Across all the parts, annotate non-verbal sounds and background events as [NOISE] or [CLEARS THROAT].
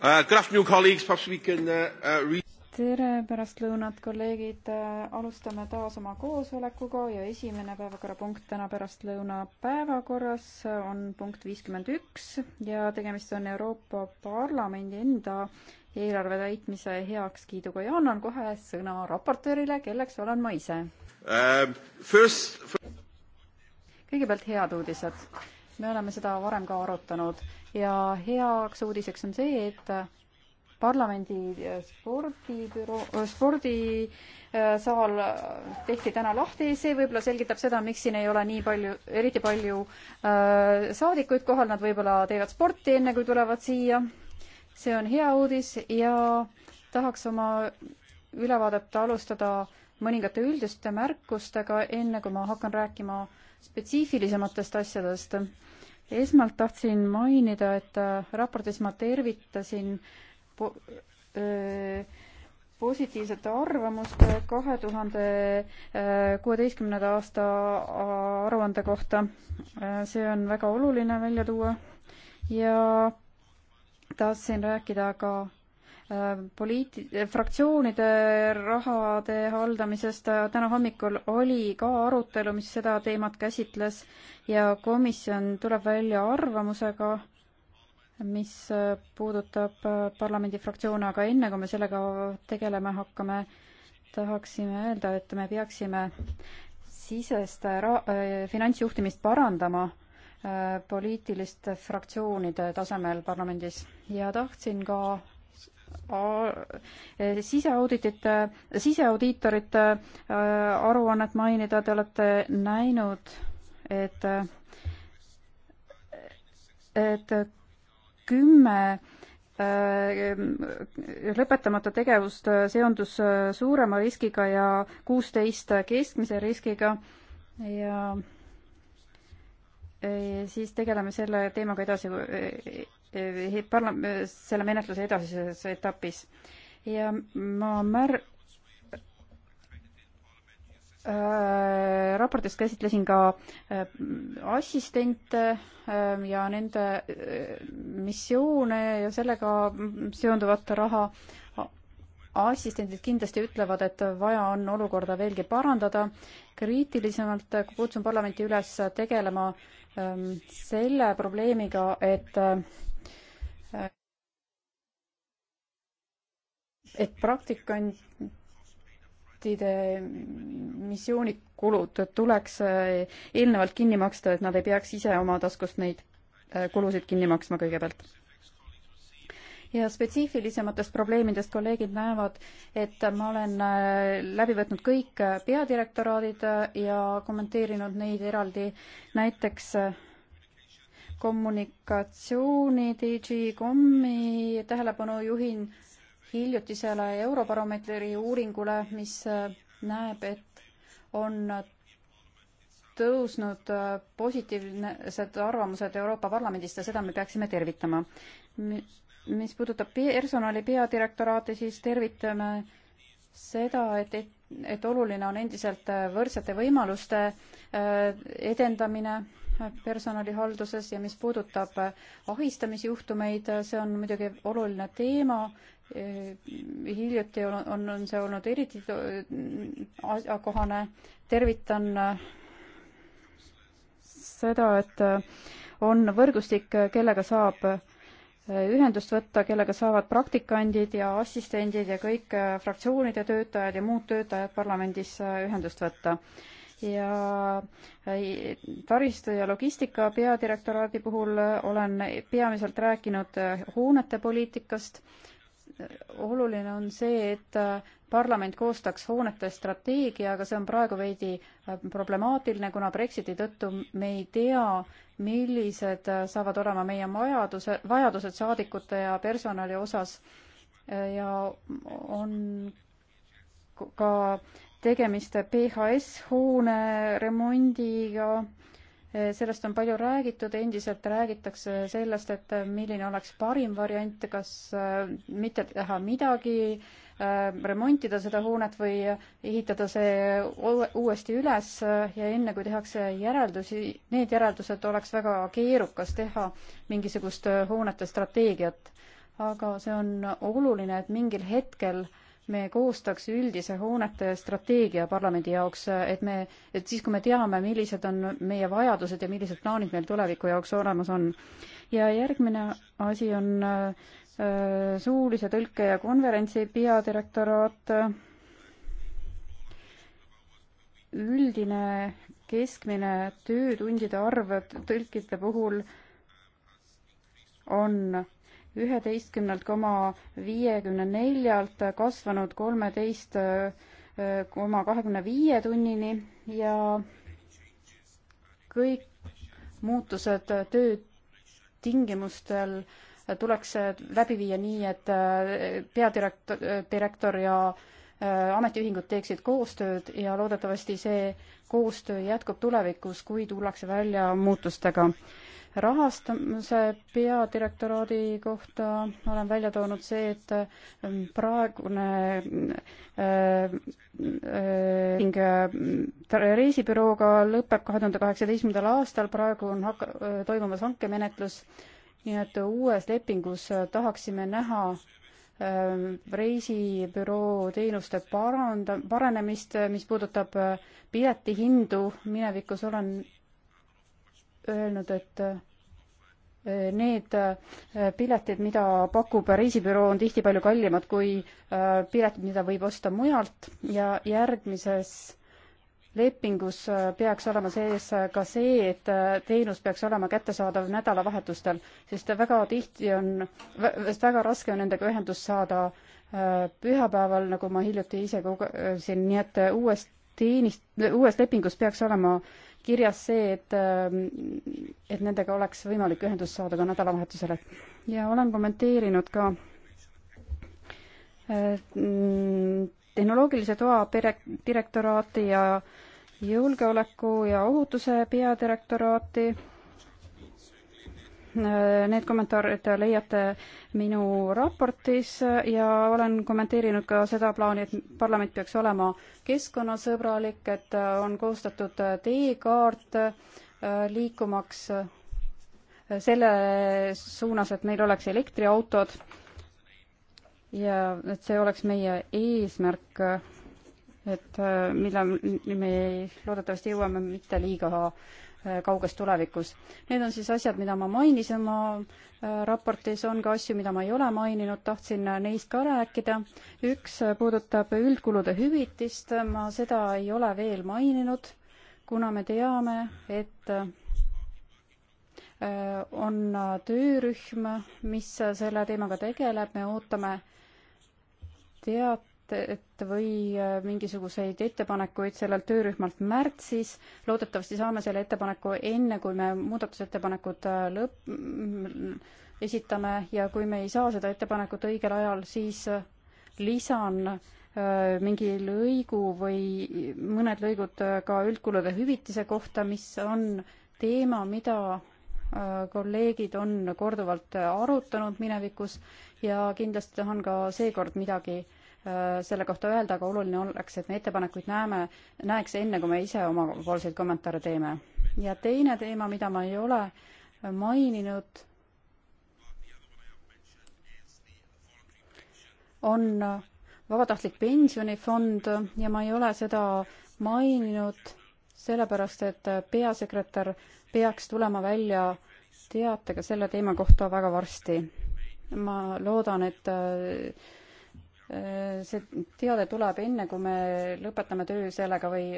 Uh, uh, uh, tere pärastlõunat, kolleegid, alustame taas oma koosolekuga ja esimene päevakorrapunkt täna pärastlõuna päevakorras on punkt viiskümmend üks ja tegemist on Euroopa Parlamendi enda eelarve täitmise heakskiiduga ja annan kohe sõna raportöörile, kelleks olen ma ise um,. First... kõigepealt head uudised. me oleme seda varem ka arutanud ja heaks uudiseks on see, et parlamendi spordibüroo, spordisaal tehti täna lahti, see võib-olla selgitab seda, miks siin ei ole nii palju, eriti palju äh, saadikuid kohal, nad võib-olla teevad sporti enne, kui tulevad siia. see on hea uudis ja tahaks oma ülevaadet alustada mõningate üldiste märkustega, enne kui ma hakkan rääkima spetsiifilisematest asjadest esmalt tahtsin mainida, et äh, raportis ma tervitasin po öö, äh, positiivset arvamust kahe tuhande äh, kuueteistkümnenda aasta aruande kohta. see on väga oluline välja tuua ja tahtsin rääkida ka Äh, poliit-, äh, fraktsioonide rahade haldamisest äh, täna hommikul oli ka arutelu, mis seda teemat käsitles ja komisjon tuleb välja arvamusega, mis puudutab parlamendifraktsioone, aga enne kui me sellega tegelema hakkame, tahaksime öelda, et me peaksime sisest ra-, finantsjuhtimist parandama poliitiliste fraktsioonide tasemel parlamendis ja tahtsin ka Eh, siseauditite, siseaudiitorite eh, aruannet mainida, te olete näinud, et, et kümme eh, lõpetamata tegevust seondus suurema riskiga ja kuusteist keskmise riskiga ja siis tegeleme selle teemaga edasi Eh, parla-, eh, selle menetluse edasises etapis. ja ma mär-, Äh, raportis käsitlesin ka äh, assistente äh, ja nende äh, missioone ja sellega seonduvat raha. assistendid kindlasti ütlevad, et vaja on olukorda veelgi parandada. kriitilisemalt kutsun parlamenti üles tegelema ähm, selle probleemiga, et äh, et praktikantide missioonikulud tuleks eh, eelnevalt kinni maksta, et nad ei peaks ise oma taskust neid eh, kulusid kinni maksma kõigepealt. ja spetsiifilisematest probleemidest kolleegid näevad, et ma olen eh, läbi võtnud kõik peadirektoraadid ja kommenteerinud neid eraldi, näiteks kommunikatsiooni DG Commi tähelepanu juhin hiljutisele Eurobaromeetri uuringule, mis äh, näeb, et on tõusnud äh, positiivsed arvamused Euroopa Parlamendist ja seda me peaksime tervitama. mis puudutab personali peadirektoraati, siis tervitame seda, et, et, et oluline on endiselt äh, võrdsete võimaluste edendamine personalihalduses ja mis puudutab äh, ahistamisjuhtumeid, äh, see on muidugi oluline teema. Äh, hiljuti on, on see olnud eriti asjakohane. tervitan seda, et on võrgustik, kellega saab ühendust võtta, kellega saavad praktikandid ja assistendid ja kõik fraktsioonide töötajad ja muud töötajad parlamendis ühendust võtta ja äh, taristu ja logistika peadirektoraadi puhul äh, olen peamiselt rääkinud äh, hoonete poliitikast. oluline on see, et parlament koostaks hoonete strateegia, aga see on praegu veidi problemaatiline, kuna Brexiti tõttu me ei tea, millised saavad olema meie majaduse, vajadused saadikute ja personali osas ja on ka tegemist PHS hoone remondiga, sellest on palju räägitud, endiselt räägitakse sellest, et milline oleks parim variant, kas äh, mitte teha midagi, äh, remontida seda hoonet või ehitada see uuesti üles ja enne, kui tehakse järeldusi, need järeldused oleks väga keerukas teha mingisugust hoonete strateegiat. aga see on oluline, et mingil hetkel äh, me koostaks üldise hoonete strateegia parlamendi jaoks, et me, et siis, kui me teame, millised on meie vajadused ja millised plaanid meil tuleviku jaoks olemas on. ja järgmine asi on äh, suulise tõlke ja konverentsi peadirektoraat, üldine keskmine töötundide arv tõlkide puhul on üheteistkümnelt koma viiekümne neljalt kasvanud kolmeteist äh, koma kahekümne viie tunnini ja kõik muutused töötingimustel tuleks läbi viia nii, et äh, peadirektor, direktor ja äh, ametiühingud teeksid koostööd ja loodetavasti see koostöö jätkub tulevikus, kui tullakse välja muutustega rahastamise peadirektoraadi kohta olen välja toonud see, et ähm, praegune äh, äh, ning äh, reisibürooga lõpeb kahe tuhande kaheksateistkümnendal aastal, praegu on hak-, toimumas hankemenetlus, nii et uues lepingus tahaksime näha ähm, reisibüroo teenuste paranda-, paranemist, mis puudutab piletihindu, minevikus olen öelnud, et eh, need eh, piletid, mida pakub reisibüroo, on tihti palju kallimad kui eh, piletid, mida võib osta mujalt ja järgmises lepingus peaks olema sees ka see, et teenus peaks olema kättesaadav nädalavahetustel, sest väga tihti on, sest väga raske on nendega ühendust saada pühapäeval, nagu ma hiljuti ise kogesin, nii et uues teenist, uues lepingus peaks olema äh, kirjas see, et, äh, et nendega oleks võimalik ühendust saada ka nädalavahetusel. ja olen kommenteerinud ka äh, tehnoloogilise toa direktoraati ja julgeoleku ja ohutuse peadirektoraati Need kommentaarid leiate minu raportis ja olen kommenteerinud ka seda plaani, et parlament peaks olema keskkonnasõbralik, et on koostatud teekaart äh, liikumaks äh, selle suunas, et meil oleks elektriautod ja et see oleks meie eesmärk, et äh, mille me loodetavasti jõuame mitte liiga Äh, kauges tulevikus. Need on siis asjad, mida ma mainisin oma äh, raportis, on ka asju, mida ma ei ole maininud, tahtsin äh, neist ka rääkida. üks puudutab üldkulude hüvitist, ma seda ei ole veel maininud, kuna me teame, et on töörühm, mis selle teemaga tegeleb, me ootame teat-, mõtet või äh, mingisuguseid ettepanekuid sellelt töörühmalt märtsis. loodetavasti saame selle ettepaneku enne, kui me muudatusettepanekud äh, lõpp, mm, esitame ja kui me ei saa seda ettepanekut õigel ajal, siis äh, lisan mingi lõigu või mõned lõigud ka üldkulude hüvitise kohta, mis on teema, mida kolleegid on korduvalt arutanud minevikus ja kindlasti tahan ka seekord midagi Äh, selle kohta öelda, aga oluline oleks, et me ettepanekuid näeme, näeks enne, kui me ise omapoolseid kommentaare teeme. ja teine teema, mida ma ei ole maininud, on vabatahtlik pensionifond ja ma ei ole seda maininud sellepärast, et peasekretär peaks tulema välja teatega selle teema kohta väga varsti. ma loodan, et see teade tuleb enne, kui me lõpetame töö sellega või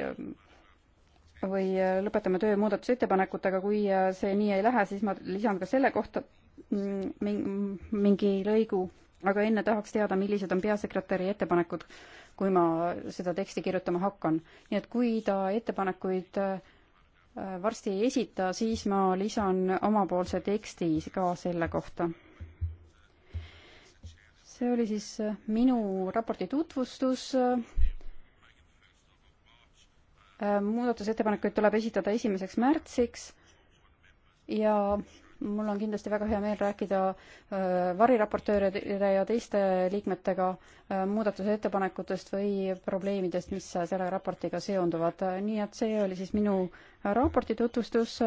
või lõpetame töö muudatusettepanekutega, kui see nii ei lähe, siis ma lisan ka selle kohta mm, mingi lõigu, aga enne tahaks teada, millised on peasekretäri ettepanekud, kui ma seda teksti kirjutama hakkan. nii et kui ta ettepanekuid äh, varsti ei esita, siis ma lisan omapoolse teksti ka selle kohta see oli siis äh, minu raporti tutvustus. Äh, muudatusettepanekuid tuleb esitada esimeseks märtsiks ja mul on kindlasti väga hea meel rääkida äh, variraportööride ja teiste liikmetega muudatusettepanekutest või probleemidest, mis selle raportiga seonduvad. nii et see oli siis minu raporti tutvustus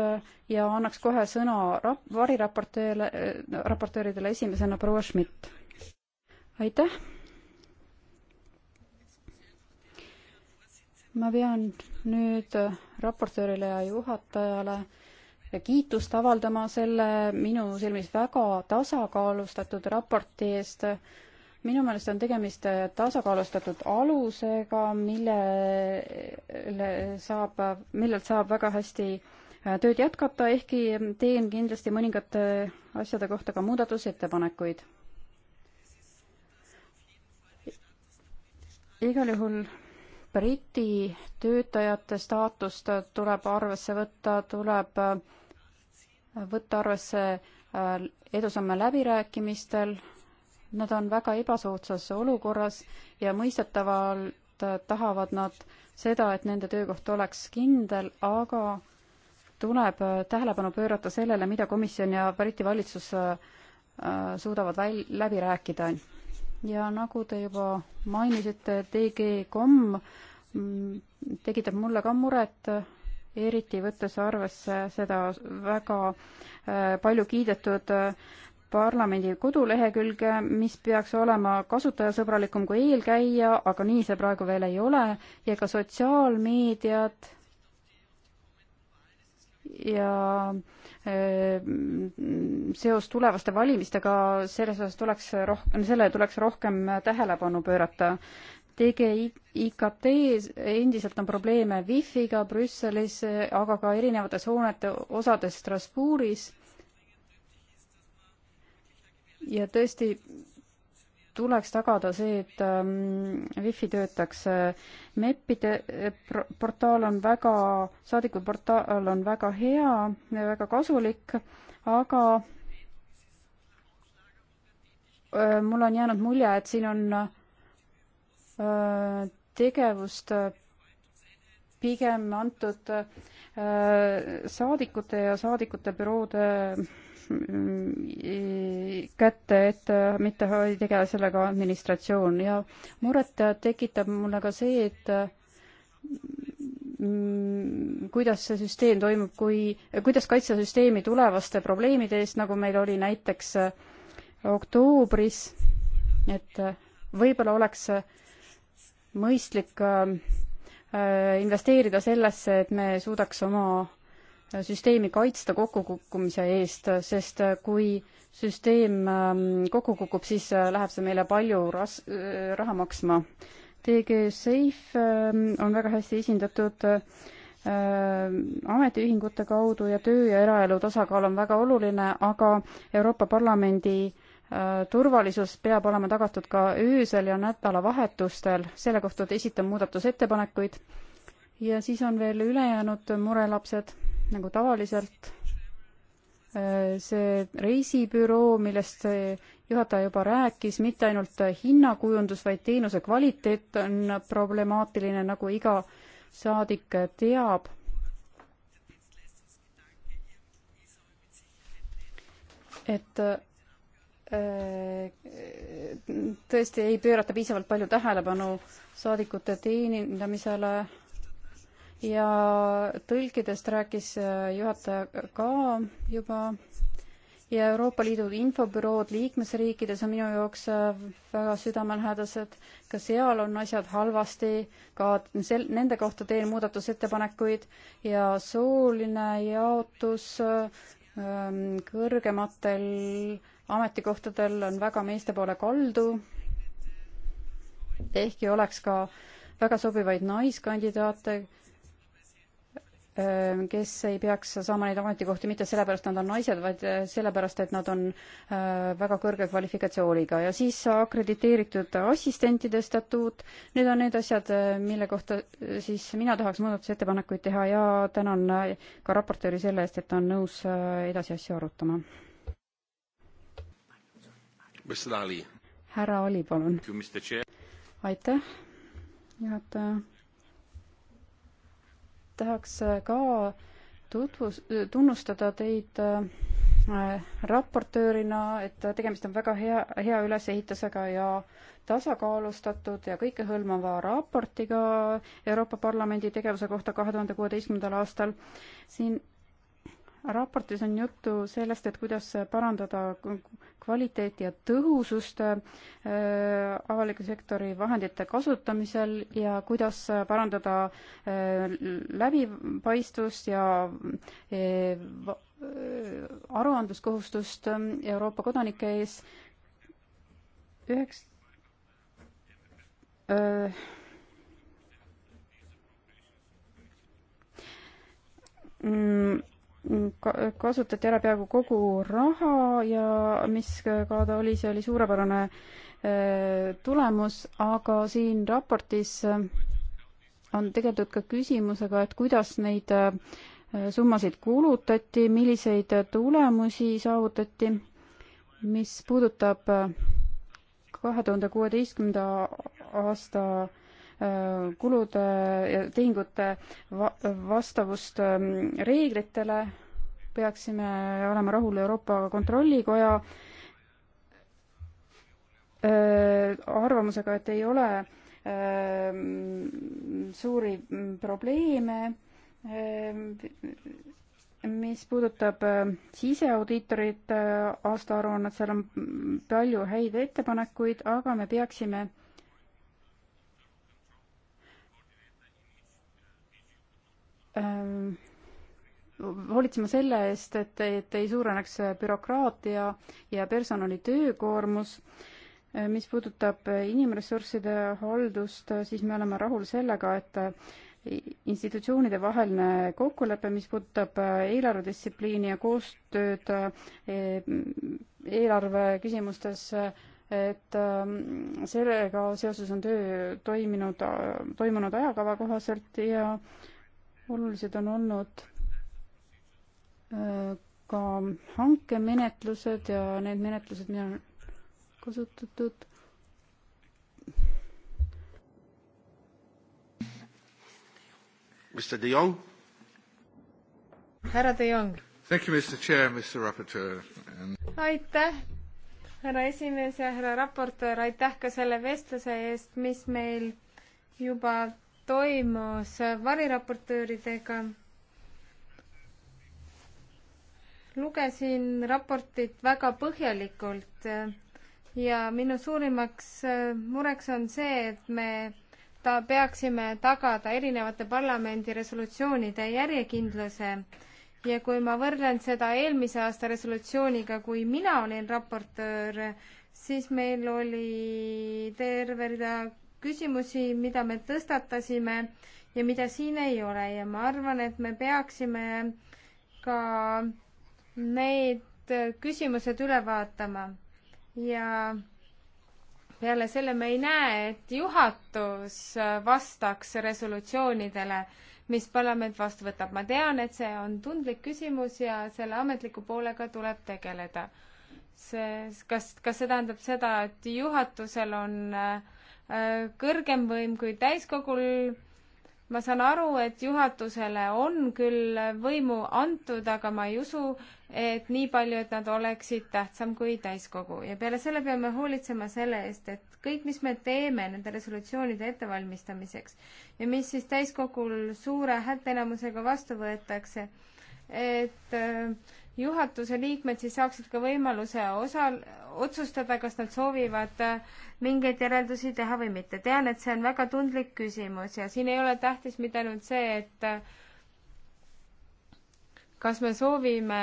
ja annaks kohe sõna rap-, variraportöörile, raportööridele esimesena proua Schmidt aitäh. ma pean nüüd raportöörile ja juhatajale kiitust avaldama selle minu silmis väga tasakaalustatud raporti eest. minu meelest on tegemist tasakaalustatud alusega, millele saab, millelt saab väga hästi äh, tööd jätkata, ehkki teen kindlasti mõningate asjade kohta ka muudatusettepanekuid. igal juhul Briti töötajate staatust tuleb arvesse võtta, tuleb äh, võtta arvesse äh, edusamme läbirääkimistel. Nad on väga ebasoodsas olukorras ja mõistetavalt äh, tahavad nad seda, et nende töökoht oleks kindel, aga tuleb tähelepanu pöörata sellele, mida komisjon ja Briti valitsus suudavad väl-, läbi rääkida ja nagu te juba mainisite, DG.com mm, tekitab mulle ka muret, eriti võttes arvesse seda väga äh, palju kiidetud äh, parlamendi kodulehekülge, mis peaks olema kasutajasõbralikum kui eelkäija, aga nii see praegu veel ei ole, ja ka sotsiaalmeediat ja mm, seos tulevaste valimistega, selles osas tuleks rohkem, sellele tuleks rohkem tähelepanu pöörata. TGIKT endiselt on probleeme Wi-Fi-ga Brüsselis, aga ka erinevates hoonete osades Strasbourgis. ja tõesti tuleks tagada see, et ähm, wifi töötaks. Äh, MEP-ide äh, portaal on väga, saadikuportaal on väga hea, väga kasulik, aga äh, mul on jäänud mulje, et siin on äh, tegevust äh, pigem antud äh, saadikute ja saadikute büroode äh, kätte, et mitte ei tegele sellega administratsioon ja muret tekitab mulle ka see, et mm, kuidas see süsteem toimub, kui, kuidas kaitsesüsteemi tulevaste probleemide eest, nagu meil oli näiteks oktoobris, et võib-olla oleks mõistlik äh, investeerida sellesse, et me suudaks oma süsteemi kaitsta kokkukukkumise eest, sest kui süsteem ähm, kokku kukub, siis äh, läheb see meile palju ras-, äh, raha maksma. TG Safe ähm, on väga hästi esindatud äh, ametiühingute kaudu ja töö ja eraelu tasakaal on väga oluline, aga Euroopa Parlamendi turvalisus peab olema tagatud ka öösel ja nädalavahetustel, selle kohta esitan muudatusettepanekuid. ja siis on veel ülejäänud murelapsed nagu tavaliselt. Äh, see reisibüroo, millest juhataja juba rääkis, mitte ainult hinnakujundus, vaid teenuse kvaliteet on problemaatiline, nagu iga saadik teab. et äh, tõesti ei pöörata piisavalt palju tähelepanu saadikute teenindamisele ja tõlkidest rääkis äh, juhataja ka juba ja Euroopa Liidu infobürood liikmesriikides on minu jaoks äh, väga südamelähedased. ka seal on asjad halvasti, ka sel-, nende kohta teen muudatusettepanekuid ja sooline jaotus äh, ähm, kõrgematel ametikohtadel on väga meeste poole kaldu. ehkki oleks ka väga sobivaid naiskandidaate kes ei peaks saama neid ametikohti mitte sellepärast, et nad on naised, vaid äh, sellepärast, et nad on äh, väga kõrge kvalifikatsiooniga ja siis akrediteeritud assistentide statuut. Need on need asjad, äh, mille kohta siis mina tahaks muudatusettepanekuid teha ja tänan ka raportööri selle eest, et ta on nõus edasi asju arutama. härra Ali, palun. aitäh, juhataja tahaks äh, ka tutvus, tunnustada teid äh, äh, raportöörina, et tegemist on väga hea, hea ülesehitusega ja tasakaalustatud ja kõikehõlmava raportiga Euroopa Parlamendi tegevuse kohta kahe tuhande kuueteistkümnendal aastal. siin raportis on juttu sellest, et kuidas parandada kvaliteeti ja tõhusust äh, avaliku sektori vahendite kasutamisel ja kuidas parandada äh, läbipaistvust ja äh, aruandluskohustust Euroopa kodanike ees. üheks öö, mm, kasutati ära peaaegu kogu raha ja mis ka ta oli, see oli suurepärane äh, tulemus, aga siin raportis äh, on tegeldud ka küsimusega, et kuidas neid äh, summasid kulutati, milliseid tulemusi saavutati, mis puudutab kahe tuhande kuueteistkümnenda aasta kulude ja tehingute vastavust reeglitele, peaksime olema rahul Euroopa Kontrollikoja arvamusega, et ei ole suuri probleeme mis puudutab siseaudiitorit aastaaruannet, seal on palju häid ettepanekuid, aga me peaksime äh, Ehm, hoolitsema selle eest, et, et ei suureneks bürokraatia ja personali töökoormus. Ehm, mis puudutab inimressursside haldust, siis me oleme rahul sellega, et eh, institutsioonide vaheline kokkulepe, mis puudutab eh, eelarvedistsipliini ja koostööd eh, eelarve küsimustes, et ehm, sellega seoses on töö toiminud, toimunud ajakava kohaselt ja äh, olulised on olnud äh, ka hankemenetlused ja need menetlused, mida on kasutatud. Mr De Jong. härra De Jong. Thank you, Mr Chair, Mr Raportöör And.... aitäh, härra esimees ja härra raportöör, aitäh ka selle vestluse eest, mis meil juba toimus variraportööridega. lugesin raportit väga põhjalikult ja minu suurimaks äh, mureks on see, et me ta peaksime tagada erinevate parlamendi resolutsioonide järjekindluse ja kui ma võrdlen seda eelmise aasta resolutsiooniga, kui mina olin raportöör, siis meil oli terve rida küsimusi, mida me tõstatasime ja mida siin ei ole ja ma arvan, et me peaksime ka need küsimused üle vaatama ja peale selle me ei näe, et juhatus vastaks resolutsioonidele, mis parlament vastu võtab. ma tean, et see on tundlik küsimus ja selle ametliku poolega tuleb tegeleda. see, kas, kas see tähendab seda, et juhatusel on äh, kõrgem võim kui täiskogul. ma saan aru, et juhatusele on küll võimu antud, aga ma ei usu, et nii palju, et nad oleksid tähtsam kui täiskogu ja peale selle peame hoolitsema selle eest, et kõik, mis me teeme nende resolutsioonide ettevalmistamiseks ja mis siis täiskogul suure häälteenamusega vastu võetakse, et äh, juhatuse liikmed siis saaksid ka võimaluse osal-, otsustada, kas nad soovivad äh, mingeid järeldusi teha või mitte. tean, et see on väga tundlik küsimus ja siin ei ole tähtis mitte ainult see, et äh, kas me soovime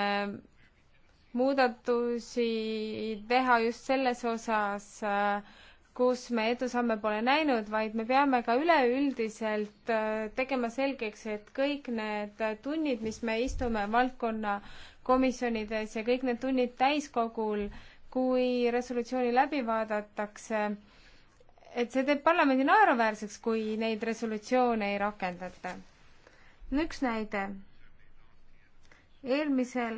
muudatusi teha just selles osas, äh, kus me edusamme pole näinud, vaid me peame ka üleüldiselt tegema selgeks, et kõik need tunnid, mis me istume valdkonna komisjonides ja kõik need tunnid täiskogul, kui resolutsiooni läbi vaadatakse, et see teeb parlamendi naeruväärseks, kui neid resolutsioone ei rakendata. üks näide. eelmisel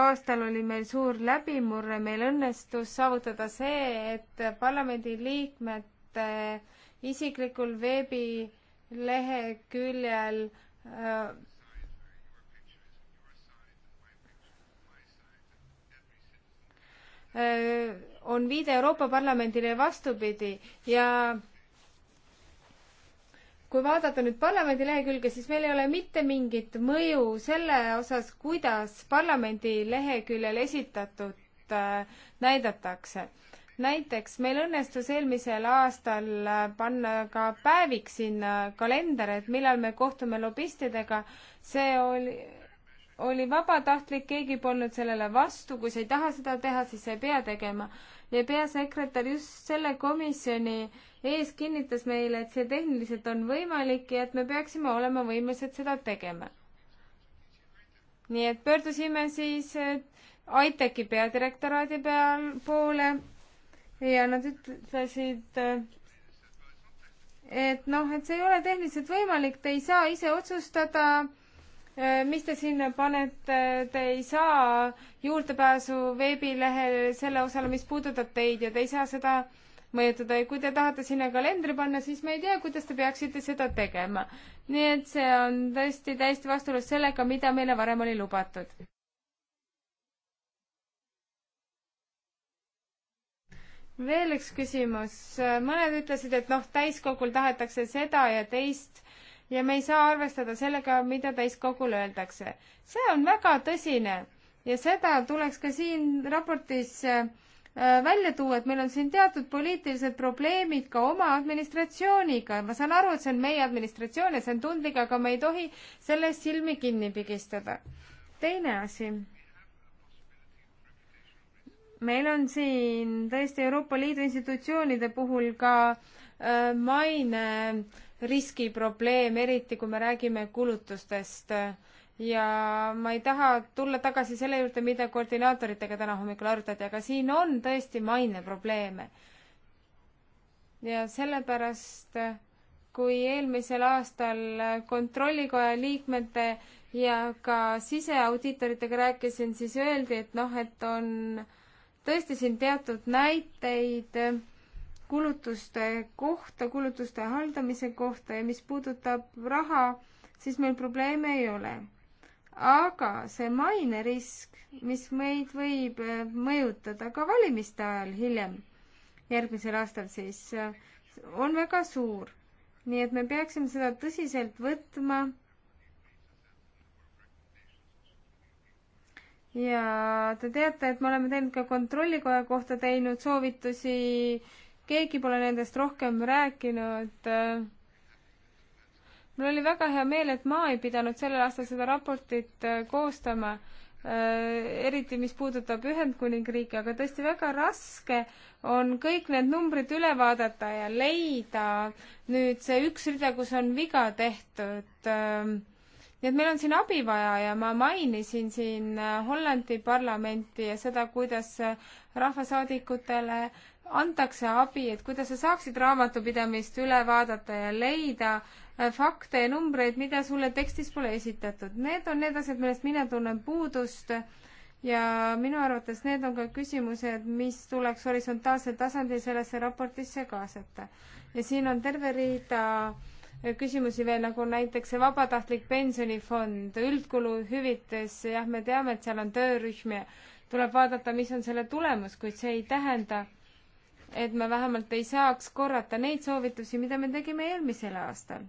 aastal oli meil suur läbimurre, meil õnnestus saavutada see, et parlamendi liikmete isiklikul veebileheküljel äh, on viide Euroopa Parlamendile vastupidi ja kui vaadata nüüd parlamendi lehekülge, siis meil ei ole mitte mingit mõju selle osas, kuidas parlamendi leheküljel esitatut äh, näidatakse. näiteks meil õnnestus eelmisel aastal äh, panna ka päevik sinna kalendar, et millal me kohtume lobistidega. see oli, oli vabatahtlik, keegi polnud sellele vastu, kui sa ei taha seda teha, siis sa ei pea tegema. ja peasekretär just selle komisjoni ees kinnitas meile, et see tehniliselt on võimalik ja et me peaksime olema võimelised seda tegema. nii et pöördusime siis äh, ITEC-i peadirektoraadi peal, poole ja nad ütlesid, äh, et noh, et see ei ole tehniliselt võimalik, te ei saa ise otsustada Äh, mis te sinna panete, te ei saa juurdepääsu veebilehel selle osale, mis puudutab teid ja te ei saa seda mõjutada ja kui te tahate sinna kalendri panna, siis me ei tea, kuidas te peaksite seda tegema. nii et see on tõesti täiesti vastuolus sellega, mida meile varem oli lubatud. veel üks küsimus. mõned ütlesid, et noh, täiskogul tahetakse seda ja teist ja me ei saa arvestada sellega, mida täiskogul öeldakse. see on väga tõsine ja seda tuleks ka siin raportis äh, välja tuua, et meil on siin teatud poliitilised probleemid ka oma administratsiooniga. ma saan aru, et see on meie administratsioon ja see on tundlik, aga me ei tohi selle eest silmi kinni pigistada. teine asi. meil on siin tõesti Euroopa Liidu institutsioonide puhul ka äh, maine äh, riskiprobleem, eriti kui me räägime kulutustest. ja ma ei taha tulla tagasi selle juurde, mida koordinaatoritega täna hommikul arutati, aga siin on tõesti maineprobleeme. ja sellepärast, kui eelmisel aastal kontrollikoja liikmete ja ka siseaudiitoritega rääkisin, siis öeldi, et noh, et on tõesti siin teatud näiteid kulutuste kohta, kulutuste haldamise kohta ja mis puudutab raha, siis meil probleeme ei ole. aga see mainerisk, mis meid võib äh, mõjutada ka valimiste ajal hiljem, järgmisel aastal siis, äh, on väga suur. nii et me peaksime seda tõsiselt võtma. ja te teate, et me oleme teinud ka kontrollikoja kohta teinud soovitusi äh, keegi pole nendest rohkem rääkinud. mul oli väga hea meel, et ma ei pidanud sellel aastal seda raportit äh, koostama, äh, eriti mis puudutab Ühendkuningriiki, aga tõesti väga raske on kõik need numbrid üle vaadata ja leida nüüd see üks rida, kus on viga tehtud ähm, nii et meil on siin abi vaja ja ma mainisin siin äh, Hollandi parlamenti ja seda, kuidas rahvasaadikutele antakse abi, et kuidas sa saaksid raamatupidamist üle vaadata ja leida äh, fakte ja numbreid, mida sulle tekstis pole esitatud. Need on need asjad, millest mina tunnen puudust ja minu arvates need on ka küsimused, mis tuleks horisontaalsel tasandil sellesse raportisse kaasata. ja siin on terve rida äh, küsimusi veel, nagu näiteks see vabatahtlik pensionifond, üldkuluhüvitis, jah, me teame, et seal on töörühm ja tuleb vaadata, mis on selle tulemus, kuid see ei tähenda, et me vähemalt ei saaks korrata neid soovitusi, mida me tegime eelmisel aastal.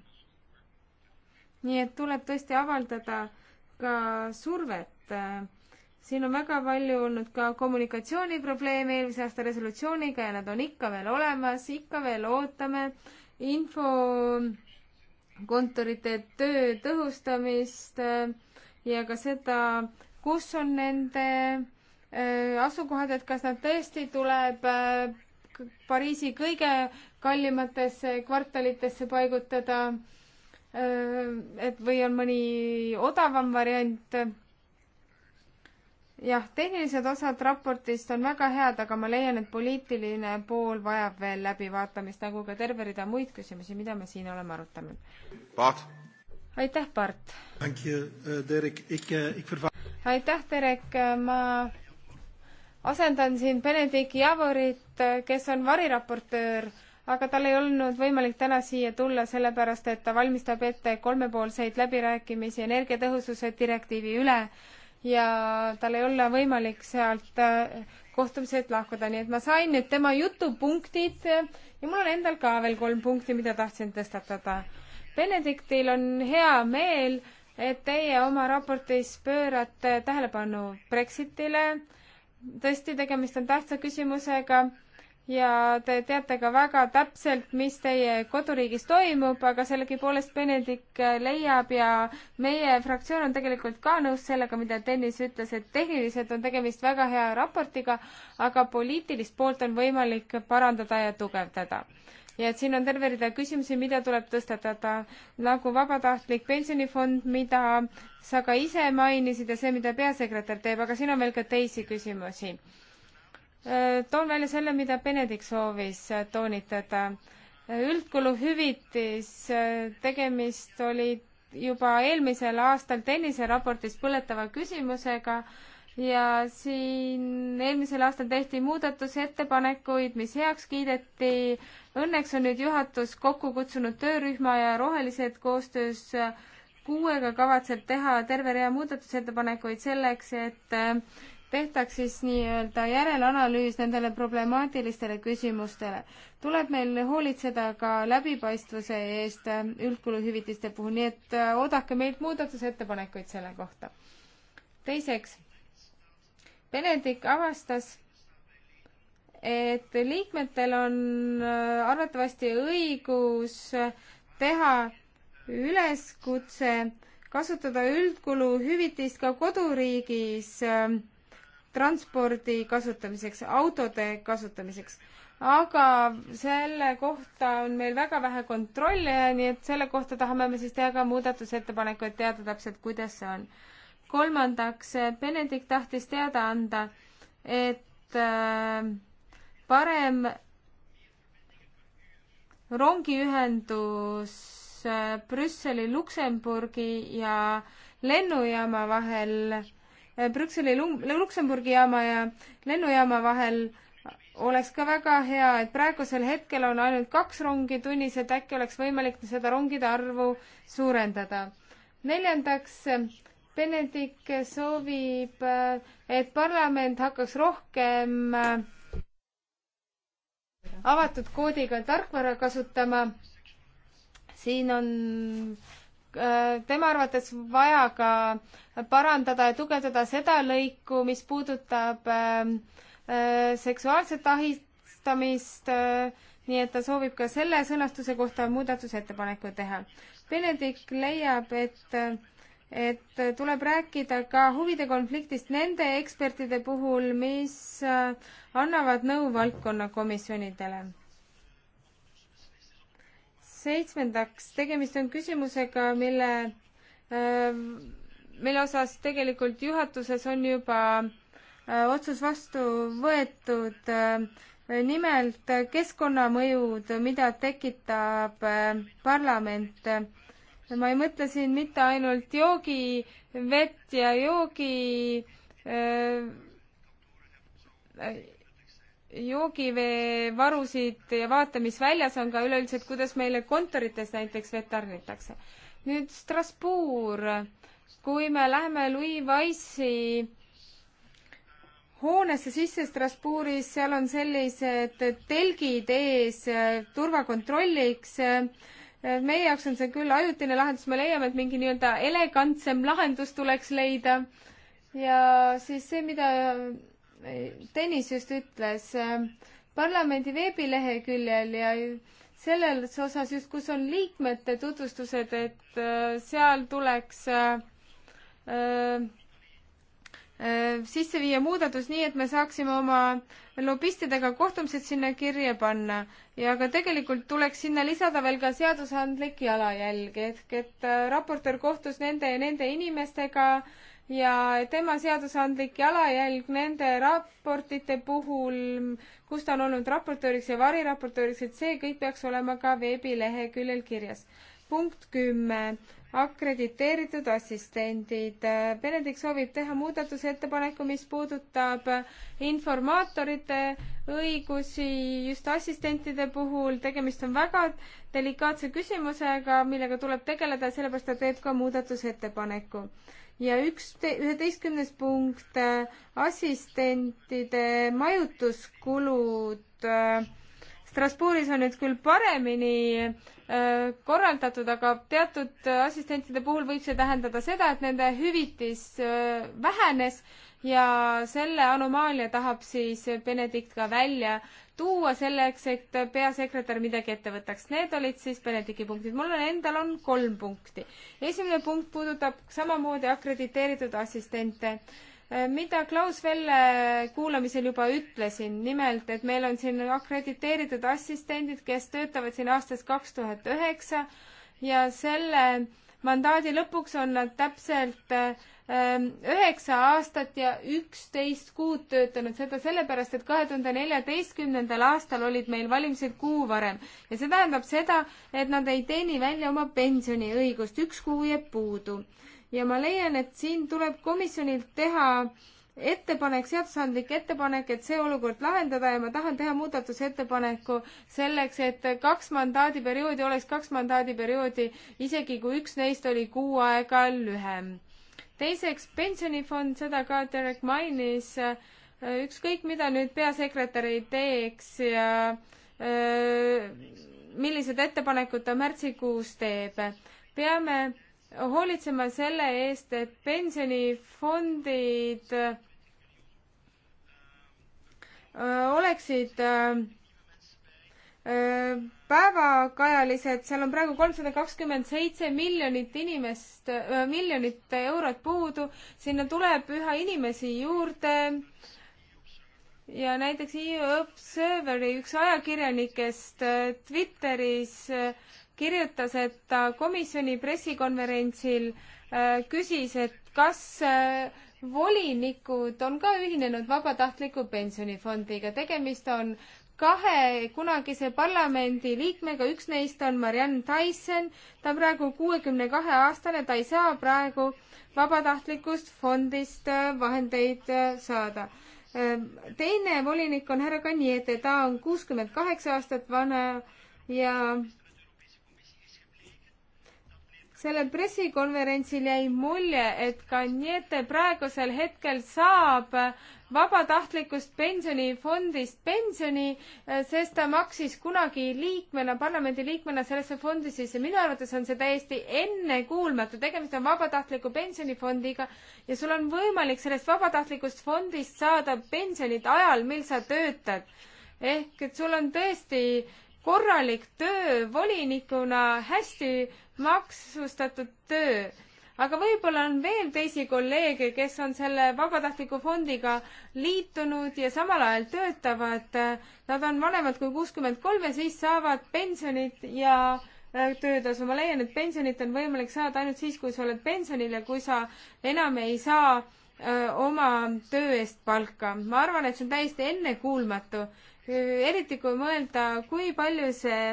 nii et tuleb tõesti avaldada ka survet. siin on väga palju olnud ka kommunikatsiooniprobleeme eelmise aasta resolutsiooniga ja nad on ikka veel olemas, ikka veel ootame infokontorite töö tõhustamist äh, ja ka seda, kus on nende äh, asukohad, et kas nad tõesti tuleb äh, Pariisi kõige kallimatesse kvartalitesse paigutada, et või on mõni odavam variant. jah, tehnilised osad raportist on väga head, aga ma leian, et poliitiline pool vajab veel läbivaatamist, nagu ka terve rida muid küsimusi, mida me siin oleme arutanud. Paat. aitäh, Bart! Uh, uh, aitäh, Derek, ma asendan siin Benedik Javorit, kes on variraportöör, aga tal ei olnud võimalik täna siia tulla, sellepärast et ta valmistab ette kolmepoolseid läbirääkimisi energiatõhususe direktiivi üle ja tal ei ole võimalik sealt äh, kohtumiselt lahkuda, nii et ma sain nüüd tema jutupunktid ja mul on endal ka veel kolm punkti, mida tahtsin tõstatada. Benediktil on hea meel, et teie oma raportis pöörate tähelepanu Brexitile, tõesti, tegemist on tähtsa küsimusega ja te teate ka väga täpselt, mis teie koduriigis toimub, aga sellegipoolest Benedik leiab ja meie fraktsioon on tegelikult ka nõus sellega, mida Tõnis ütles, et tehniliselt on tegemist väga hea raportiga, aga poliitilist poolt on võimalik parandada ja tugevdada ja et siin on terve rida küsimusi, mida tuleb tõstatada, nagu vabatahtlik pensionifond, mida sa ka ise mainisid ja see, mida peasekretär teeb, aga siin on veel ka teisi küsimusi. Äh, toon välja selle, mida Benedik soovis äh, toonitada. Äh, üldkuluhüvitis, tegemist oli juba eelmisel aastal tennise raportis põletava küsimusega ja siin eelmisel aastal tehti muudatusettepanekuid, mis heaks kiideti Õnneks on nüüd juhatus kokku kutsunud töörühma ja Rohelised koostöös kuuega kavatseb teha terve rea muudatusettepanekuid selleks, et äh, tehtaks siis nii-öelda järelanalüüs nendele problemaatilistele küsimustele. tuleb meil hoolitseda ka läbipaistvuse eest äh, üldkuluhüvitiste puhul, nii et äh, oodake meilt muudatusettepanekuid selle kohta. teiseks, Benedikt avastas, et liikmetel on äh, arvatavasti õigus äh, teha üleskutse kasutada üldkuluhüvitist ka koduriigis äh, transpordi kasutamiseks, autode kasutamiseks aga selle kohta on meil väga vähe kontrolle, nii et selle kohta tahame me siis teha ka muudatusettepaneku, et teada täpselt, kuidas see on. kolmandaks, Benedikt tahtis teada anda, et äh, parem rongiühendus äh, Brüsseli, Luksemburgi ja lennujaama vahel, äh, Brüsseli, Luksemburgi jaama ja lennujaama vahel oleks ka väga hea, et praegusel hetkel on ainult kaks rongi tunnis, et äkki oleks võimalik seda rongide arvu suurendada. neljandaks, Benedik soovib, äh, et parlament hakkaks rohkem avatud koodiga tarkvara kasutama. siin on äh, tema arvates vaja ka parandada ja tugevdada seda lõiku, mis puudutab äh, äh, seksuaalset ahistamist, nii et ta soovib ka selle sõnastuse kohta muudatusettepaneku teha. Benedikt leiab, et et tuleb rääkida ka huvide konfliktist nende ekspertide puhul, mis äh, annavad nõu valdkonnakomisjonidele. seitsmendaks, tegemist on küsimusega, mille, äh, mille osas tegelikult juhatuses on juba äh, otsus vastu võetud. nimelt keskkonnamõjud, mida tekitab parlament ma ei mõtle siin mitte ainult joogivett ja joogi äh, joogiveevarusid ja vaata, mis väljas on, ka üleüldiselt, kuidas meile kontorites näiteks vett tarnitakse. nüüd Strasbourg, kui me läheme Louis Wise'i hoonesse sisse Strasbourgis, seal on sellised telgid ees turvakontrolliks äh, Äh, meie jaoks on see küll ajutine lahendus, me leiame, et mingi nii-öelda elegantsem lahendus tuleks leida. ja siis see, mida äh, Tõnis just ütles, äh, parlamendi veebileheküljel ja selles osas just, kus on liikmete tutvustused, et seal tuleks äh, Äh, sisse viia muudatus nii, et me saaksime oma lobistidega kohtumised sinna kirja panna ja ka tegelikult tuleks sinna lisada veel ka seadusandlik jalajälg, ehk et äh, raportöör kohtus nende ja nende inimestega ja tema seadusandlik jalajälg nende raportite puhul, kus ta on olnud raportööriks ja variraportööriks, et see kõik peaks olema ka veebileheküljel kirjas. punkt kümme akrediteeritud assistendid. Benedikt soovib teha muudatusettepaneku, mis puudutab informaatorite õigusi just assistentide puhul. tegemist on väga delikaatse küsimusega, millega tuleb tegeleda ja sellepärast ta teeb ka muudatusettepaneku. ja üks, üheteistkümnes punkt, äh, assistentide majutuskulud äh, Strasbourgis on nüüd küll paremini äh, korraldatud, aga teatud assistentide puhul võib see tähendada seda, et nende hüvitis äh, vähenes ja selle anomaalia tahab siis Benedikt ka välja tuua selleks, et peasekretär midagi ette võtaks. Need olid siis Benedikti punktid. mul on endal on kolm punkti. esimene punkt puudutab samamoodi akrediteeritud assistente Äh, mida Klaus Velle kuulamisel juba ütlesin, nimelt, et meil on siin akrediteeritud assistendid, kes töötavad siin aastast kaks tuhat üheksa ja selle mandaadi lõpuks on nad täpselt ähm, üheksa aastat ja üksteist kuud töötanud, seda sellepärast, et kahe tuhande neljateistkümnendal aastal olid meil valimised kuu varem ja see tähendab seda, et nad ei teeni välja oma pensioniõigust, üks kuu jääb puudu ja ma leian, et siin tuleb komisjonilt teha ettepanek, seadusandlik ettepanek, et see olukord lahendada ja ma tahan teha muudatusettepaneku selleks, et kaks mandaadiperioodi oleks kaks mandaadiperioodi, isegi kui üks neist oli kuu aega lühem. teiseks, pensionifond, seda ka Derek mainis, ükskõik mida nüüd peasekretär ei teeks ja öö, millised ettepanekud ta märtsikuus teeb, peame hoolitsema selle eest, et pensionifondid äh, oleksid äh, päevakajalised, seal on praegu kolmsada kakskümmend seitse miljonit inimest, äh, miljonit eurot puudu, sinna tuleb üha inimesi juurde. ja näiteks EU Observeri üks ajakirjanikest Twitteris äh, kirjutas, et ta komisjoni pressikonverentsil äh, küsis, et kas äh, volinikud on ka ühinenud vabatahtliku pensionifondiga. tegemist on kahe kunagise parlamendi liikmega, üks neist on Marianne Tyson, ta on praegu kuuekümne kahe aastane, ta ei saa praegu vabatahtlikust fondist äh, vahendeid äh, saada. Ähm, teine volinik on härra Kaniete, ta on kuuskümmend kaheksa aastat vana ja sellel pressikonverentsil jäi mulje, et Kanjete praegusel hetkel saab vabatahtlikust pensionifondist pensioni, sest ta maksis kunagi liikmena, parlamendiliikmena sellesse fondi sisse. minu arvates on see täiesti ennekuulmatu, tegemist on vabatahtliku pensionifondiga ja sul on võimalik sellest vabatahtlikust fondist saada pensionit ajal, mil sa töötad. ehk et sul on tõesti korralik töö volinikuna hästi maksustatud töö. aga võib-olla on veel teisi kolleege, kes on selle vabatahtliku fondiga liitunud ja samal ajal töötavad. Nad on vanemad kui kuuskümmend kolm ja siis saavad pensionit ja äh, töötasu, ma leian, et pensionit on võimalik saada ainult siis, kui sa oled pensionil ja kui sa enam ei saa öö, äh, oma töö eest palka. ma arvan, et see on täiesti ennekuulmatu, äh, eriti kui mõelda, kui palju see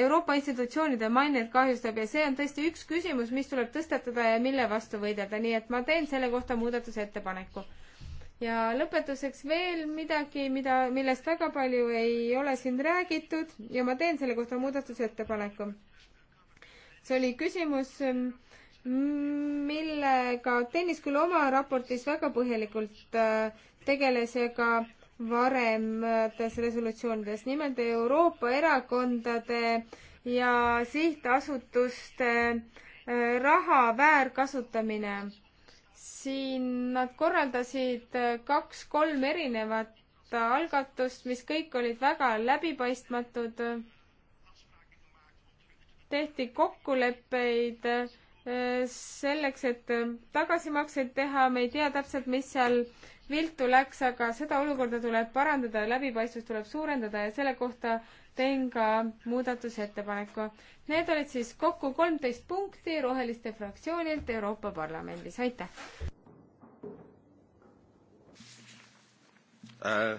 Euroopa institutsioonide mainet kahjustab ja see on tõesti üks küsimus, mis tuleb tõstatada ja mille vastu võidelda, nii et ma teen selle kohta muudatusettepaneku. ja lõpetuseks veel midagi, mida, millest väga palju ei ole siin räägitud ja ma teen selle kohta muudatusettepaneku. see oli küsimus, millega Tõnis küll oma raportis väga põhjalikult äh, tegeles ja ka varemates resolutsioonides, nimelt Euroopa erakondade ja sihtasutuste äh, raha väärkasutamine. siin nad korraldasid äh, kaks-kolm erinevat algatust, mis kõik olid väga läbipaistmatud. tehti kokkuleppeid äh, selleks, et tagasimakseid teha, me ei tea täpselt, mis seal viltu läks, aga seda olukorda tuleb parandada, läbipaistvust tuleb suurendada ja selle kohta teen ka muudatusettepaneku. Need olid siis kokku kolmteist punkti Roheliste fraktsioonilt Euroopa Parlamendis, aitäh uh,!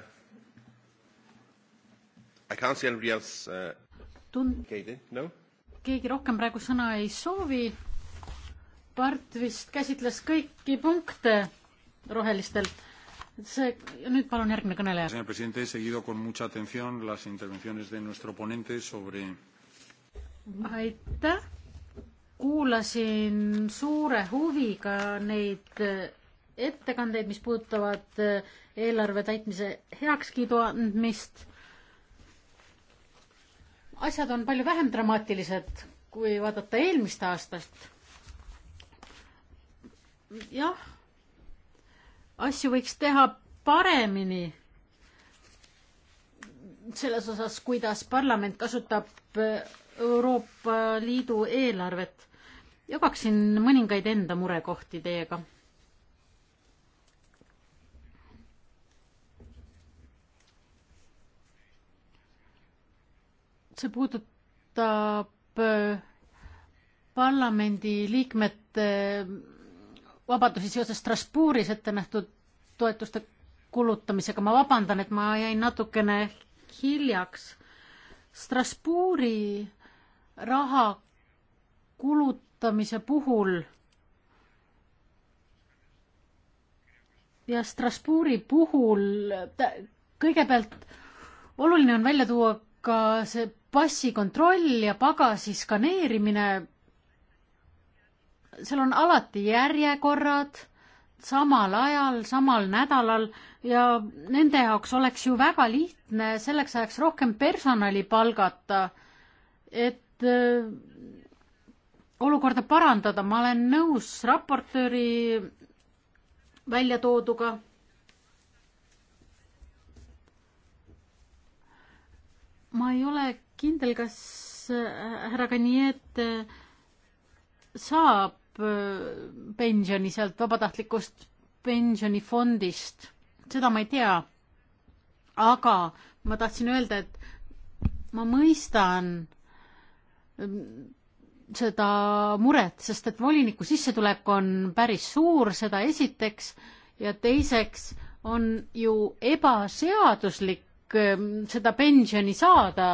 I can't see anybody else uh.... Tund-. Keegi, no? keegi rohkem praegu sõna ei soovi. Bart vist käsitles kõiki punkte rohelistelt see, nüüd palun järgmine kõneleja. Señor presidente, he seguido con mucha atención las intervenciones de nuestro ponente sobre aitäh, kuulasin suure huviga neid eh, ettekandeid, mis puudutavad eh, eelarve täitmise heakskiidu andmist. asjad on palju vähem dramaatilised, kui vaadata eelmist aastast. jah asju võiks teha paremini selles osas, kuidas parlament kasutab äh, Euroopa Liidu eelarvet. jagaksin mõningaid enda murekohti teiega. see puudutab äh, parlamendi liikmete vabadusi seoses Strasbourgis ette nähtud toetuste kulutamisega. ma vabandan, et ma jäin natukene hiljaks. Strasbourgi raha kulutamise puhul ja Strasbourgi puhul kõigepealt oluline on välja tuua ka see passikontroll ja pagasi skaneerimine seal on alati järjekorrad, samal ajal, samal nädalal ja nende jaoks oleks ju väga lihtne selleks ajaks rohkem personali palgata, et äh, olukorda parandada, ma olen nõus raportööri välja tooduga. ma ei ole kindel, kas äh, härra Kaniet äh, saab pensioni sealt vabatahtlikust pensionifondist, seda ma ei tea. aga ma tahtsin öelda, et ma mõistan seda muret, sest et voliniku sissetulek on päris suur, seda esiteks, ja teiseks on ju ebaseaduslik seda pensioni saada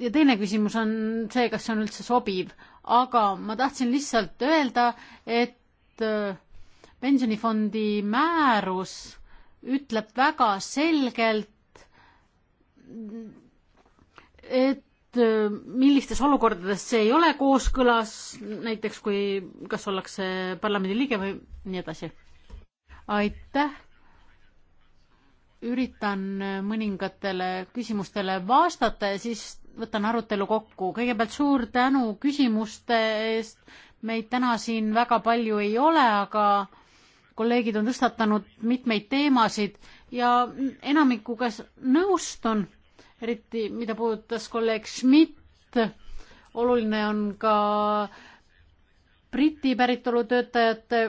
ja teine küsimus on see, kas see on üldse sobiv, aga ma tahtsin lihtsalt öelda, et äh, pensionifondi määrus ütleb väga selgelt, et äh, millistes olukordades see ei ole kooskõlas, näiteks kui, kas ollakse parlamendi liige või nii edasi. aitäh üritan mõningatele küsimustele vastata ja siis võtan arutelu kokku. kõigepealt suur tänu küsimuste eest. meid täna siin väga palju ei ole, aga kolleegid on tõstatanud mitmeid teemasid ja enamikuga nõustun, eriti mida puudutas kolleeg Schmidt. oluline on ka Briti päritolu töötajate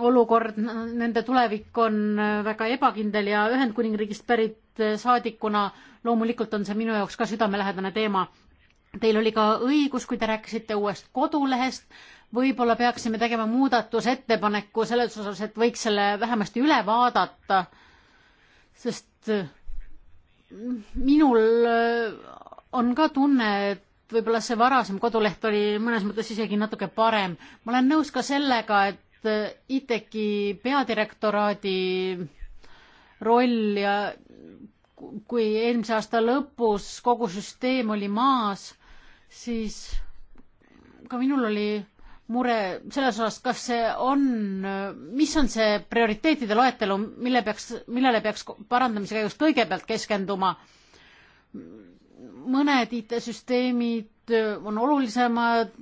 olukord, nende tulevik on äh, väga ebakindel ja Ühendkuningriigist pärit äh, saadikuna loomulikult on see minu jaoks ka südamelähedane teema. Teil oli ka õigus, kui te rääkisite uuest kodulehest, võib-olla peaksime tegema muudatusettepaneku selles osas, et võiks selle vähemasti üle vaadata, sest äh, minul on ka tunne, et võib-olla see varasem koduleht oli mõnes mõttes isegi natuke parem. ma olen nõus ka sellega, et ITEK-i äh, e peadirektoraadi roll ja kui eelmise aasta lõpus kogu süsteem oli maas, siis ka minul oli mure selles osas, kas see on, mis on see prioriteetide loetelu, mille peaks, millele peaks parandamise käigus kõigepealt keskenduma? mõned IT-süsteemid e on olulisemad,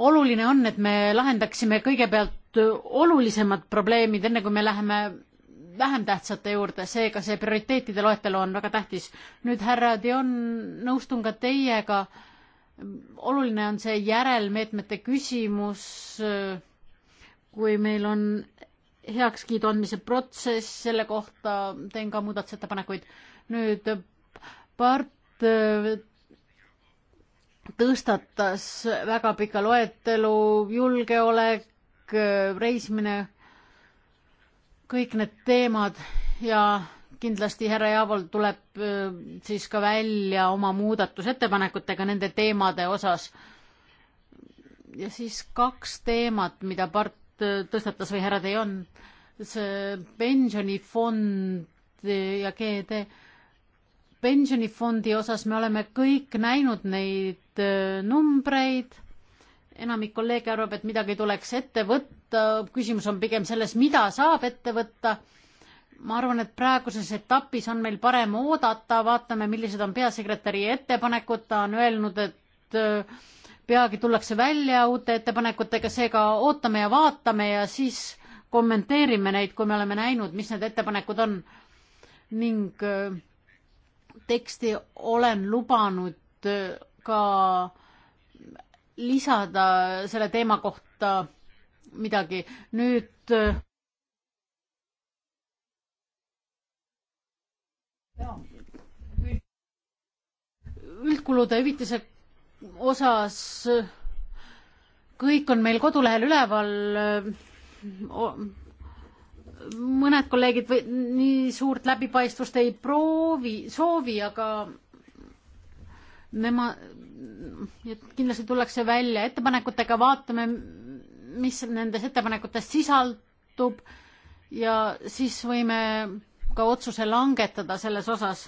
oluline on, et me lahendaksime kõigepealt olulisemad probleemid, enne kui me läheme vähem tähtsate juurde, seega see prioriteetide loetelu on väga tähtis. nüüd härra Dion, nõustun ka teiega, oluline on see järelmeetmete küsimus, kui meil on heakskiidu andmise protsess, selle kohta teen ka muudatusettepanekuid. nüüd part tõstatas väga pika loetelu, julgeolek, Äh, reisimine, kõik need teemad ja kindlasti härra Jaavol tuleb äh, siis ka välja oma muudatusettepanekutega nende teemade osas. ja siis kaks teemat, mida part äh, tõstatas või härra Teion, see pensionifond ja GD. E pensionifondi osas me oleme kõik näinud neid numbreid enamik kolleege arvab, et midagi tuleks ette võtta, küsimus on pigem selles, mida saab ette võtta. ma arvan, et praeguses etapis on meil parem oodata, vaatame, millised on peasekretäri ettepanekud, ta on öelnud, et äh, peagi tullakse välja uute ettepanekutega, seega ootame ja vaatame ja siis kommenteerime neid, kui me oleme näinud, mis need ettepanekud on. ning äh, teksti olen lubanud äh, ka lisada selle teema kohta midagi. nüüd üldkulude hüvitise osas kõik on meil kodulehel üleval. mõned kolleegid või nii suurt läbipaistvust ei proovi, soovi, aga Nema, kindlasti tullakse välja ettepanekutega, vaatame, mis nendes ettepanekutes sisaldub ja siis võime ka otsuse langetada selles osas.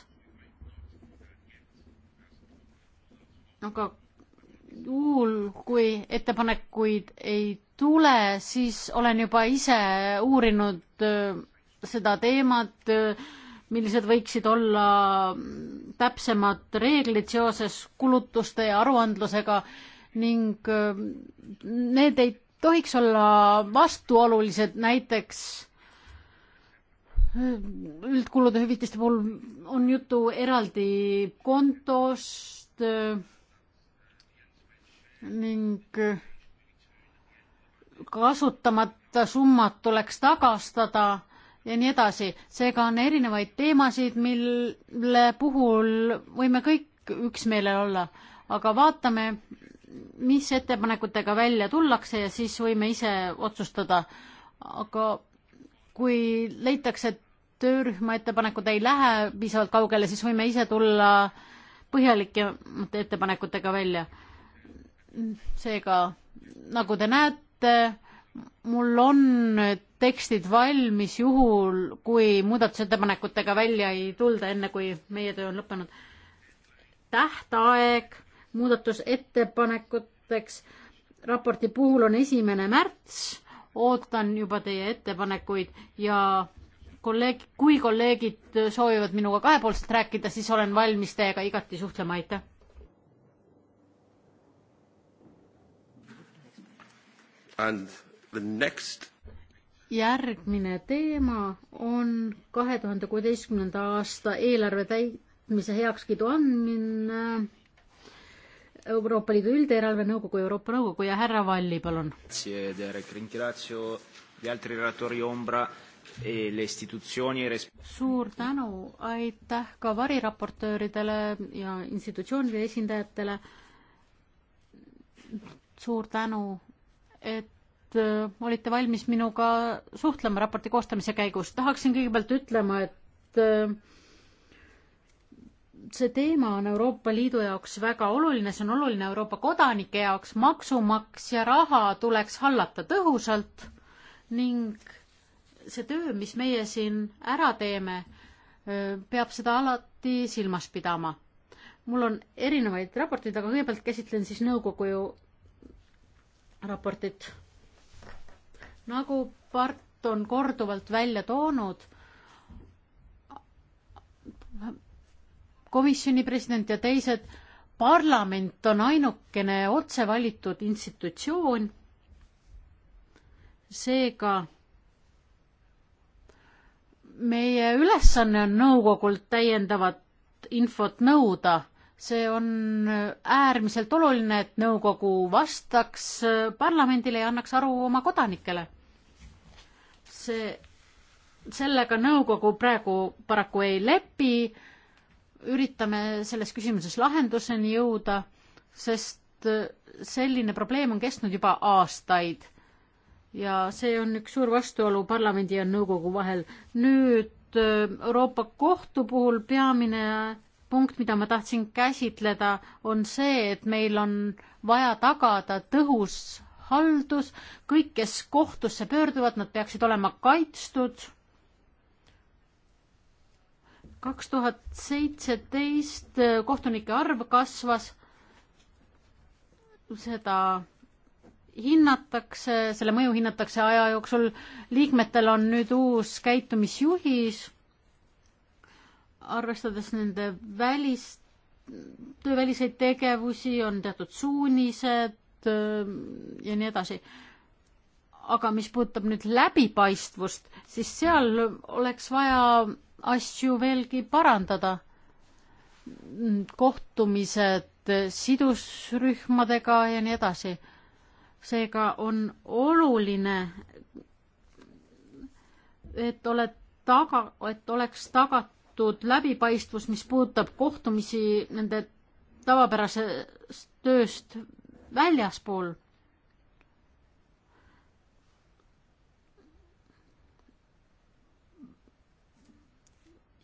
aga juhul, kui ettepanekuid ei tule, siis olen juba ise uurinud äh, seda teemat, äh, millised võiksid olla täpsemad reeglid seoses kulutuste ja aruandlusega ning äh, need ei tohiks olla vastuolulised, näiteks äh, üldkulude hüvitiste puhul on juttu eraldi kontost äh, ning kasutamata summad tuleks tagastada ja nii edasi. seega on erinevaid teemasid, mille puhul võime kõik üksmeelel olla, aga vaatame, mis ettepanekutega välja tullakse ja siis võime ise otsustada. aga kui leitakse, et töörühma ettepanekud ei lähe piisavalt kaugele, siis võime ise tulla põhjalikemate ettepanekutega välja. seega, nagu te näete, mul on tekstid valmis juhul, kui muudatusettepanekutega välja ei tulda, enne kui meie töö on lõppenud. tähtaeg muudatusettepanekuteks raporti puhul on esimene märts, ootan juba teie ettepanekuid ja kolleeg, kui kolleegid soovivad minuga kahepoolselt rääkida, siis olen valmis teiega igati suhtlema, aitäh! And Next... järgmine teema on kahe tuhande kuueteistkümnenda aasta eelarve täitmise heakskiidu andmine Euroopa Liidu üldeelarve nõukogu, Euroopa Nõukogu ja härra Valli, palun. E e suur tänu, aitäh ka variraportööridele ja institutsioonide esindajatele. suur tänu, et Äh, olite valmis minuga suhtlema raporti koostamise käigus. tahaksin kõigepealt ütlema, et äh, see teema on Euroopa Liidu jaoks väga oluline, see on oluline Euroopa kodanike jaoks, maksumaksja raha tuleks hallata tõhusalt ning see töö, mis meie siin ära teeme, äh, peab seda alati silmas pidama. mul on erinevaid raporteid, aga kõigepealt käsitlen siis nõukogu raportit nagu part on korduvalt välja toonud, komisjoni president ja teised, parlament on ainukene otse valitud institutsioon, seega meie ülesanne on nõukogult täiendavat infot nõuda, see on äärmiselt oluline, et nõukogu vastaks parlamendile ja annaks aru oma kodanikele see, sellega nõukogu praegu paraku ei lepi. üritame selles küsimuses lahenduseni jõuda, sest äh, selline probleem on kestnud juba aastaid. ja see on üks suur vastuolu parlamendi ja nõukogu vahel. nüüd äh, Euroopa Kohtu puhul peamine punkt, mida ma tahtsin käsitleda, on see, et meil on vaja tagada tõhus haldus, kõik, kes kohtusse pöörduvad, nad peaksid olema kaitstud. kaks tuhat seitseteist eh, kohtunike arv kasvas. seda hinnatakse, selle mõju hinnatakse aja jooksul. liikmetel on nüüd uus käitumisjuhis, arvestades nende välist tööväliseid tegevusi, on teatud suunised, Äh, ja nii edasi. aga mis puudutab nüüd läbipaistvust, siis seal oleks vaja asju veelgi parandada. kohtumised sidusrühmadega ja nii edasi. seega on oluline, et oled taga, et oleks tagatud läbipaistvus, mis puudutab kohtumisi nende tavapärasest tööst väljaspool.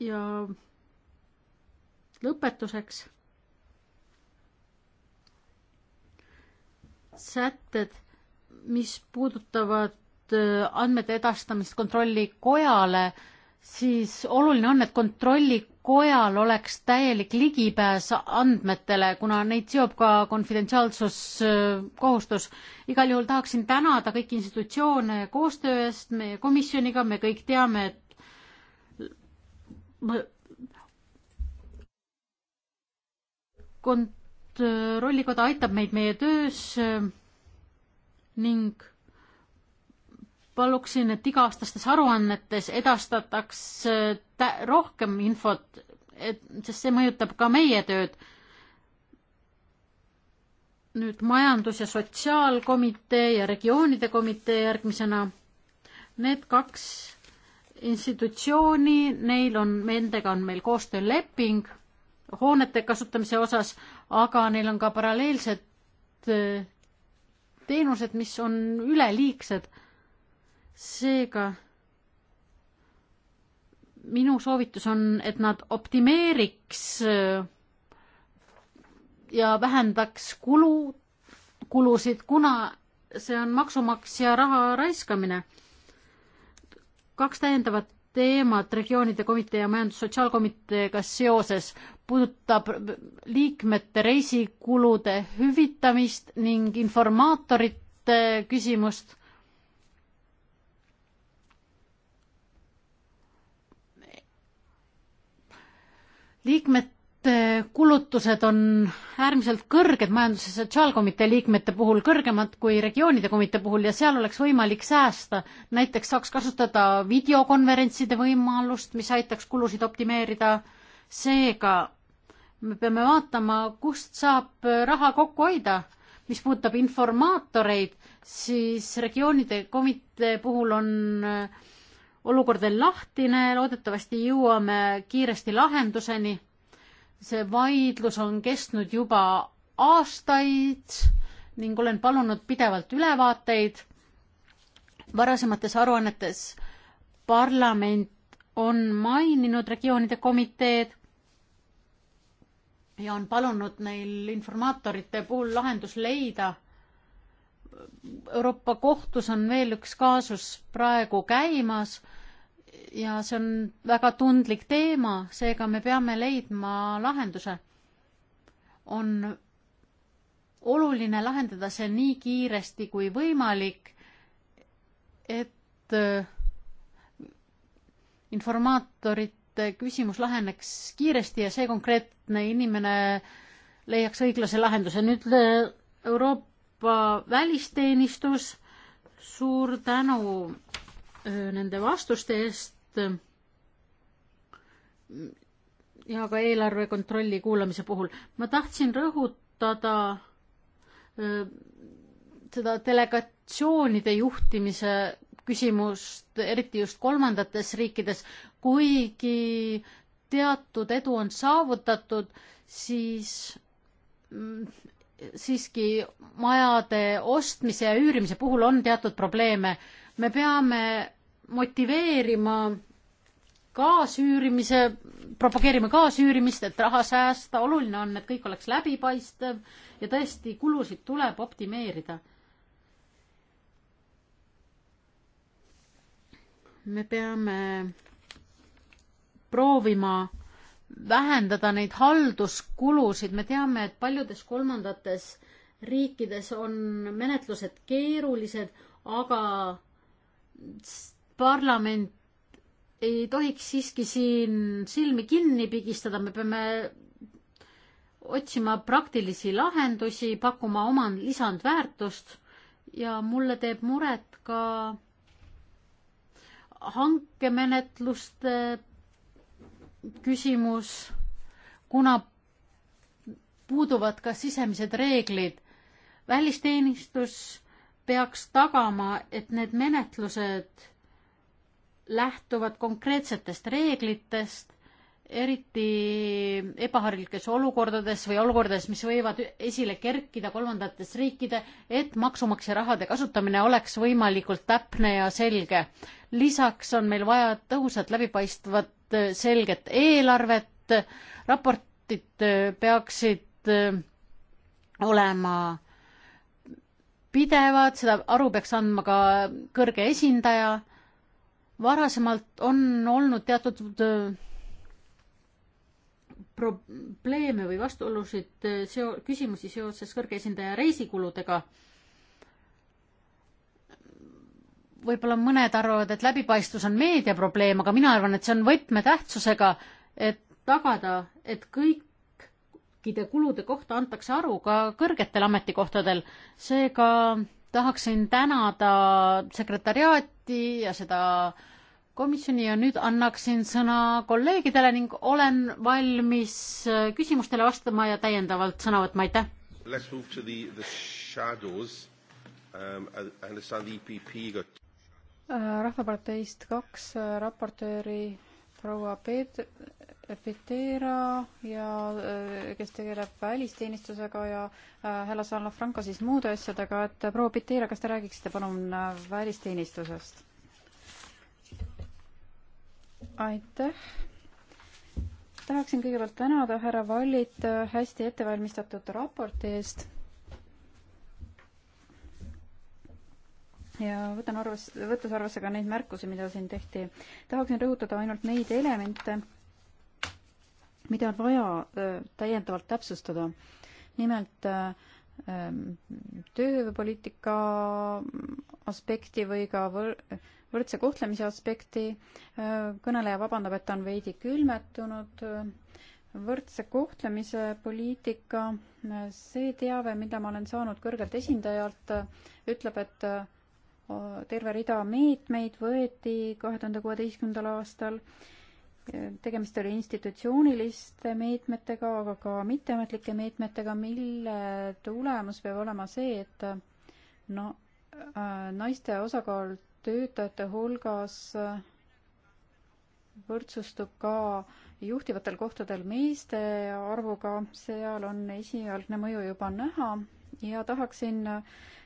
ja lõpetuseks sätted, mis puudutavad äh, andmete edastamist kontrollikojale, siis oluline on, et kontrolli kojal oleks täielik ligipääs andmetele, kuna neid seob ka konfidentsiaalsuskohustus. Äh, igal juhul tahaksin tänada kõiki institutsioone koostöö eest meie komisjoniga, me kõik teame, et kontrollikoda äh, aitab meid meie töös äh, ning paluksin, et iga-aastastes aruannetes edastataks äh, rohkem infot, et, sest see mõjutab ka meie tööd. nüüd Majandus- ja Sotsiaalkomitee ja Regioonide Komitee järgmisena. Need kaks institutsiooni, neil on, nendega on meil koostööleping hoonete kasutamise osas, aga neil on ka paralleelsed äh, teenused, mis on üleliigsed seega minu soovitus on, et nad optimeeriks äh, ja vähendaks kulu, kulusid, kuna see on maksumaksja raha raiskamine. kaks täiendavat teemat regioonide komitee ja majandussotsiaalkomiteega seoses puudutab liikmete reisikulude hüvitamist ning informaatorite küsimust liikmete kulutused on äärmiselt kõrged majandus- ja sotsiaalkomitee liikmete puhul, kõrgemad kui regioonide komitee puhul ja seal oleks võimalik säästa. näiteks saaks kasutada videokonverentside võimalust, mis aitaks kulusid optimeerida. seega me peame vaatama, kust saab raha kokku hoida mis puudutab informaatoreid, siis regioonide komitee puhul on äh, olukord veel lahtine, loodetavasti jõuame kiiresti lahenduseni. see vaidlus on kestnud juba aastaid ning olen palunud pidevalt ülevaateid. varasemates aruannetes parlament on maininud regioonide komiteed ja on palunud neil informaatorite puhul lahendus leida. Euroopa Kohtus on veel üks kaasus praegu käimas ja see on väga tundlik teema, seega me peame leidma lahenduse. on oluline lahendada see nii kiiresti kui võimalik, et äh, informaatorite küsimus laheneks kiiresti ja see konkreetne inimene leiaks õiglase lahenduse. nüüd äh, Euroopa välisteenistus, suur tänu nende vastuste eest ja ka eelarve kontrolli kuulamise puhul. ma tahtsin rõhutada seda delegatsioonide juhtimise küsimust, eriti just kolmandates riikides, kuigi teatud edu on saavutatud, siis mm, siiski majade ostmise ja üürimise puhul on teatud probleeme. me peame motiveerima kaasüürimise, propageerime kaasüürimist, et raha säästa, oluline on, et kõik oleks läbipaistev ja tõesti, kulusid tuleb optimeerida. me peame proovima vähendada neid halduskulusid, me teame, et paljudes kolmandates riikides on menetlused keerulised, aga parlament ei tohiks siiski siin silmi kinni pigistada, me peame otsima praktilisi lahendusi, pakkuma oma lisandväärtust ja mulle teeb muret ka hankemenetluste küsimus, kuna puuduvad ka sisemised reeglid. välisteenistus peaks tagama, et need menetlused lähtuvad konkreetsetest reeglitest, eriti ebaharilikes olukordades või olukordades, mis võivad esile kerkida kolmandates riikide, et maksumaksja rahade kasutamine oleks võimalikult täpne ja selge. lisaks on meil vaja tõhusat, läbipaistvat, selget eelarvet, raportid peaksid äh, olema pidevad, seda aru peaks andma ka kõrge esindaja varasemalt on olnud teatud äh, probleeme või vastuolusid äh, seo-, küsimusi seoses kõrge esindaja reisikuludega. võib-olla mõned arvavad, et läbipaistvus on meedia probleem, aga mina arvan, et see on võtmetähtsusega, et tagada, et kõikide kulude kohta antakse aru ka kõrgetel ametikohtadel. seega ka tahaksin tänada sekretariaati ja seda komisjoni ja nüüd annaksin sõna kolleegidele ning olen valmis küsimustele vastama ja täiendavalt sõna võtma, aitäh. Let's move to the, the shadows um,. I understand the EPP got rahvaparteist kaks raportööri proua Peet-, Petera ja äh, kes tegeleb välisteenistusega ja härra äh, Salno Franco siis muude asjadega, et äh, proua Petera, kas te räägiksite palun välisteenistusest? aitäh. tahaksin kõigepealt tänada härra Vallit hästi ettevalmistatud raporti eest. ja võtan arvesse, võttes arvesse ka neid märkusi, mida siin tehti, tahaksin rõhutada ainult neid elemente mida on vaja täiendavalt täpsustada. nimelt tööpoliitika aspekti või ka võr-, võrdse kohtlemise aspekti. kõneleja vabandab, et ta on veidi külmetunud. võrdse kohtlemise poliitika, see teave, mida ma olen saanud kõrgelt esindajalt, ütleb, et terve rida meetmeid võeti kahe tuhande kuueteistkümnendal aastal tegemist oli institutsiooniliste meetmetega, aga ka mitteametlike meetmetega, mille tulemus peab olema see, et no äh, naiste osakaal töötajate hulgas äh, võrdsustub ka juhtivatel kohtadel meeste arvuga, seal on esialgne mõju juba näha ja tahaksin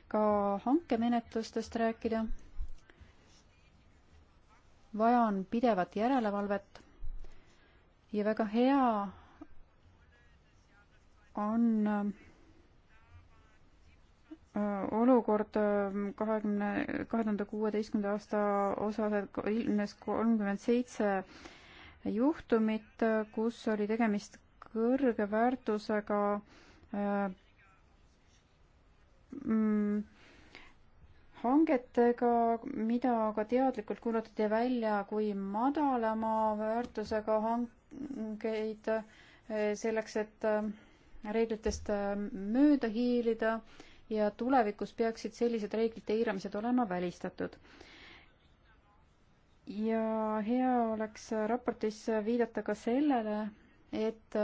ka hankemenetlustest rääkida. vaja on pidevat järelevalvet ja väga hea on äh, olukord äh, kahekümne, kahe tuhande kuueteistkümnenda aasta osas, et ilmnes kolmkümmend seitse juhtumit, äh, kus oli tegemist kõrge väärtusega mm, hangetega, mida ka teadlikult kuulutati välja kui madalama väärtusega hank-, mingeid äh, selleks, et äh, reeglitest äh, mööda hiilida ja tulevikus peaksid sellised reeglite eiramised olema välistatud. ja hea oleks raportis viidata ka sellele, et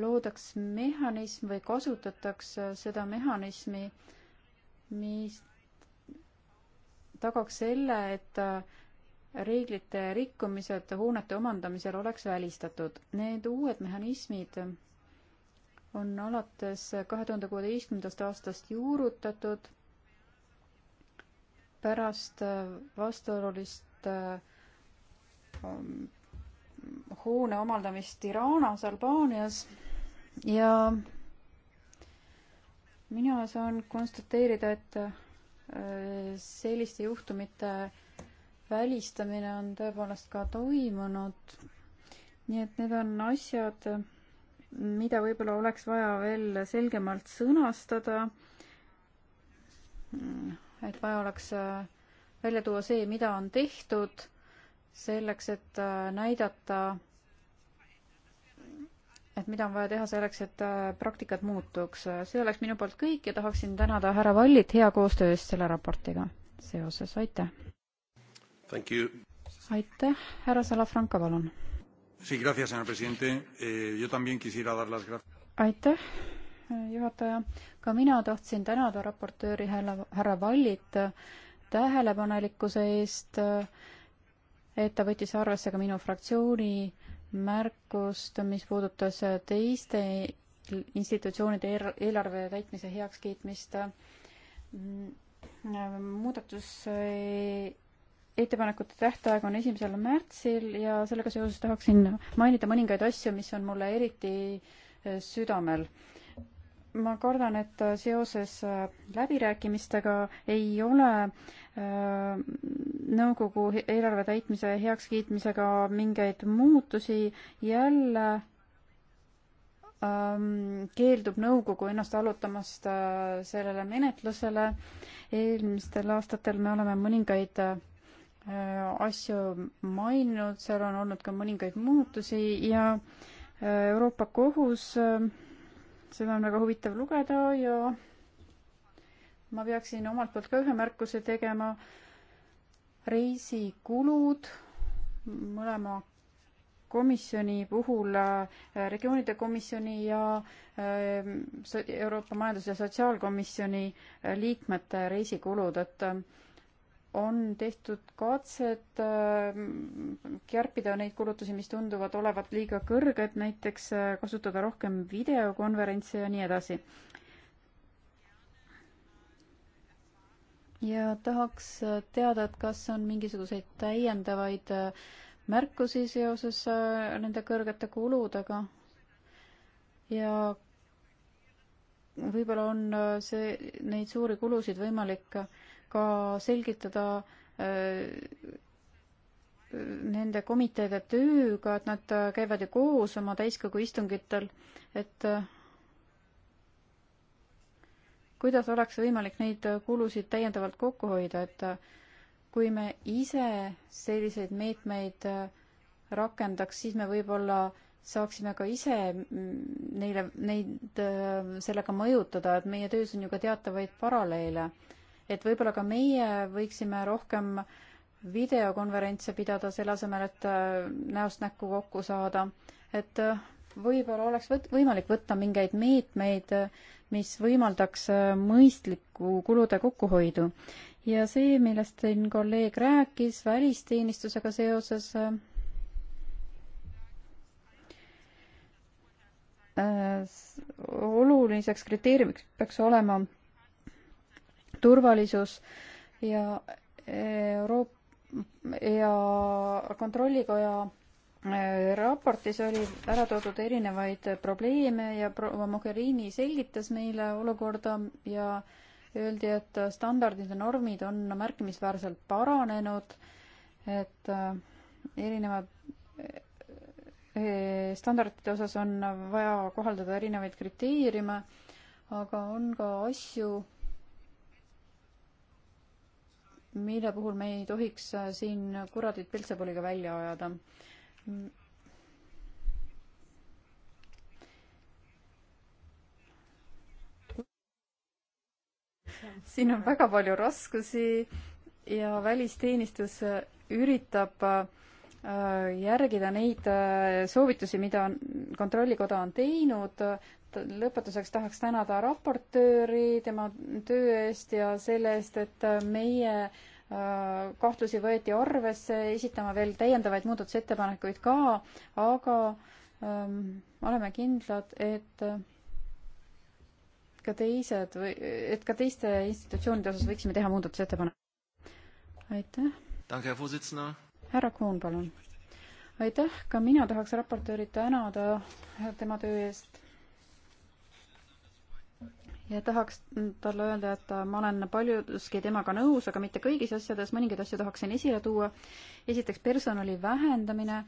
loodaks mehhanism või kasutataks seda mehhanismi, mis tagaks selle, et reeglite rikkumised hoonete omandamisel oleks välistatud. Need uued mehhanismid on alates kahe tuhande kuueteistkümnendast aastast juurutatud pärast äh, vastuolulist äh, hoone omandamist Iranas, Albaanias ja mina saan konstateerida, et äh, selliste juhtumite välistamine on tõepoolest ka toimunud. nii et need on asjad, mida võib-olla oleks vaja veel selgemalt sõnastada. et vaja oleks äh, välja tuua see, mida on tehtud selleks, et äh, näidata, et mida on vaja teha selleks, et äh, praktikad muutuks. see oleks minu poolt kõik ja tahaksin tänada härra Vallit hea koostöö eest selle raportiga seoses, aitäh! aitäh, härra Salafranca, palun. Eh, aitäh, juhataja. ka mina tahtsin tänada raportööri härra, härra Vallit tähelepanelikkuse eest, et ta võttis arvesse ka minu fraktsiooni märkust, mis puudutas teiste institutsioonide eelarve täitmise heakskiitmist. Mm, muudatus ettepanekute tähtaeg on esimesel märtsil ja sellega seoses tahaksin mainida mõningaid asju, mis on mulle eriti eh, südamel. ma kardan, et eh, seoses eh, läbirääkimistega ei ole nõukogu eelarve täitmise heakskiitmisega mingeid muutusi, jälle ehm, keeldub nõukogu ennast allutamast sellele menetlusele. eelmistel aastatel me oleme mõningaid Äh, asju maininud, seal on olnud ka mõningaid muutusi ja äh, Euroopa Kohus, äh, seda on väga huvitav lugeda ja ma peaksin omalt poolt ka ühe märkuse tegema. reisikulud mõlema komisjoni puhul, regioonide komisjoni ja Euroopa Majandus- ja Sotsiaalkomisjoni liikmete reisikulud, et on tehtud katsed äh, kärpida neid kulutusi, mis tunduvad olevat liiga kõrged, näiteks äh, kasutada rohkem videokonverentse ja nii edasi. ja tahaks äh, teada, et kas on mingisuguseid täiendavaid märkusi seoses nende kõrgete kuludega ja võib-olla on see, neid suuri kulusid võimalik ka selgitada äh, nende komiteede tööga, et nad äh, käivad ju koos oma täiskogu istungitel, et äh, kuidas oleks võimalik neid kulusid täiendavalt kokku hoida, et kui me ise selliseid meetmeid rakendaks, siis me võib-olla saaksime ka ise mm, neile, neid sellega mõjutada, et meie töös on ju ka teatavaid paralleele et võib-olla ka meie võiksime rohkem videokonverentse pidada, selle asemel, et äh, näost näkku kokku saada. et äh, võib-olla oleks võt-, võimalik võtta mingeid meetmeid, äh, mis võimaldaks mõistlikku kulude kokkuhoidu. ja see, millest siin kolleeg rääkis välisteenistusega seoses, oluliseks kriteeriumiks peaks olema turvalisus ja Euroopa ja Kontrollikoja äh, raportis oli ära toodud erinevaid probleeme ja proua Mogherini selgitas meile olukorda ja öeldi, et standardid ja normid on märkimisväärselt paranenud, et äh, erinevad äh, standardite osas on vaja kohaldada erinevaid kriteeriume, aga on ka asju, mille puhul me ei tohiks äh, siin kuradit Peltsebuliga välja ajada. siin on väga palju raskusi ja välisteenistus üritab äh, järgida neid äh, soovitusi, mida Kontrollikoda on teinud, lõpetuseks tahaks tänada raportööri tema töö eest ja selle eest, et meie äh, kahtlusi võeti arvesse, esitama veel täiendavaid muudatusettepanekuid ka, aga ähm, oleme kindlad, et ka teised või, et ka teiste institutsioonide osas võiksime teha muudatusettepaneku. aitäh. härra Kuhn, palun aitäh, ka mina tahaks raportööri tänada tema töö eest ja tahaks talle öelda, et ma olen paljuski temaga nõus, aga mitte kõigis asjades, mõningaid asju tahaksin esile tuua. esiteks personali vähendamine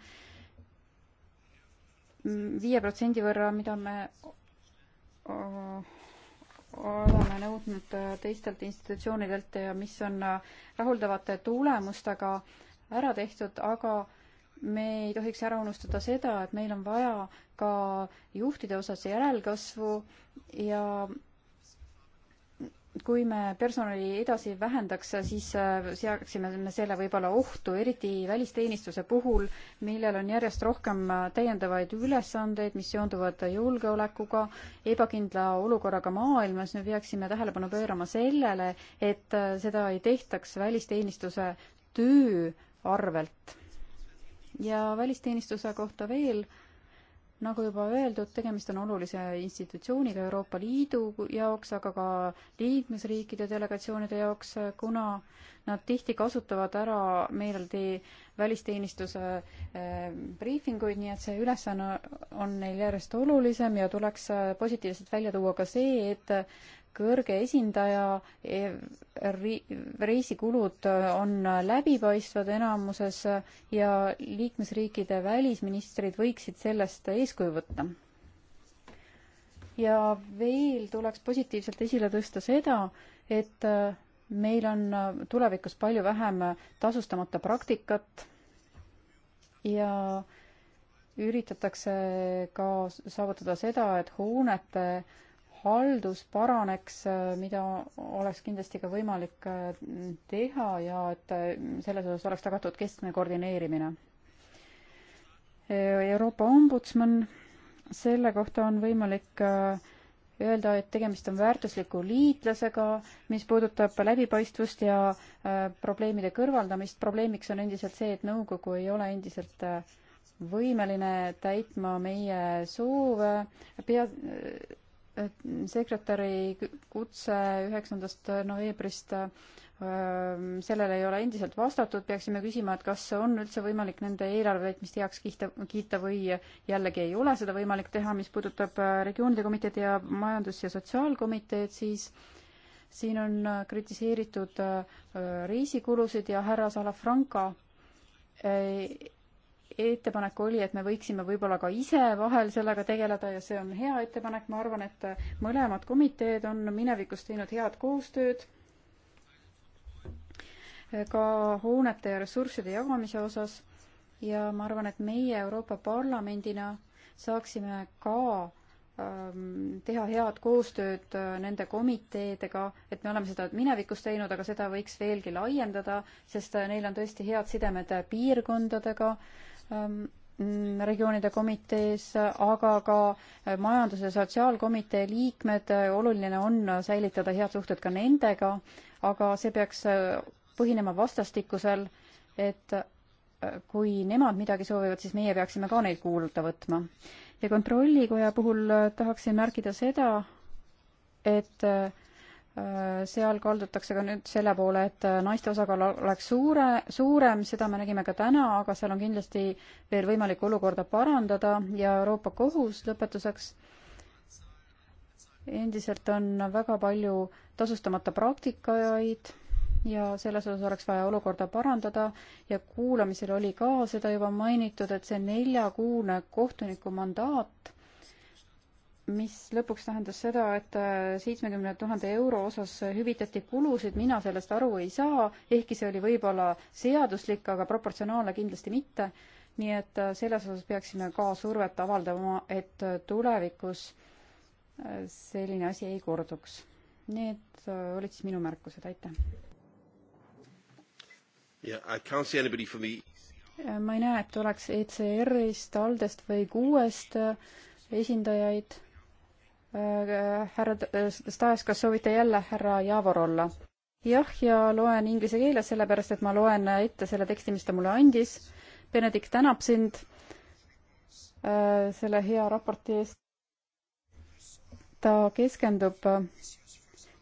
viie protsendi võrra, mida me oleme nõudnud teistelt institutsioonidelt ja mis on rahuldavate tulemustega ära tehtud, aga me ei tohiks ära unustada seda, et meil on vaja ka juhtide osas järelkasvu ja kui me personali edasi vähendaks, siis äh, seaksime me selle võib-olla ohtu, eriti välisteenistuse puhul, millel on järjest rohkem äh, täiendavaid ülesandeid, mis seonduvad julgeolekuga, ebakindla olukorraga maailmas, me peaksime tähelepanu pöörama sellele, et äh, seda ei tehtaks välisteenistuse töö arvelt. ja välisteenistuse kohta veel nagu juba öeldud, tegemist on olulise institutsiooniga Euroopa Liidu jaoks, aga ka liikmesriikide delegatsioonide jaoks, kuna nad tihti kasutavad ära meeleldi välisteenistuse eh, briifinguid, nii et see ülesanne on neil järjest olulisem ja tuleks eh, positiivselt välja tuua ka see, et kõrge esindaja e, reisikulud on läbipaistvad enamuses ja liikmesriikide välisministrid võiksid sellest eeskuju võtta. ja veel tuleks positiivselt esile tõsta seda, et meil on tulevikus palju vähem tasustamata praktikat ja üritatakse ka saavutada seda, et hoonete haldus paraneks, äh, mida oleks kindlasti ka võimalik äh, teha ja et äh, selles osas oleks tagatud keskne koordineerimine. Euroopa ombudsman, selle kohta on võimalik öelda, et tegemist on väärtusliku liitlasega, mis puudutab läbipaistvust ja probleemide kõrvaldamist. probleemiks on endiselt see, et nõukogu ei ole endiselt võimeline täitma meie soove. pea, sekretäri kutse üheksandast novembrist, sellele ei ole endiselt vastatud, peaksime küsima, et kas on üldse võimalik nende eelarve täitmist heaks kihta, kiita või jällegi ei ole seda võimalik teha, mis puudutab regioonide komiteed ja majandus- ja sotsiaalkomiteed, siis siin on kritiseeritud reisikulusid ja härra Salafranca ettepanek oli, et me võiksime võib-olla ka ise vahel sellega tegeleda ja see on hea ettepanek, ma arvan, et mõlemad komiteed on minevikus teinud head koostööd ka hoonete ja ressursside jagamise osas ja ma arvan, et meie Euroopa Parlamendina saaksime ka ähm, teha head koostööd äh, nende komiteedega, et me oleme seda minevikus teinud, aga seda võiks veelgi laiendada, sest äh, neil on tõesti head sidemed äh, piirkondadega äh, Ähm, mm, regioonide komitees, aga ka äh, majandus- ja sotsiaalkomitee liikmed, äh, oluline on säilitada head suhted ka nendega, aga see peaks äh, põhinema vastastikusel, et kui nemad midagi soovivad, siis meie peaksime ka neid kuulda võtma. ja kontrollikoja puhul tahaksin märkida seda, et äh, Äh, seal kaldutakse ka nüüd selle poole, et äh, naiste osakaal oleks suure, suurem, seda me nägime ka täna, aga seal on kindlasti veel võimalik olukorda parandada ja Euroopa Kohus lõpetuseks endiselt on väga palju tasustamata praktikaid ja selles osas oleks vaja olukorda parandada ja kuulamisel oli ka seda juba mainitud, et see neljakuune kohtuniku mandaat mis lõpuks tähendas seda, et äh, seitsmekümne tuhande euro osas hüvitati kulusid, mina sellest aru ei saa, ehkki see oli võib-olla seaduslik, aga proportsionaalne kindlasti mitte. nii et äh, selles osas peaksime ka survet avaldama, et äh, tulevikus selline asi ei korduks. Need olid siis minu märkused, aitäh. Yeah, I can't see anybody from the ma ei näe, et oleks ECR-ist, ALDE-st või QE-st esindajaid. Äh, härra äh, Stas, kas soovite jälle härra Javor olla? jah, ja loen inglise keeles, sellepärast et ma loen ette selle teksti, mis ta mulle andis. Benedikt tänab sind äh, selle hea raporti eest. ta keskendub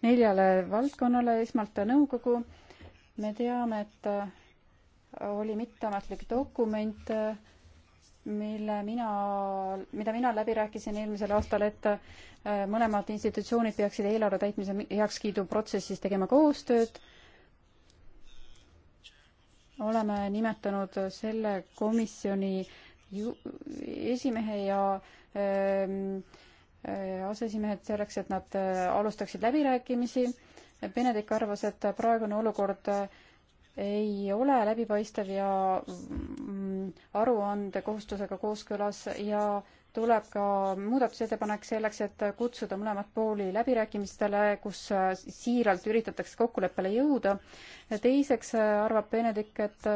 neljale valdkonnale, esmalt nõukogu. me teame, et oli mitteametlik dokument mille mina, mida mina läbi rääkisin eelmisel aastal, et äh, mõlemad institutsioonid peaksid eelarve täitmise heakskiidu protsessis tegema koostööd. oleme nimetanud selle komisjoni ju-, esimehe ja öö, ähm, äh, aseesimehed selleks, et nad äh, alustaksid läbirääkimisi. Benedik arvas, et praegune olukord ei ole läbipaistev ja aruandekohustusega kooskõlas ja tuleb ka muudatusettepanek selleks, et kutsuda mõlemad pooli läbirääkimistele, kus siiralt üritatakse kokkuleppele jõuda. teiseks arvab Benedikt, et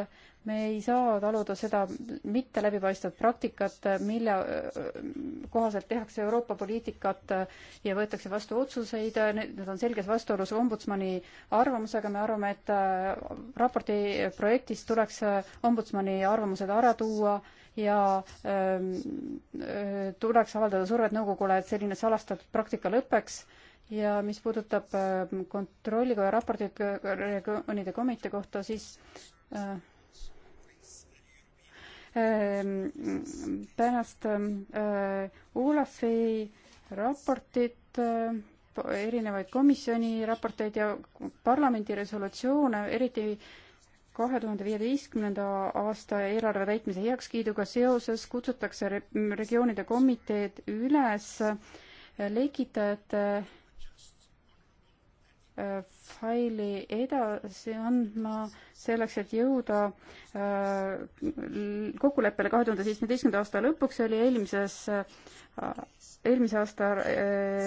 me ei saa taluda seda mitte läbipaistvat praktikat, mille kohaselt tehakse Euroopa poliitikat ja võetakse vastu otsuseid, need on selges vastuolus ombudsmani arvamusega, me arvame, et raporti projektis tuleks ombudsmani arvamused ära tuua ja ähm, äh, tuleks avaldada survet nõukogule, et selline salastatud praktika lõpeks ja mis puudutab ähm, kontrollikoja raportit regioonide komitee kohta, siis äh, pärast ähm, äh, Olafi raportit äh, erinevaid komisjoni raporteid ja parlamendi resolutsioone, eriti äh, kahe tuhande viieteistkümnenda aasta eelarve täitmise heakskiiduga seoses kutsutakse re regioonide komiteed üles lekitajate äh, faili edasi andma selleks, et jõuda äh, kokkuleppele kahe tuhande seitsmeteistkümnenda aasta lõpuks, see oli eelmises, äh, eelmise aasta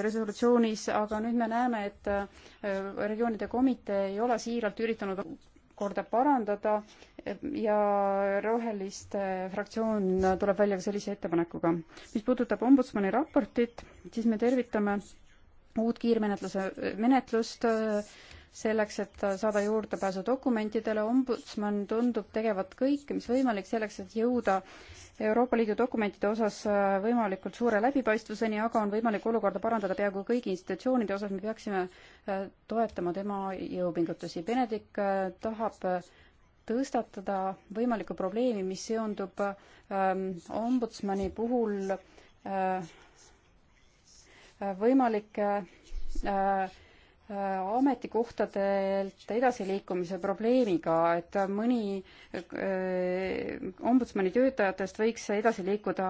resolutsioonis, aga nüüd me näeme, et regioonide komitee ei ole siiralt üritanud olukorda parandada ja Roheliste eh, fraktsioon tuleb välja ka sellise ettepanekuga. mis puudutab ombudsmani raportit, siis me tervitame uut kiirmenetluse eh, menetlust äh, selleks, et saada juurdepääsu dokumentidele. ombudsman tundub tegevat kõik, mis võimalik selleks, et jõuda Euroopa Liidu dokumentide osas äh, võimalikult suure läbipaistvuseni, aga on võimalik olukorda parandada peaaegu kõigi institutsioonide osas, me peaksime äh, toetama tema jõupingutusi. Benedik äh, tahab tõstatada võimalikku probleemi, mis seondub ähm, ombudsmani puhul äh, võimalike äh, Äh, ametikohtadelt edasiliikumise probleemiga, et mõni äh, ombudsmani töötajatest võiks edasi liikuda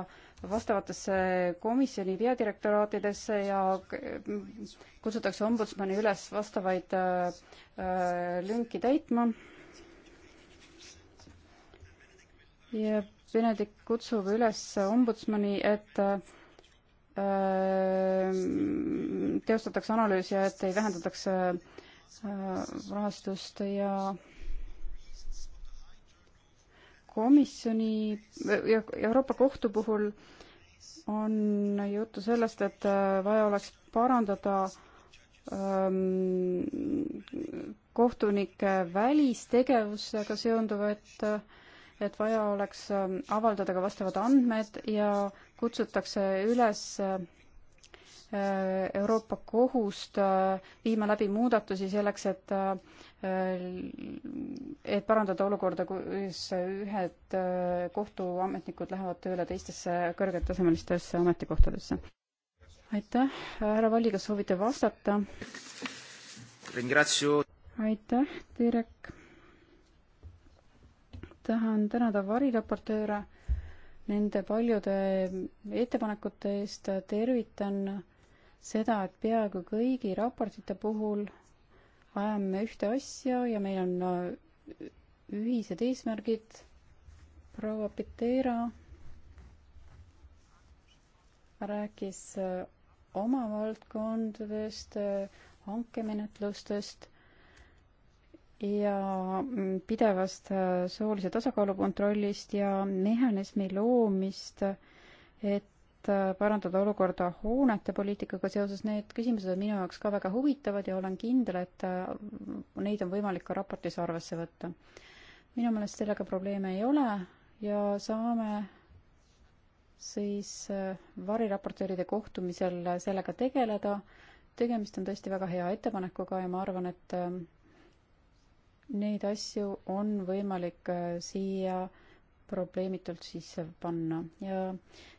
vastavatesse komisjoni peadirektoraatidesse ja äh, kutsutakse ombudsmani üles vastavaid lünki täitma. ja Benedikt kutsub üles ombudsmani, et teostatakse analüüs ja et ei vähendatakse rahastust ja komisjoni ja Euroopa Kohtu puhul on juttu sellest, et vaja oleks parandada kohtunike välistegevusega seonduvat, et vaja oleks avaldada ka vastavad andmed ja kutsutakse üles äh, Euroopa Kohust äh, viima läbi muudatusi selleks, et äh, et parandada olukorda, kus ühed kohtuametnikud lähevad tööle teistesse kõrgetasemelistesse ametikohtadesse. aitäh, härra Valli, kas soovite vastata? aitäh, Terek. tahan tänada variraportööre nende paljude ettepanekute eest, tervitan seda, et peaaegu kõigi raportite puhul ajame ühte asja ja meil on äh, ühised eesmärgid. proua Pitera rääkis äh, oma valdkondadest, äh, hankemenetlustest ja mm, pidevast äh, soolise tasakaalu kontrollist ja mehhanismi loomist, et äh, parandada olukorda hoonete poliitikaga seoses, need küsimused on minu jaoks ka väga huvitavad ja olen kindel, et äh, neid on võimalik ka raportis arvesse võtta. minu meelest sellega probleeme ei ole ja saame siis variraportööride kohtumisel sellega tegeleda. tegemist on tõesti väga hea ettepanekuga ja ma arvan, et neid asju on võimalik äh, siia probleemitult sisse panna ja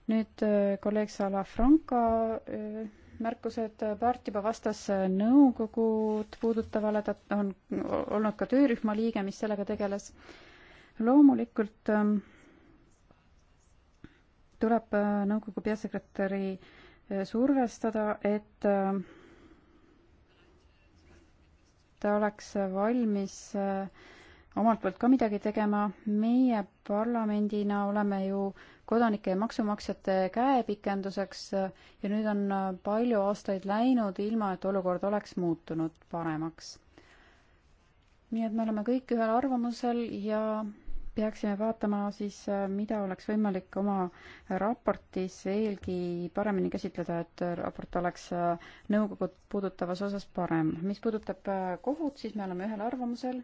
nüüd äh, kolleeg Salafranca äh, märkused, Bart juba vastas nõukogud puudutavale, ta on olnud ka töörühma liige, mis sellega tegeles. loomulikult ähm, tuleb nõukogu peasekretäri survestada, et ta oleks valmis äh, omalt poolt ka midagi tegema. meie parlamendina oleme ju kodanike ja maksumaksjate käepikenduseks äh, ja nüüd on äh, palju aastaid läinud, ilma et olukord oleks muutunud paremaks. nii et me oleme kõik ühel arvamusel ja peaksime vaatama siis, äh, mida oleks võimalik oma raportis veelgi paremini käsitleda, et raport oleks äh, nõukogud puudutavas osas parem. mis puudutab äh, kohut, siis me oleme ühel arvamusel.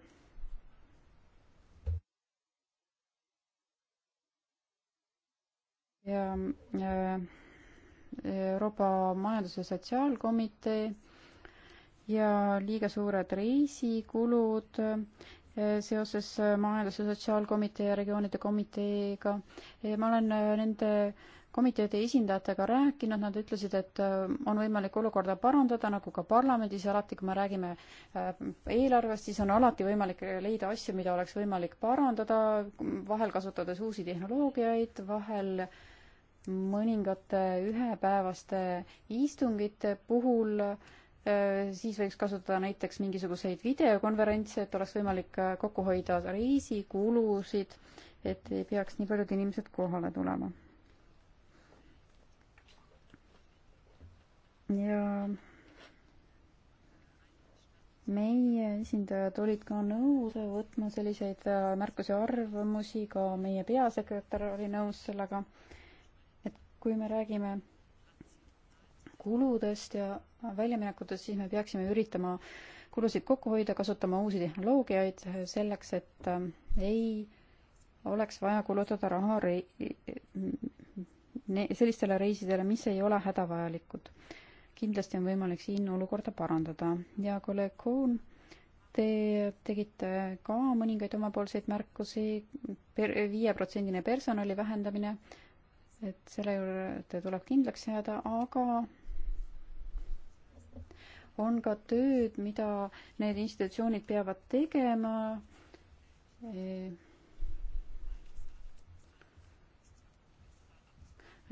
ja Euroopa Majandus- ja Sotsiaalkomitee ja liiga suured reisikulud Eh, seoses eh, Majandus- ja Sotsiaalkomitee ja Regioonide Komiteega. ma olen eh, nende komiteede esindajatega rääkinud, nad ütlesid, et on võimalik olukorda parandada, nagu ka parlamendis alati, kui me räägime eelarvest, siis on alati võimalik leida asju, mida oleks võimalik parandada, vahel kasutades uusi tehnoloogiaid, vahel mõningate ühepäevaste istungite puhul äh, Äh, siis võiks kasutada näiteks mingisuguseid videokonverentse, et oleks võimalik äh, kokku hoida reisikulusid, et ei peaks nii paljud inimesed kohale tulema. ja meie esindajad olid ka nõus võtma selliseid äh, märkusi ja arvamusi, ka meie peasekretär oli nõus sellega, et kui me räägime kuludest ja väljaminekutes, siis me peaksime üritama kulusid kokku hoida, kasutama uusi tehnoloogiaid selleks, et äh, ei oleks vaja kulutada raha rei-, sellistele reisidele, mis ei ole hädavajalikud. kindlasti on võimalik siin olukorda parandada ja kolleeg Kuhn, te tegite ka mõningaid omapoolseid märkusi per-, viieprotsendine personali vähendamine, et selle juurde tuleb kindlaks jääda, aga on ka tööd, mida need institutsioonid peavad tegema.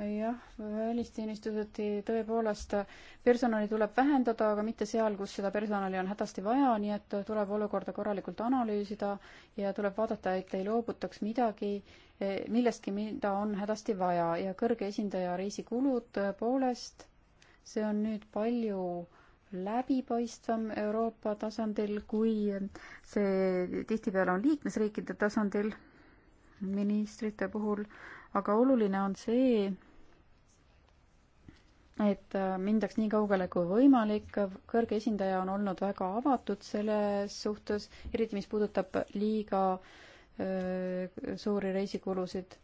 jah, välisteenistused tõepoolest, personali tuleb vähendada, aga mitte seal, kus seda personali on hädasti vaja, nii et tuleb olukorda korralikult analüüsida ja tuleb vaadata, et ei loobutaks midagi, millestki, mida on hädasti vaja ja kõrge esindaja reisikulud tõepoolest, see on nüüd palju äh, läbipaistvam Euroopa tasandil, kui see tihtipeale on liikmesriikide tasandil ministrite puhul, aga oluline on see, et mindaks nii kaugele kui võimalik, kõrge esindaja on olnud väga avatud selles suhtes, eriti mis puudutab liiga öö, suuri reisikulusid.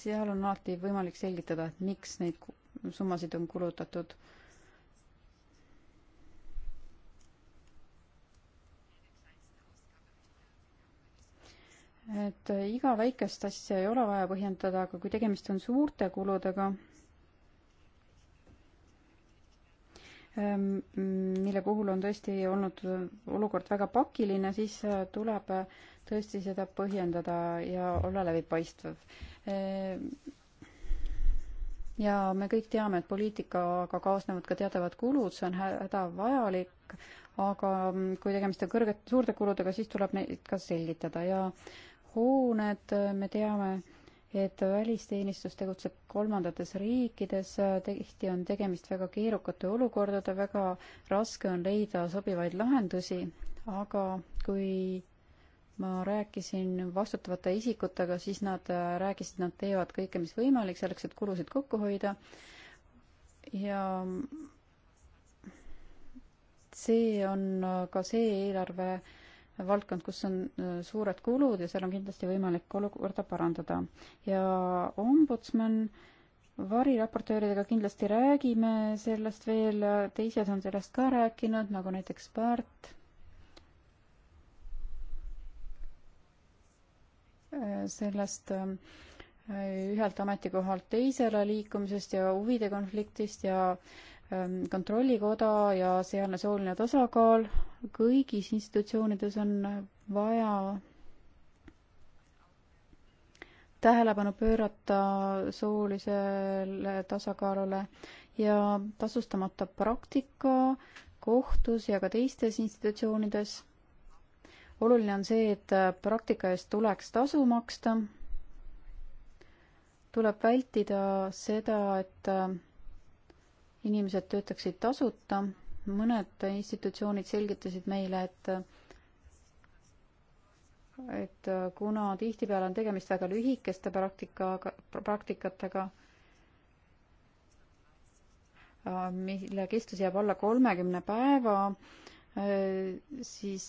seal on alati võimalik selgitada, et miks neid summasid on kulutatud. et iga väikest asja ei ole vaja põhjendada, aga kui tegemist on suurte kuludega, ehm, mille puhul on tõesti olnud olukord väga pakiline, siis tuleb tõesti seda põhjendada ja olla läbipaistv. Ehm, ja me kõik teame, et poliitikaga kaasnevad ka teatavad kulud, see on hädavajalik, aga mm, kui tegemist on kõrgete, suurte kuludega, siis tuleb neid ka selgitada ja hooned, me teame, et välisteenistus tegutseb kolmandates riikides, tihti on tegemist väga keerukate olukordade, väga raske on leida sobivaid lahendusi, aga kui ma rääkisin vastutavate isikutega, siis nad äh, rääkisid, nad teevad kõike, mis võimalik selleks, et kulusid kokku hoida. ja see on äh, ka see eelarve valdkond, kus on äh, suured kulud ja seal on kindlasti võimalik olukorda parandada. ja ombudsman variraportööridega kindlasti räägime sellest veel, teised on sellest ka rääkinud, nagu näiteks Pärt sellest ähm, äh, ühelt ametikohalt teisele liikumisest ja huvide konfliktist ja ähm, kontrollikoda ja sealne sooline tasakaal. kõigis institutsioonides on vaja tähelepanu pöörata soolisele tasakaalule ja tasustamata praktika kohtus ja ka teistes institutsioonides oluline on see, et praktika eest tuleks tasu maksta, tuleb vältida seda, et inimesed töötaksid tasuta, mõned institutsioonid selgitasid meile, et et kuna tihtipeale on tegemist väga lühikeste praktikaga, praktikatega, mille kestus jääb alla kolmekümne päeva, siis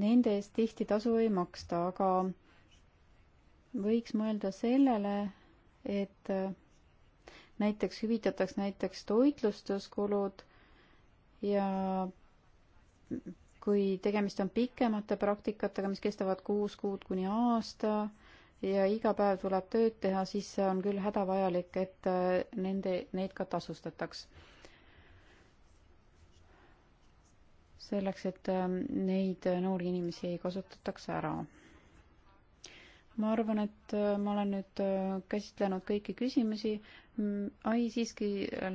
nende eest tihti tasu ei maksta, aga võiks mõelda sellele, et näiteks hüvitataks näiteks toitlustuskulud ja kui tegemist on pikemate praktikatega, mis kestavad kuus kuud kuni aasta ja iga päev tuleb tööd teha, siis see on küll hädavajalik, et nende, neid ka tasustataks selleks, et ähm, neid noori inimesi ei kasutataks ära. ma arvan, et äh, ma olen nüüd äh, käsitlenud kõiki küsimusi. ai, siiski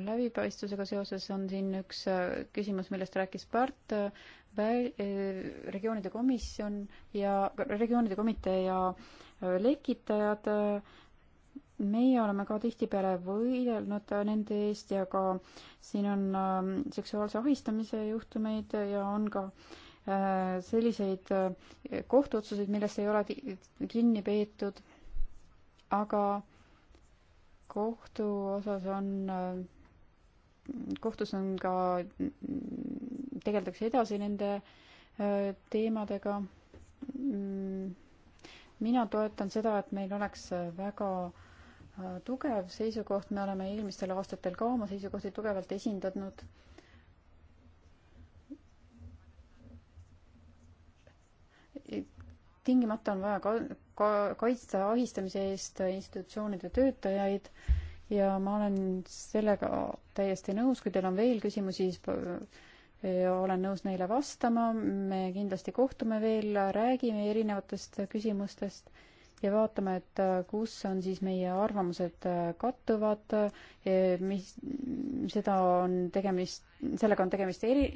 läbipaistvusega seoses on siin üks äh, küsimus, millest rääkis Pärt, regioonide komisjon ja regioonide komitee ja lekitajad meie oleme ka tihtipeale võidelnud nende eest ja ka siin on äh, seksuaalse ahistamise juhtumeid ja on ka äh, selliseid äh, kohtuotsuseid, millest ei ole kinni peetud, aga kohtu osas on äh, kohtus on ka, mm, tegeldakse edasi nende äh, teemadega mm mina toetan seda, et meil oleks väga Äh, tugev seisukoht, me oleme eelmistel aastatel ka oma seisukohti tugevalt esindanud. tingimata on vaja ka, ka kaitsta ahistamise eest institutsioonide töötajaid ja ma olen sellega täiesti nõus, kui teil on veel küsimusi, siis ja äh, olen nõus neile vastama, me kindlasti kohtume veel, räägime erinevatest küsimustest ja vaatame, et äh, kus on siis meie arvamused äh, kattuvad, äh, mis, seda on tegemist, sellega on tegemist eri,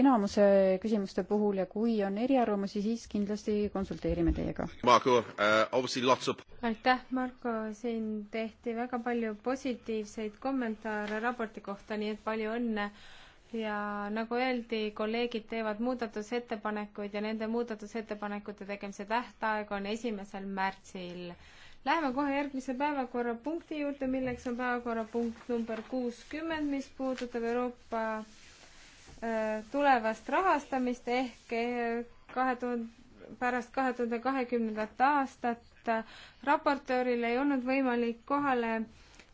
enamuse küsimuste puhul ja kui on eriarvamusi, siis kindlasti konsulteerime teiega. Marko uh,, of... aitäh, Marko, siin tehti väga palju positiivseid kommentaare raporti kohta, nii et palju õnne ja nagu öeldi, kolleegid teevad muudatusettepanekuid ja nende muudatusettepanekute tegemise tähtaeg on esimesel märtsil. Läheme kohe järgmise päevakorrapunkti juurde, milleks on päevakorrapunkt number kuuskümmend, mis puudutab Euroopa äh, tulevast rahastamist ehk äh, kahe tuhande, pärast kahe tuhande kahekümnendat aastat. raportööril ei olnud võimalik kohale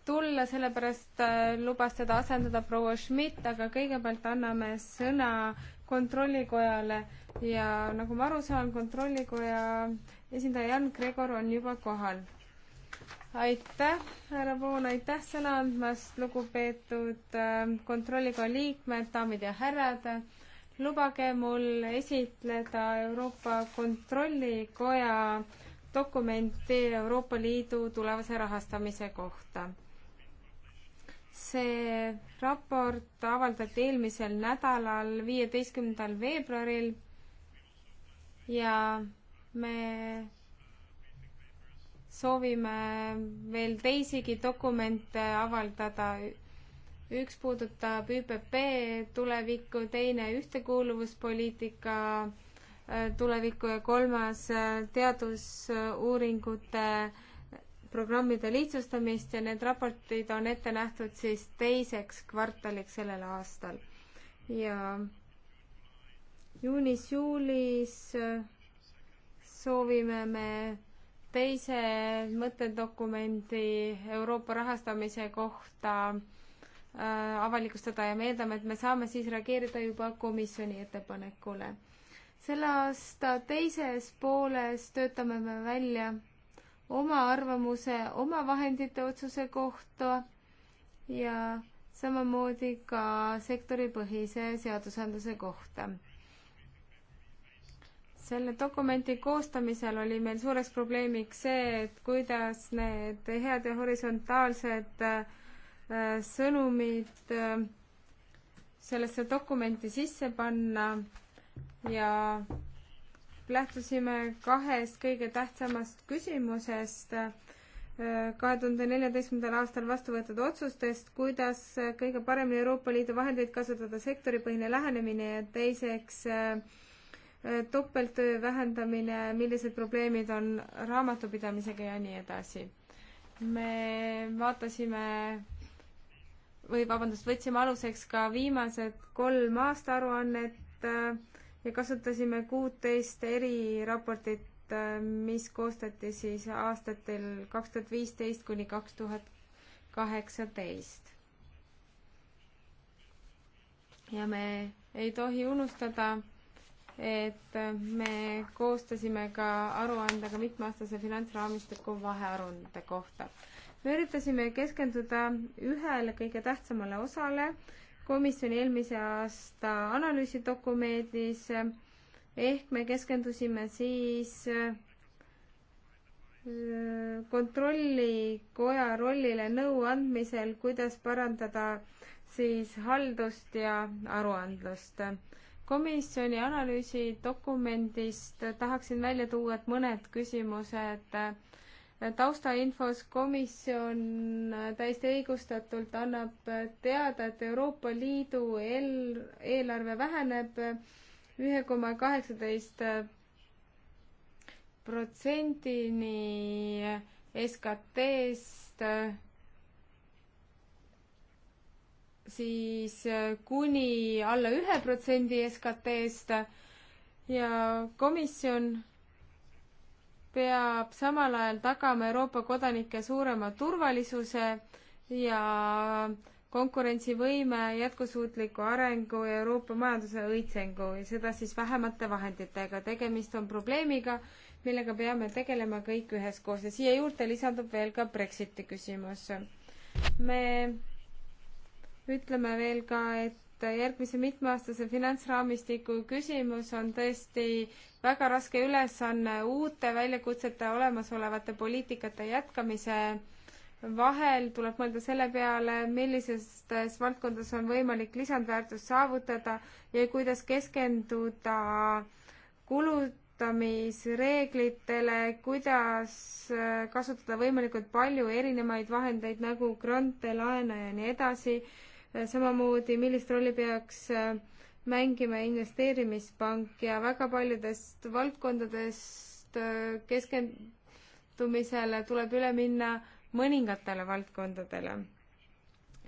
tulla, sellepärast äh, lubas teda asendada proua Schmidt, aga kõigepealt anname sõna kontrollikojale ja nagu ma aru saan, kontrollikoja esindaja Jan Gregor on juba kohal. aitäh, härra Voon, aitäh sõna andmast, lugupeetud äh, kontrollikoja liikmed, daamid ja härrad. lubage mul esitleda Euroopa Kontrollikoja dokumenti Euroopa Liidu tulevase rahastamise kohta see raport avaldati eelmisel nädalal, viieteistkümnendal veebruaril ja me soovime veel teisigi dokumente avaldada. üks puudutab ÜPP tulevikku, teine ühtekuuluvuspoliitika äh, tulevikku ja kolmas äh, teadusuuringute äh, programmide lihtsustamist ja need raportid on ette nähtud siis teiseks kvartaliks sellel aastal. ja juunis-juulis äh, soovime me teise mõttedokumendi Euroopa rahastamise kohta äh, avalikustada ja me eeldame, et me saame siis reageerida juba komisjoni ettepanekule. selle aasta teises pooles töötame me välja oma arvamuse oma vahendite otsuse kohta ja samamoodi ka sektoripõhise seadusandluse kohta. selle dokumenti koostamisel oli meil suureks probleemiks see, et kuidas need head ja horisontaalsed äh, sõnumid äh, sellesse dokumenti sisse panna ja lähtusime kahest kõige tähtsamast küsimusest äh, kahe tuhande neljateistkümnendal aastal vastu võetud otsustest, kuidas äh, kõige paremini Euroopa Liidu vahendeid kasutada, sektoripõhine lähenemine ja teiseks äh, topelttöö vähendamine, millised probleemid on raamatupidamisega ja nii edasi. me vaatasime või vabandust, võtsime aluseks ka viimased kolm aastaaruannet ja kasutasime kuuteist eriraportit, äh, mis koostati siis aastatel kaks tuhat viisteist kuni kaks tuhat kaheksateist. ja me ei tohi unustada, et me koostasime ka aruande ka mitmeaastase finantsraamistiku vahearuande kohta. me üritasime keskenduda ühele kõige tähtsamale osale komisjoni eelmise aasta analüüsidokumendis ehk me keskendusime siis äh, kontrollikoja rollile nõu andmisel, kuidas parandada siis haldust ja aruandlust. komisjoni analüüsidokumendist tahaksin välja tuua, et mõned küsimused äh, taustainfos komisjon täiesti õigustatult annab teada, et Euroopa Liidu el-, eelarve väheneb ühe koma kaheksateist protsendini SKT-st siis kuni alla ühe protsendi SKT-st ja komisjon peab samal ajal tagama Euroopa kodanike suurema turvalisuse ja konkurentsivõime, jätkusuutliku arengu ja Euroopa majanduse õitsengu ja seda siis vähemate vahenditega. tegemist on probleemiga, millega peame tegelema kõik üheskoos ja siia juurde lisandub veel ka Brexiti küsimus. me ütleme veel ka, et järgmise mitmeaastase finantsraamistiku küsimus on tõesti väga raske ülesanne uute väljakutsete olemasolevate poliitikate jätkamise vahel tuleb mõelda selle peale, millistes valdkondades on võimalik lisandväärtust saavutada ja kuidas keskenduda kulutamisreeglitele, kuidas kasutada võimalikult palju erinevaid vahendeid nagu grante, laene ja nii edasi Äh, samamoodi millist rolli peaks äh, mängima investeerimispank ja väga paljudest valdkondadest äh, keskendumisele tuleb üle minna mõningatele valdkondadele.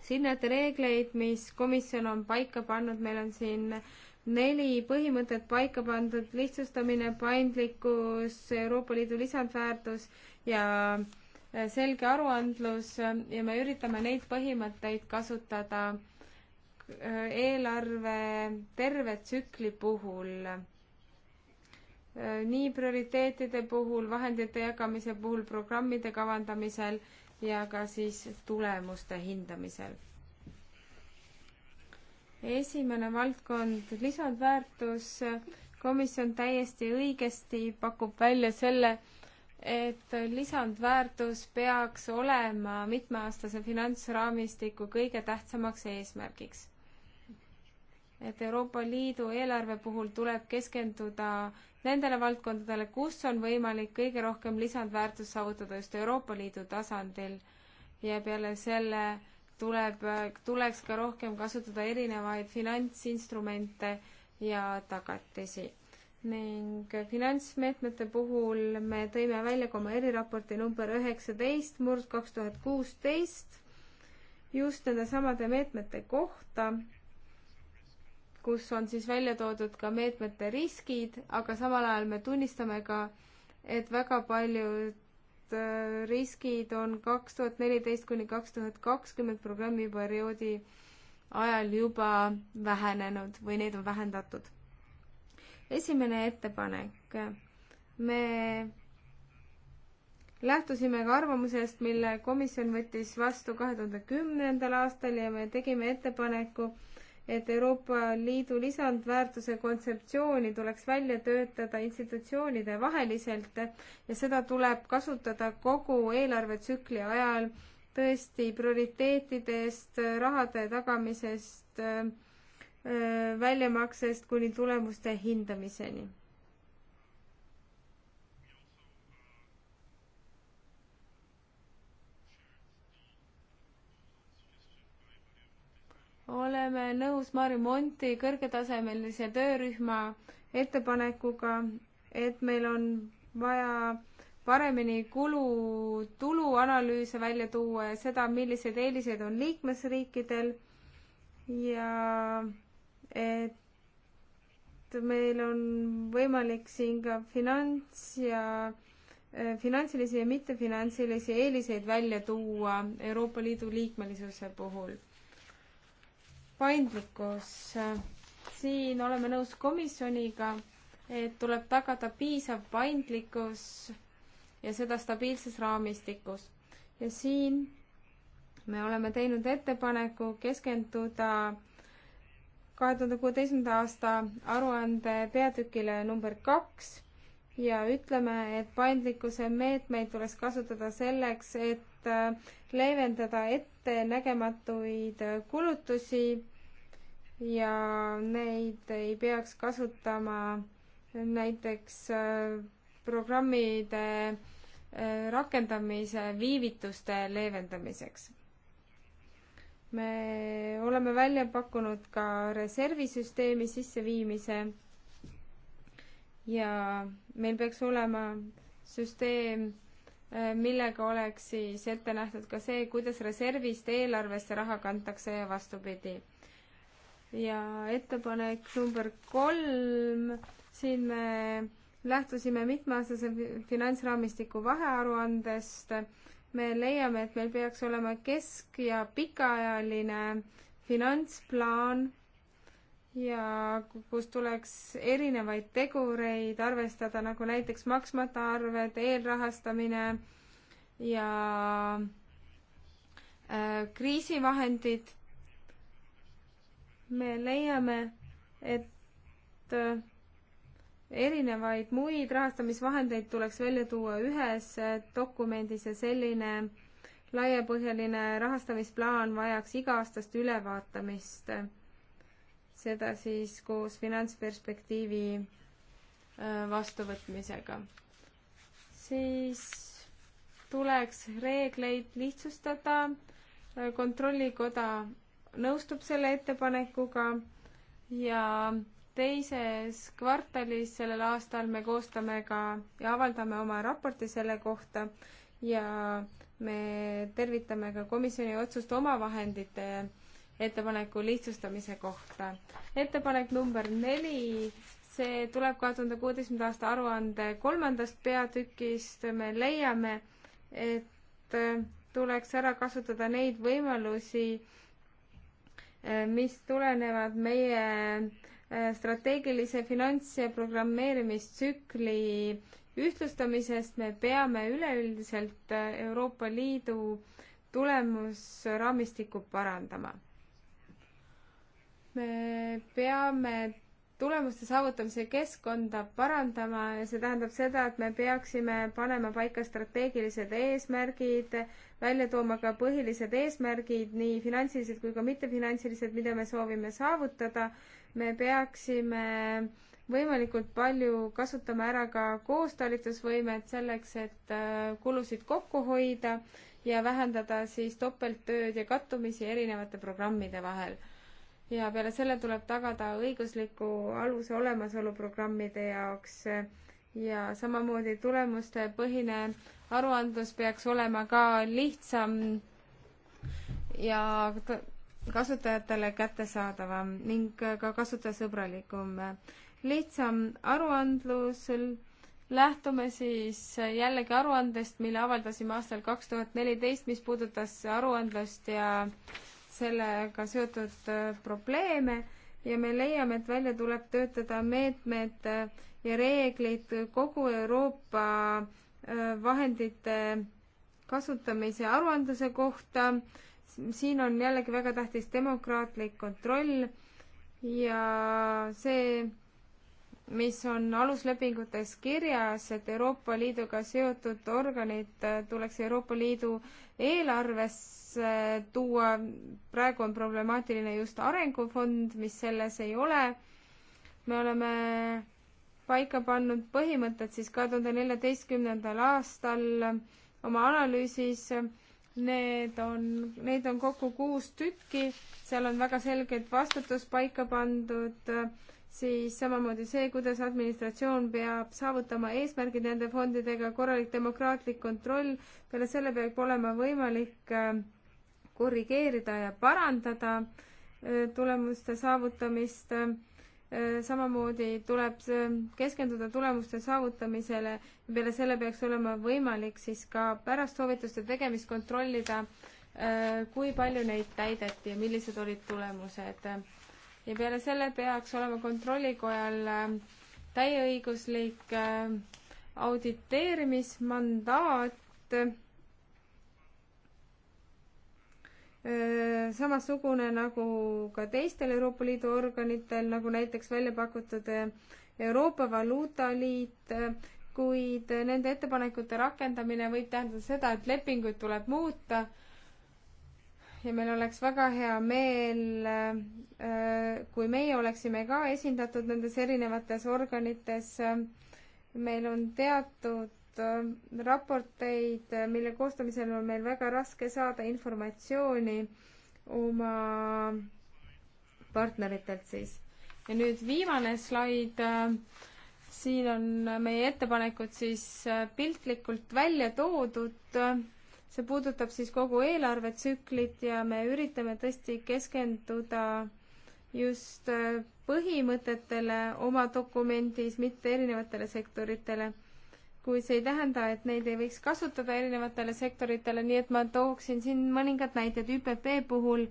siin näete reegleid, mis komisjon on paika pannud, meil on siin neli põhimõtet paika pandud, lihtsustamine, paindlikkus, Euroopa Liidu lisandväärtus ja äh, Äh, selge aruandlus äh, ja me üritame neid põhimõtteid kasutada äh, eelarve terve tsükli puhul, nii prioriteetide puhul, vahendite jagamise puhul, programmide kavandamisel ja ka siis tulemuste hindamisel. esimene valdkond, lisandväärtus. komisjon täiesti õigesti pakub välja selle, et lisandväärtus peaks olema mitmeaastase finantsraamistiku kõige tähtsamaks eesmärgiks. et Euroopa Liidu eelarve puhul tuleb keskenduda nendele valdkondadele, kus on võimalik kõige rohkem lisandväärtust saavutada just Euroopa Liidu tasandil ja peale selle tuleb, tuleks ka rohkem kasutada erinevaid finantsinstrumente ja tagatisi ning finantsmeetmete puhul me tõime välja ka oma eriraporti number üheksateist murd kaks tuhat kuusteist just nende samade meetmete kohta, kus on siis välja toodud ka meetmete riskid, aga samal ajal me tunnistame ka, et väga paljud äh, riskid on kaks tuhat neliteist kuni kaks tuhat kakskümmend programmiperioodi ajal juba vähenenud või neid on vähendatud esimene ettepanek. me lähtusime ka arvamusest, mille komisjon võttis vastu kahe tuhande kümnendal aastal ja me tegime ettepaneku, et Euroopa Liidu lisandväärtuse kontseptsiooni tuleks välja töötada institutsioonide vaheliselt ja seda tuleb kasutada kogu eelarvetsükli ajal tõesti prioriteetidest, rahade tagamisest äh, väljamaksest kuni tulemuste hindamiseni. oleme nõus Marju Monti kõrgetasemelise töörühma ettepanekuga, et meil on vaja paremini kulu-tulu analüüse välja tuua ja seda, millised eelised on liikmesriikidel ja et meil on võimalik siin ka finants ja äh, finantsilisi ja mittefinantsilisi eeliseid välja tuua Euroopa Liidu liikmelisuse puhul. paindlikkus. siin oleme nõus komisjoniga, et tuleb tagada piisav paindlikkus ja seda stabiilses raamistikus. ja siin me oleme teinud ettepaneku keskenduda kahe tuhande kuueteistkümnenda aasta aruande peatükile number kaks ja ütleme, et paindlikkuse meetmeid tuleks kasutada selleks, et äh, leevendada ettenägematuid kulutusi ja neid ei peaks kasutama näiteks äh, programmide äh, rakendamise viivituste leevendamiseks me oleme välja pakkunud ka reservisüsteemi sisseviimise ja meil peaks olema süsteem, äh, millega oleks siis ette nähtud ka see, kuidas reservist eelarvesse raha kantakse ja vastupidi. ja ettepanek number kolm, siin me lähtusime mitmeaastase finantsraamistiku vahearuandest me leiame, et meil peaks olema kesk- ja pikaajaline finantsplaan ja kus tuleks erinevaid tegureid arvestada, nagu näiteks maksmata arved, eelrahastamine ja äh, kriisivahendid. me leiame, et äh, erinevaid muid rahastamisvahendeid tuleks välja tuua ühes dokumendis ja selline laiapõhjaline rahastamisplaan vajaks iga-aastast ülevaatamist. seda siis koos finantsperspektiivi äh, vastuvõtmisega. siis tuleks reegleid lihtsustada, kontrollikoda nõustub selle ettepanekuga ja teises kvartalis sellel aastal me koostame ka ja avaldame oma raporti selle kohta ja me tervitame ka komisjoni otsust omavahendite ettepaneku lihtsustamise kohta. ettepanek number neli, see tuleb kahe tuhande kuueteistkümnenda aasta aruande kolmandast peatükist, me leiame, et tuleks ära kasutada neid võimalusi, mis tulenevad meie Äh, strateegilise finants- ja programmeerimistsükli ühtlustamisest, me peame üleüldiselt äh, Euroopa Liidu tulemusraamistikku parandama. me peame tulemuste saavutamise keskkonda parandama ja see tähendab seda, et me peaksime panema paika strateegilised eesmärgid, välja tooma ka põhilised eesmärgid, nii finantsilised kui ka mittefinantsilised, mida me soovime saavutada me peaksime võimalikult palju kasutama ära ka koostalitusvõimet selleks, et äh, kulusid kokku hoida ja vähendada siis topelttööd ja kattumisi erinevate programmide vahel. ja peale selle tuleb tagada õigusliku aluse olemasolu programmide jaoks äh, ja samamoodi tulemustepõhine aruandlus peaks olema ka lihtsam ja kasutajatele kättesaadavam ning ka kasutajasõbralikum. lihtsam aruandlusel lähtume siis jällegi aruandest, mille avaldasime aastal kaks tuhat neliteist, mis puudutas aruandlust ja sellega seotud äh, probleeme ja me leiame, et välja tuleb töötada meetmed ja reeglid kogu Euroopa äh, vahendite kasutamise aruandluse kohta siin on jällegi väga tähtis demokraatlik kontroll ja see, mis on aluslepingutes kirjas, et Euroopa Liiduga seotud organid tuleks Euroopa Liidu eelarvesse tuua, praegu on problemaatiline just arengufond, mis selles ei ole. me oleme paika pannud põhimõtted siis kahe tuhande neljateistkümnendal aastal oma analüüsis Need on, neid on kokku kuus tükki, seal on väga selgelt vastutus paika pandud, siis samamoodi see, kuidas administratsioon peab saavutama eesmärgid nende fondidega, korralik demokraatlik kontroll, peale selle peab olema võimalik äh, korrigeerida ja parandada äh, tulemuste saavutamist äh, Äh, samamoodi tuleb keskenduda tulemuste saavutamisele ja peale selle peaks olema võimalik siis ka pärast soovituste tegemist kontrollida, äh, kui palju neid täideti ja millised olid tulemused. ja peale selle peaks olema kontrollikojal äh, täieõiguslik auditeerimismandaat samasugune nagu ka teistel Euroopa Liidu organitel, nagu näiteks välja pakutud Euroopa Valuutaliit, kuid nende ettepanekute rakendamine võib tähendada seda, et lepinguid tuleb muuta ja meil oleks väga hea meel, kui meie oleksime ka esindatud nendes erinevates organites. meil on teatud olnud äh, raporteid, äh, mille koostamisel on meil väga raske saada informatsiooni oma partneritelt siis. ja nüüd viimane slaid, äh, siin on meie ettepanekud siis piltlikult välja toodud, see puudutab siis kogu eelarvetsüklit ja me üritame tõesti keskenduda just põhimõtetele oma dokumendis, mitte erinevatele sektoritele kui see ei tähenda, et neid ei võiks kasutada erinevatele sektoritele, nii et ma tooksin siin mõningad näited ÜPP puhul.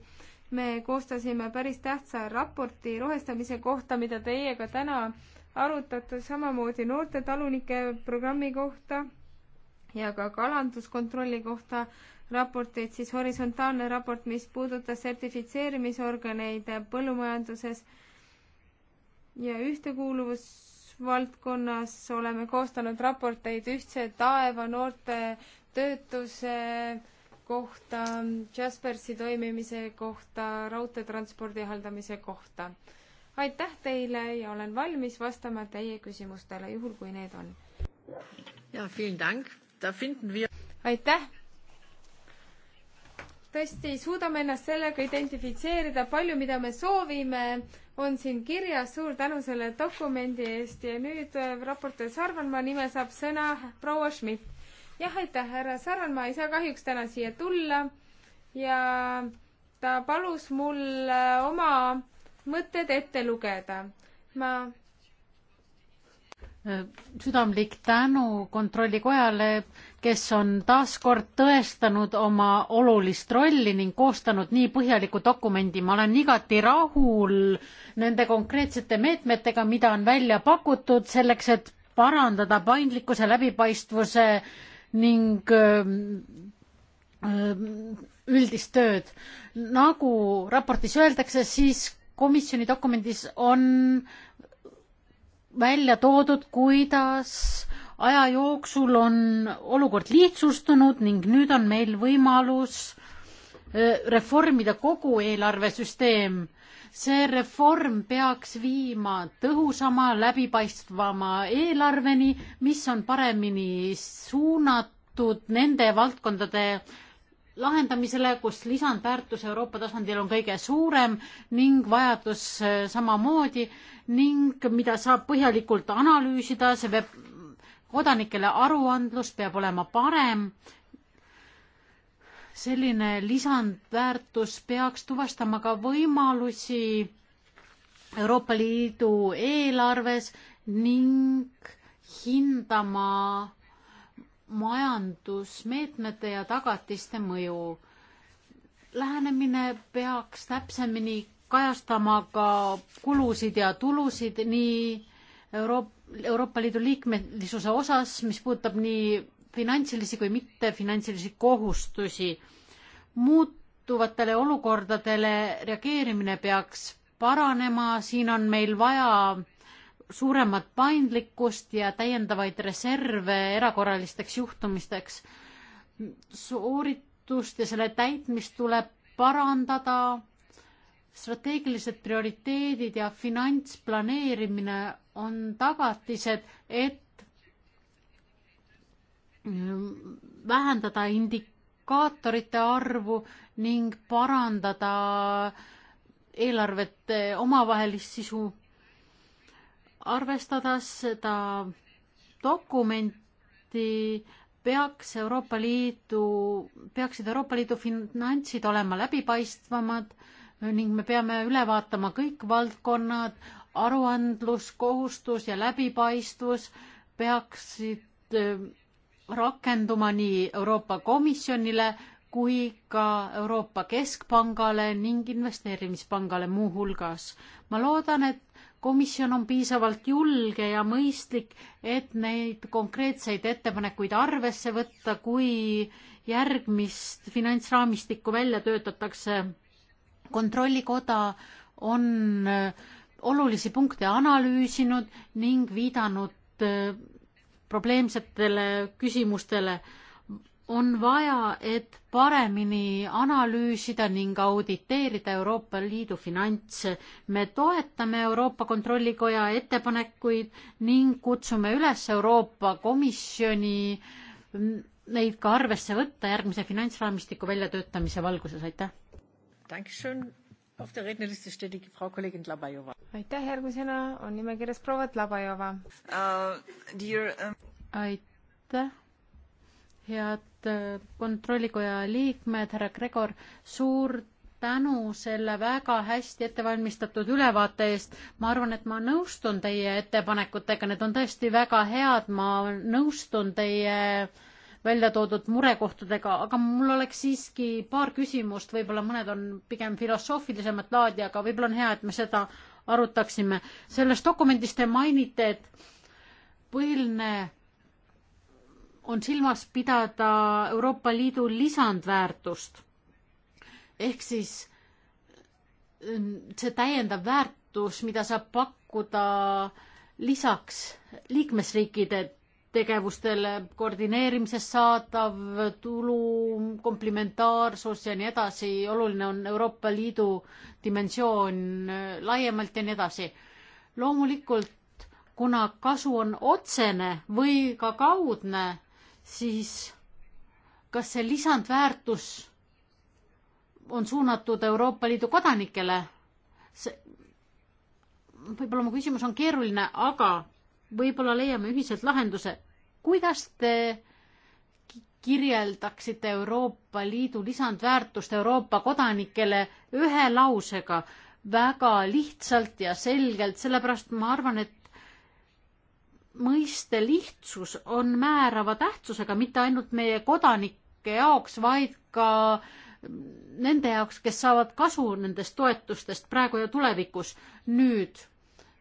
me koostasime päris tähtsa raporti rohestamise kohta, mida teiega täna arutatud samamoodi noorte talunike programmi kohta ja ka kalanduskontrolli kohta raporteid, siis horisontaalne raport, mis puudutas sertifitseerimisorganeid põllumajanduses ja ühtekuuluvus valdkonnas oleme koostanud raporteid Ühtse taeva noorte töötuse kohta, Jaspersi toimimise kohta, raudteetranspordi haldamise kohta. aitäh teile ja olen valmis vastama teie küsimustele, juhul kui need on. ja, wir... aitäh! tõesti, suudame ennast sellega identifitseerida, palju, mida me soovime on siin kirjas, suur tänu selle dokumendi eest ja nüüd äh, raportöör Sarvanmaa nime saab sõna proua Schmidt. jah, aitäh, härra Sarvanmaa ei saa kahjuks täna siia tulla ja ta palus mul äh, oma mõtted ette lugeda. ma äh, südamlik tänu Kontrollikojale kes on taaskord tõestanud oma olulist rolli ning koostanud nii põhjaliku dokumendi. ma olen igati rahul nende konkreetsete meetmetega, mida on välja pakutud selleks, et parandada paindlikkuse, läbipaistvuse ning ähm, ähm, üldist tööd. nagu raportis öeldakse, siis komisjoni dokumendis on välja toodud, kuidas aja jooksul on olukord lihtsustunud ning nüüd on meil võimalus eh, reformida kogu eelarvesüsteem. see reform peaks viima tõhusama, läbipaistvama eelarveni, mis on paremini suunatud nende valdkondade lahendamisele, kus lisandväärtus Euroopa tasandil on kõige suurem ning vajadus eh, samamoodi ning mida saab põhjalikult analüüsida, see peab kodanikele aruandlus peab olema parem. selline lisandväärtus peaks tuvastama ka võimalusi Euroopa Liidu eelarves ning hindama majandusmeetmete ja tagatiste mõju. lähenemine peaks täpsemini kajastama ka kulusid ja tulusid nii Euroopa Euroopa Liidu liikmelisuse osas, mis puudutab nii finantsilisi kui mittefinantsilisi kohustusi. muutuvatele olukordadele reageerimine peaks paranema, siin on meil vaja suuremat paindlikkust ja täiendavaid reserve erakorralisteks juhtumisteks. sooritust ja selle täitmist tuleb parandada strateegilised prioriteedid ja finantsplaneerimine on tagatised, et mm, vähendada indikaatorite arvu ning parandada eelarvete omavahelist sisu. arvestades seda dokumenti, peaks Euroopa Liidu, peaksid Euroopa Liidu finantsid olema läbipaistvamad äh, ning me peame üle vaatama kõik valdkonnad, aruandluskohustus ja läbipaistvus peaksid äh, rakenduma nii Euroopa Komisjonile kui ka Euroopa Keskpangale ning Investeerimispangale muuhulgas. ma loodan, et komisjon on piisavalt julge ja mõistlik, et neid konkreetseid ettepanekuid arvesse võtta, kui järgmist finantsraamistikku välja töötatakse kontrollikoda on äh, olulisi punkte analüüsinud ning viidanud äh, probleemsetele küsimustele. on vaja, et paremini analüüsida ning auditeerida Euroopa Liidu finantse. me toetame Euroopa Kontrollikoja ettepanekuid ning kutsume üles Euroopa Komisjoni neid ka arvesse võtta järgmise finantsraamistiku väljatöötamise valguses, aitäh! aitäh, järgmisena on nimekirjas proua Tlabajova uh,. Um, aitäh, head äh, kontrollikoja liikmed, härra Gregor, suur tänu selle väga hästi ettevalmistatud ülevaate eest. ma arvan, et ma nõustun teie ettepanekutega, need on tõesti väga head, ma nõustun teie äh, välja toodud murekohtadega, aga mul oleks siiski paar küsimust, võib-olla mõned on pigem filosoofilisemat laadi, aga võib-olla on hea, et me seda arutaksime. selles dokumendis te mainite, et põhiline on silmas pidada Euroopa Liidu lisandväärtust. ehk siis see täiendav väärtus, mida saab pakkuda lisaks liikmesriikide tegevustele koordineerimisest saadav tulu, komplimentaarsus ja nii edasi, oluline on Euroopa Liidu dimensioon laiemalt ja nii edasi. loomulikult, kuna kasu on otsene või ka kaudne, siis kas see lisandväärtus on suunatud Euroopa Liidu kodanikele? see, võib-olla mu küsimus on keeruline, aga võib-olla leiame ühiselt lahenduse. kuidas te kirjeldaksite Euroopa Liidu lisandväärtust Euroopa kodanikele ühe lausega, väga lihtsalt ja selgelt, sellepärast ma arvan, et mõiste lihtsus on määrava tähtsusega mitte ainult meie kodanike jaoks, vaid ka nende jaoks, kes saavad kasu nendest toetustest praegu ja tulevikus. nüüd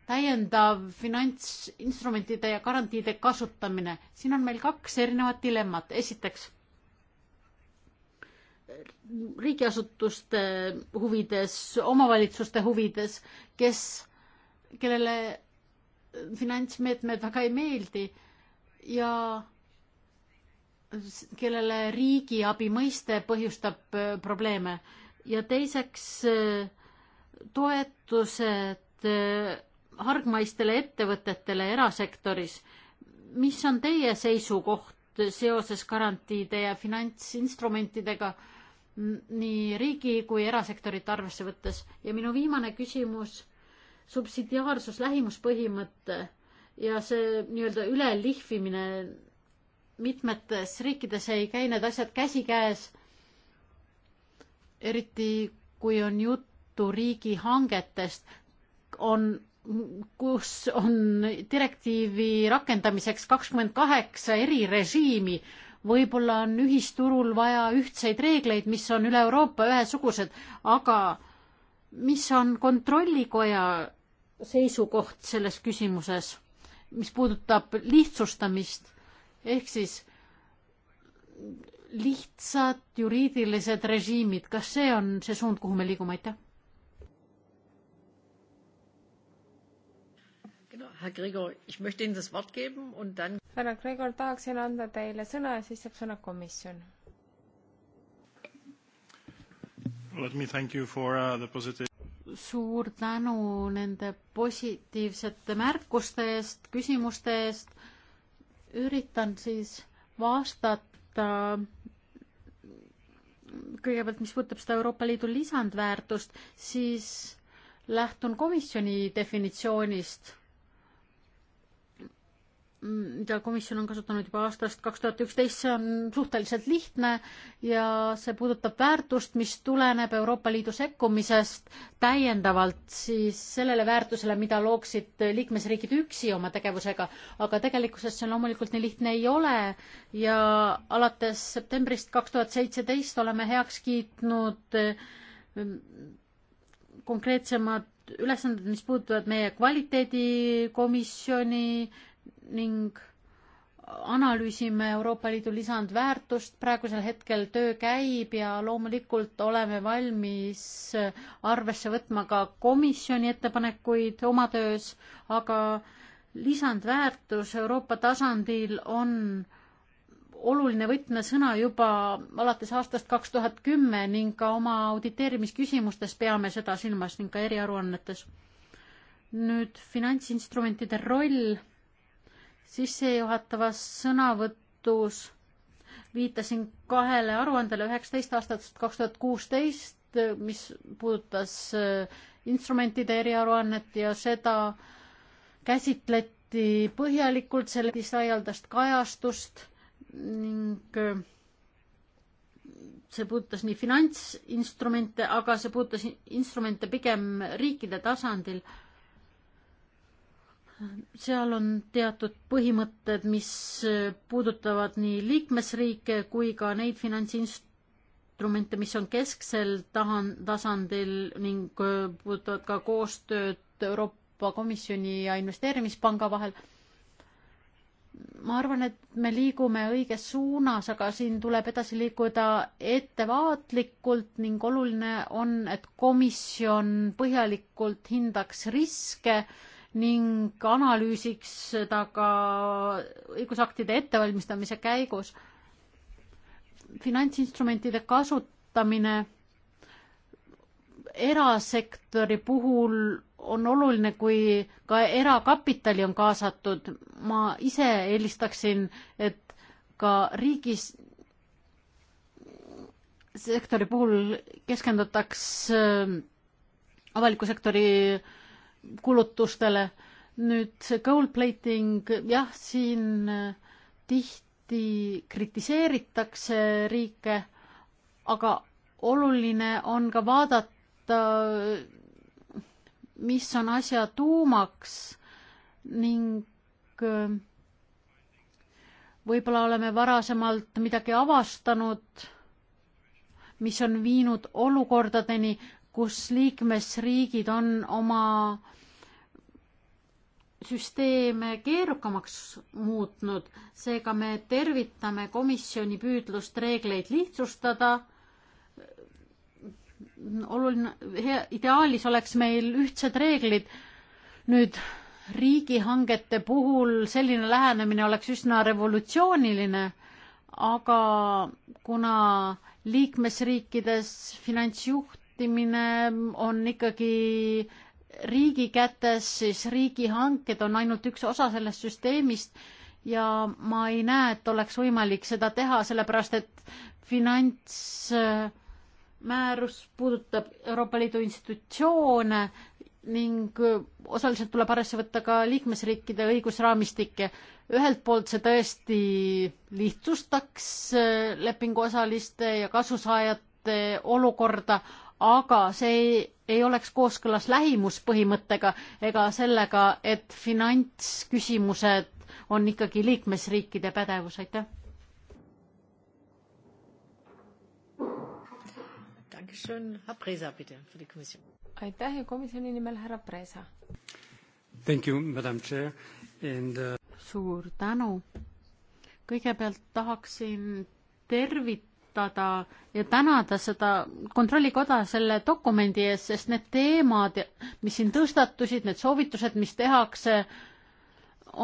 täiendav finantsinstrumentide ja garantiide kasutamine. siin on meil kaks erinevat dilemmat. esiteks, riigiasutuste huvides, omavalitsuste huvides, kes, kellele finantsmeetmed väga ei meeldi ja kellele riigiabi mõiste põhjustab äh, probleeme ja teiseks äh, toetused äh, hargmaistele ettevõtetele erasektoris. mis on teie seisukoht seoses garantiide ja finantsinstrumentidega nii riigi kui erasektorit arvesse võttes? ja minu viimane küsimus, subsidiaarsus, lähimuspõhimõte ja see nii-öelda ülelihvimine mitmetes riikides ei käi need asjad käsikäes. eriti kui on juttu riigihangetest, on kus on direktiivi rakendamiseks kakskümmend kaheksa erirežiimi. võib-olla on ühisturul vaja ühtseid reegleid, mis on üle Euroopa ühesugused, aga mis on Kontrollikoja seisukoht selles küsimuses, mis puudutab lihtsustamist, ehk siis lihtsad juriidilised režiimid, kas see on see suund, kuhu me liigume, aitäh? Herr Gregor, ich möchte Ihnen das Wort geben und dann... härra Gregor, tahaksin anda teile sõna ja siis saab sõna komisjon. Let me thank you for uh, the positive suur tänu nende positiivsete märkuste eest, küsimuste eest. üritan siis vastata kõigepealt, mis puudutab seda Euroopa Liidu lisandväärtust, siis lähtun komisjoni definitsioonist mida komisjon on kasutanud juba aastast kaks tuhat üksteist, see on suhteliselt lihtne ja see puudutab väärtust, mis tuleneb Euroopa Liidu sekkumisest täiendavalt siis sellele väärtusele, mida looksid liikmesriigid üksi oma tegevusega. aga tegelikkuses see loomulikult nii lihtne ei ole ja alates septembrist kaks tuhat seitseteist oleme heaks kiitnud ehm, konkreetsemad ülesanded, mis puudutavad meie kvaliteedikomisjoni ning analüüsime Euroopa Liidu lisandväärtust, praegusel hetkel töö käib ja loomulikult oleme valmis arvesse võtma ka komisjoni ettepanekuid oma töös, aga lisandväärtus Euroopa tasandil on oluline võtmesõna juba alates aastast kaks tuhat kümme ning ka oma auditeerimisküsimustes peame seda silmas ning ka eriaruannetes. nüüd finantsinstrumentide roll sissejuhatavas sõnavõtus viitasin kahele aruandele üheksateist aastast kaks tuhat kuusteist, mis puudutas äh, instrumentide eriaruannet ja seda käsitleti põhjalikult, selle laialdast kajastust ning äh, see puudutas nii finantsinstrumente, aga see puudutas instrumente pigem riikide tasandil seal on teatud põhimõtted, mis puudutavad nii liikmesriike kui ka neid finantsinstrumente, mis on kesksel tahan, tasandil ning äh, puudutavad ka koostööd Euroopa Komisjoni ja Investeerimispanga vahel. ma arvan, et me liigume õiges suunas, aga siin tuleb edasi liikuda ettevaatlikult ning oluline on, et komisjon põhjalikult hindaks riske ning analüüsiks seda ka õigusaktide ettevalmistamise käigus. finantsinstrumentide kasutamine erasektori puhul on oluline, kui ka erakapitali on kaasatud. ma ise eelistaksin, et ka riigis sektori puhul keskendutaks avaliku sektori äh, kulutustele. nüüd see gold plating, jah, siin äh, tihti kritiseeritakse riike, aga oluline on ka vaadata, mis on asja tuumaks ning äh, võib-olla oleme varasemalt midagi avastanud, mis on viinud olukordadeni, kus liikmesriigid on oma süsteeme keerukamaks muutnud, seega me tervitame komisjoni püüdlust reegleid lihtsustada. oluline, hea, ideaalis oleks meil ühtsed reeglid. nüüd riigihangete puhul selline lähenemine oleks üsna revolutsiooniline, aga kuna liikmesriikides finantsjuhtimine on ikkagi riigi kätes, siis riigihanked on ainult üks osa sellest süsteemist ja ma ei näe, et oleks võimalik seda teha, sellepärast et finantsmäärus puudutab Euroopa Liidu institutsioone ning osaliselt tuleb arvesse võtta ka liikmesriikide õigusraamistikke. ühelt poolt see tõesti lihtsustaks lepinguosaliste ja kasusaajate olukorda, aga see ei, ei oleks kooskõlas lähimuspõhimõttega ega sellega, et finantsküsimused on ikkagi liikmesriikide pädevus, aitäh. aitäh ja komisjoni nimel härra Presa. And... Uh, suur tänu. kõigepealt tahaksin tervitada rõhutada ja tänada seda Kontrollikoda selle dokumendi eest, sest need teemad, mis siin tõstatusid, need soovitused, mis tehakse,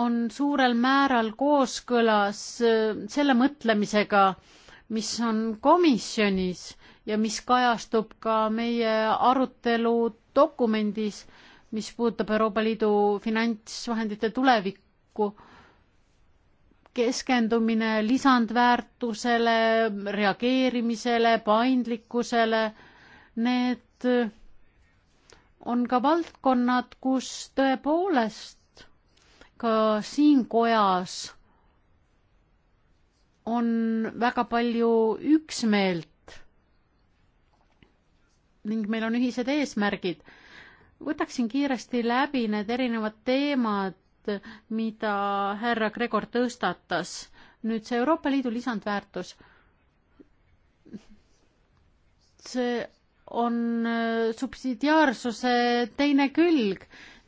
on suurel määral kooskõlas äh, selle mõtlemisega, mis on komisjonis ja mis kajastub ka meie arutelu dokumendis, mis puudutab Euroopa Liidu finantsvahendite tulevikku keskendumine lisandväärtusele, reageerimisele, paindlikkusele, need on ka valdkonnad, kus tõepoolest ka siin kojas on väga palju üksmeelt ning meil on ühised eesmärgid. võtaksin kiiresti läbi need erinevad teemad, mida härra Gregor tõstatas. nüüd see Euroopa Liidu lisandväärtus, see on äh, subsidiaarsuse teine külg,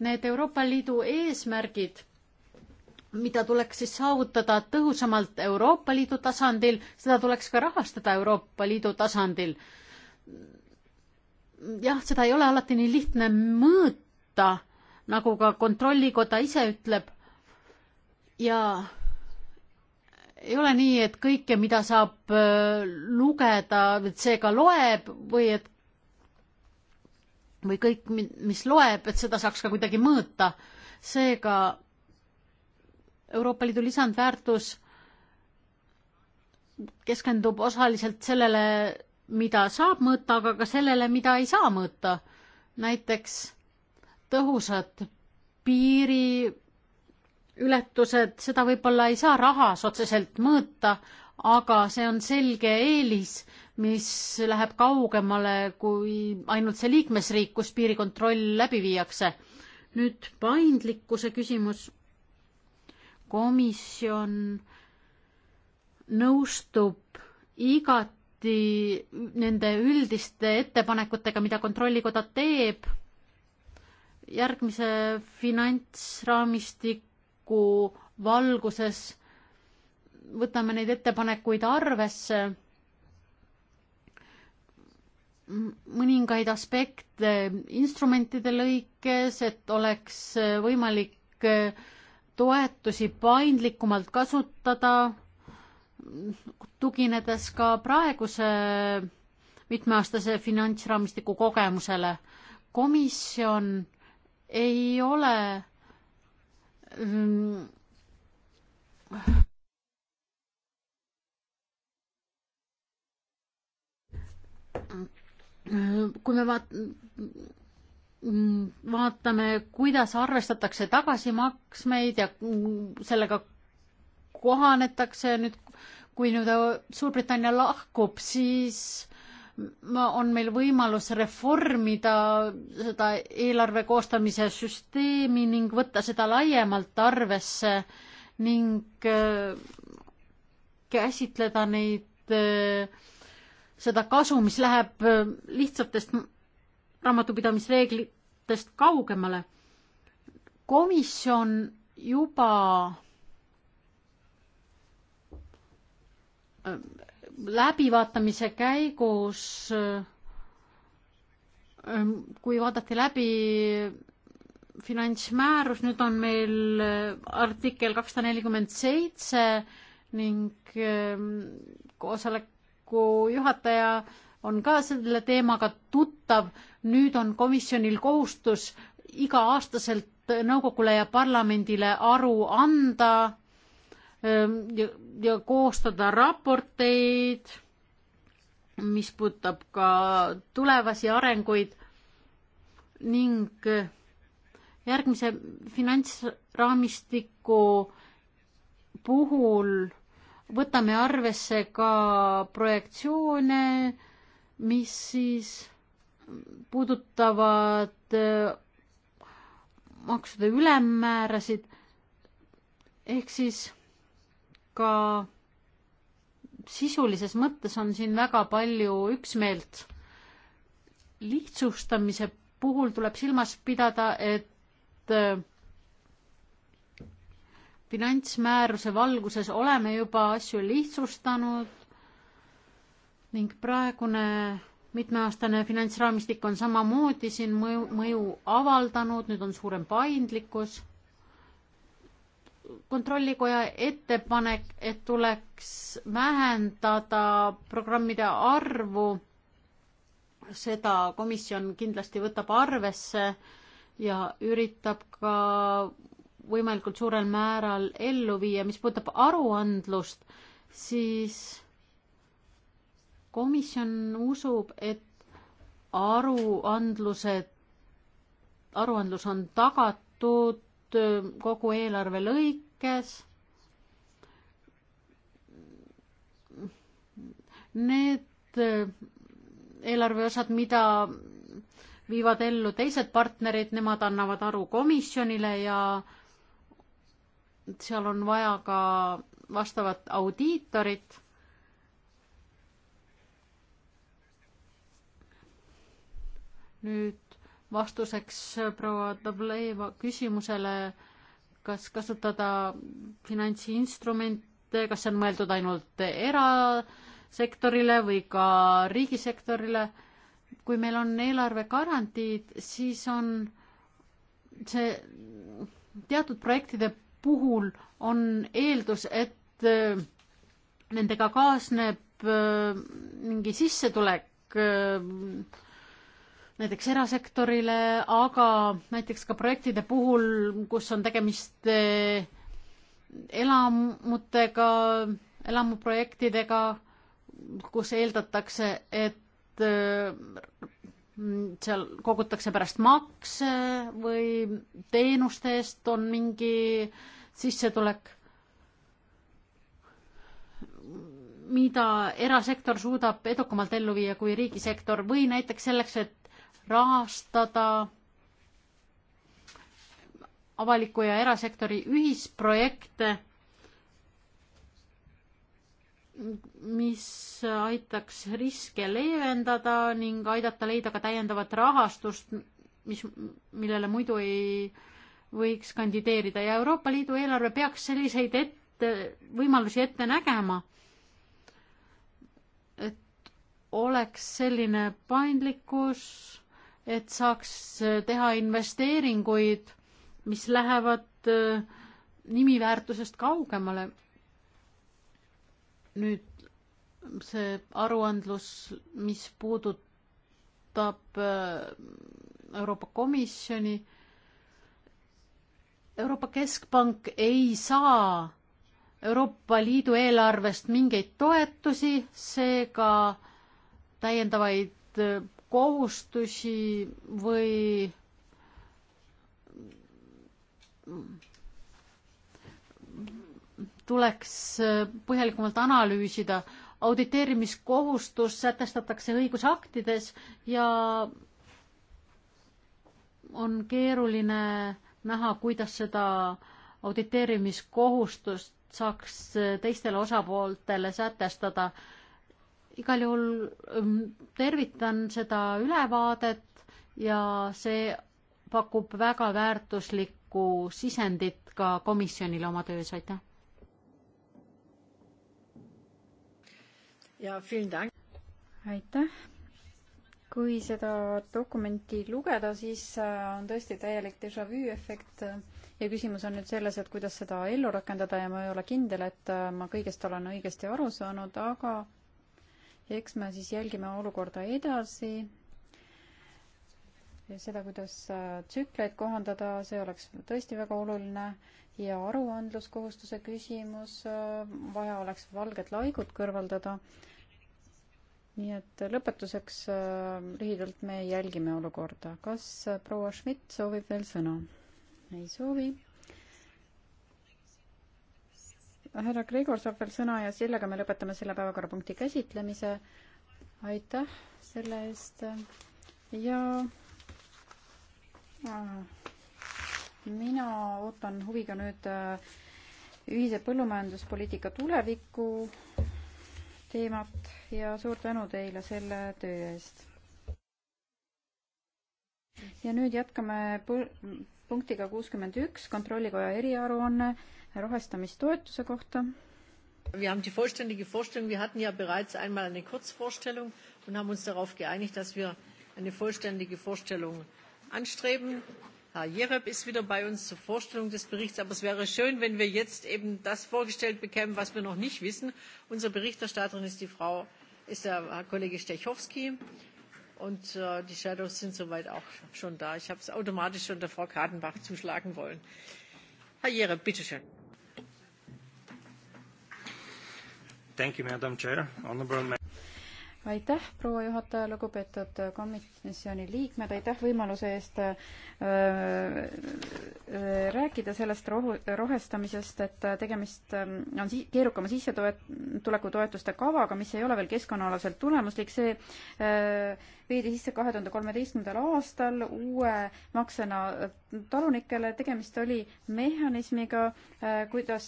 need Euroopa Liidu eesmärgid, mida tuleks siis saavutada tõhusamalt Euroopa Liidu tasandil, seda tuleks ka rahastada Euroopa Liidu tasandil. jah, seda ei ole alati nii lihtne mõõta nagu ka Kontrollikoda ise ütleb. ja ei ole nii, et kõike, mida saab äh, lugeda, et see ka loeb või et või kõik, mis loeb, et seda saaks ka kuidagi mõõta. seega Euroopa Liidu lisandväärtus keskendub osaliselt sellele, mida saab mõõta, aga ka sellele, mida ei saa mõõta. näiteks tõhusad piiriületused, seda võib-olla ei saa rahas otseselt mõõta, aga see on selge eelis, mis läheb kaugemale kui ainult see liikmesriik, kus piirikontroll läbi viiakse. nüüd paindlikkuse küsimus. komisjon nõustub igati nende üldiste ettepanekutega, mida Kontrollikoda teeb järgmise finantsraamistiku valguses võtame neid ettepanekuid arvesse. mõningaid aspekte instrumentide lõikes, et oleks võimalik toetusi paindlikumalt kasutada, tuginedes ka praeguse mitmeaastase finantsraamistiku kogemusele. komisjon ei ole mm, kui me vaat-, mm, vaatame, kuidas arvestatakse tagasimaksmeid ja mm, sellega kohanetakse nüüd, kui nüüd Suurbritannia lahkub, siis on meil võimalus reformida seda eelarve koostamise süsteemi ning võtta seda laiemalt arvesse ning äh, käsitleda neid, äh, seda kasu, mis läheb äh, lihtsatest raamatupidamisreeglitest kaugemale. komisjon juba läbivaatamise käigus, ähm, kui vaadati läbi finantsmäärus, nüüd on meil äh, artikkel kakssada nelikümmend seitse ning ähm, koosoleku juhataja on ka selle teemaga tuttav. nüüd on komisjonil kohustus iga-aastaselt nõukogule ja parlamendile aru anda ja, ja koostada raporteid, mis puudutab ka tulevasi arenguid ning järgmise finantsraamistiku puhul võtame arvesse ka projektsioone, mis siis puudutavad maksude ülemmäärasid ehk siis ka sisulises mõttes on siin väga palju üksmeelt. lihtsustamise puhul tuleb silmas pidada, et äh, finantsmääruse valguses oleme juba asju lihtsustanud ning praegune mitmeaastane finantsraamistik on samamoodi siin mõju, mõju avaldanud, nüüd on suurem paindlikkus kontrollikoja ettepanek, et tuleks vähendada programmide arvu, seda komisjon kindlasti võtab arvesse ja üritab ka võimalikult suurel määral ellu viia. mis puudutab aruandlust, siis komisjon usub, et aruandlused, aruandlus on tagatud kogu eelarve lõikes. Need eelarveosad, mida viivad ellu teised partnerid, nemad annavad aru komisjonile ja seal on vaja ka vastavat audiitorit. nüüd vastuseks proua Tavleva küsimusele, kas kasutada finantsinstrumente, kas see on mõeldud ainult erasektorile või ka riigisektorile. kui meil on eelarvegarantiid, siis on see teatud projektide puhul on eeldus, et äh, nendega kaasneb äh, mingi sissetulek äh, näiteks erasektorile, aga näiteks ka projektide puhul, kus on tegemist eh, elamutega, elamuprojektidega, kus eeldatakse, et eh, seal kogutakse pärast makse või teenuste eest on mingi sissetulek, mida erasektor suudab edukamalt ellu viia kui riigisektor või näiteks selleks, et rahastada avaliku ja erasektori ühisprojekte, mis aitaks riske leevendada ning aidata leida ka täiendavat rahastust, mis, millele muidu ei võiks kandideerida ja Euroopa Liidu eelarve peaks selliseid ette, võimalusi ette nägema. et oleks selline paindlikkus et saaks äh, teha investeeringuid, mis lähevad äh, nimiväärtusest kaugemale. nüüd see aruandlus, mis puudutab äh, Euroopa Komisjoni. Euroopa Keskpank ei saa Euroopa Liidu eelarvest mingeid toetusi, seega täiendavaid kohustusi või tuleks põhjalikumalt analüüsida. auditeerimiskohustus sätestatakse õigusaktides ja on keeruline näha, kuidas seda auditeerimiskohustust saaks teistele osapooltele sätestada igal juhul ähm, tervitan seda ülevaadet ja see pakub väga väärtuslikku sisendit ka komisjonile oma töös, aitäh. aitäh. kui seda dokumenti lugeda, siis äh, on tõesti täielik déjà vu efekt ja küsimus on nüüd selles, et kuidas seda ellu rakendada ja ma ei ole kindel, et äh, ma kõigest olen õigesti aru saanud, aga eks me siis jälgime olukorda edasi, seda, kuidas äh, tsükleid kohandada, see oleks tõesti väga oluline ja aruandluskohustuse küsimus, äh, vaja oleks valged laigud kõrvaldada. nii et lõpetuseks äh, lühidalt me jälgime olukorda. kas proua Schmidt soovib veel sõna? ei soovi, härra Gregor saab veel sõna ja sellega me lõpetame selle päevakorrapunkti käsitlemise. aitäh selle eest ja äh, mina ootan huviga nüüd äh, ühise põllumajanduspoliitika tuleviku teemat ja suur tänu teile selle töö eest. ja nüüd jätkame punktiga kuuskümmend üks, kontrollikoja eriaruanne rahastamistoetuse kohta. Wir haben die vollständige Vorstellung, wir hatten ja bereits einmal eine Kurzvorstellung und haben uns darauf geeinigt, dass wir eine vollständige Vorstellung anstreben. Herr Jereb ist wieder bei uns zur Vorstellung des Berichts, aber es wäre schön, wenn wir jetzt eben das vorgestellt bekämen, was wir noch nicht wissen. Unsere Berichterstatterin ist die Frau, ist der Herr Kollege Stechowski und äh, die Shadows sind soweit auch schon da. Ich habe es automatisch schon der Frau Kadenbach zuschlagen wollen. Herr Jereb, bitteschön. schön. Thank you, Madam Chair. Honorable aitäh, proua juhataja, lugupeetud komisjoni liikmed, aitäh võimaluse eest äh, äh, rääkida sellest rohu, rohestamisest, et äh, tegemist äh, on si-, keerukama sissetulekutoetuste kavaga, mis ei ole veel keskkonnaalaselt tulemuslik, see äh, viidi sisse kahe tuhande kolmeteistkümnendal aastal uue maksena äh, talunikele, tegemist oli mehhanismiga, kuidas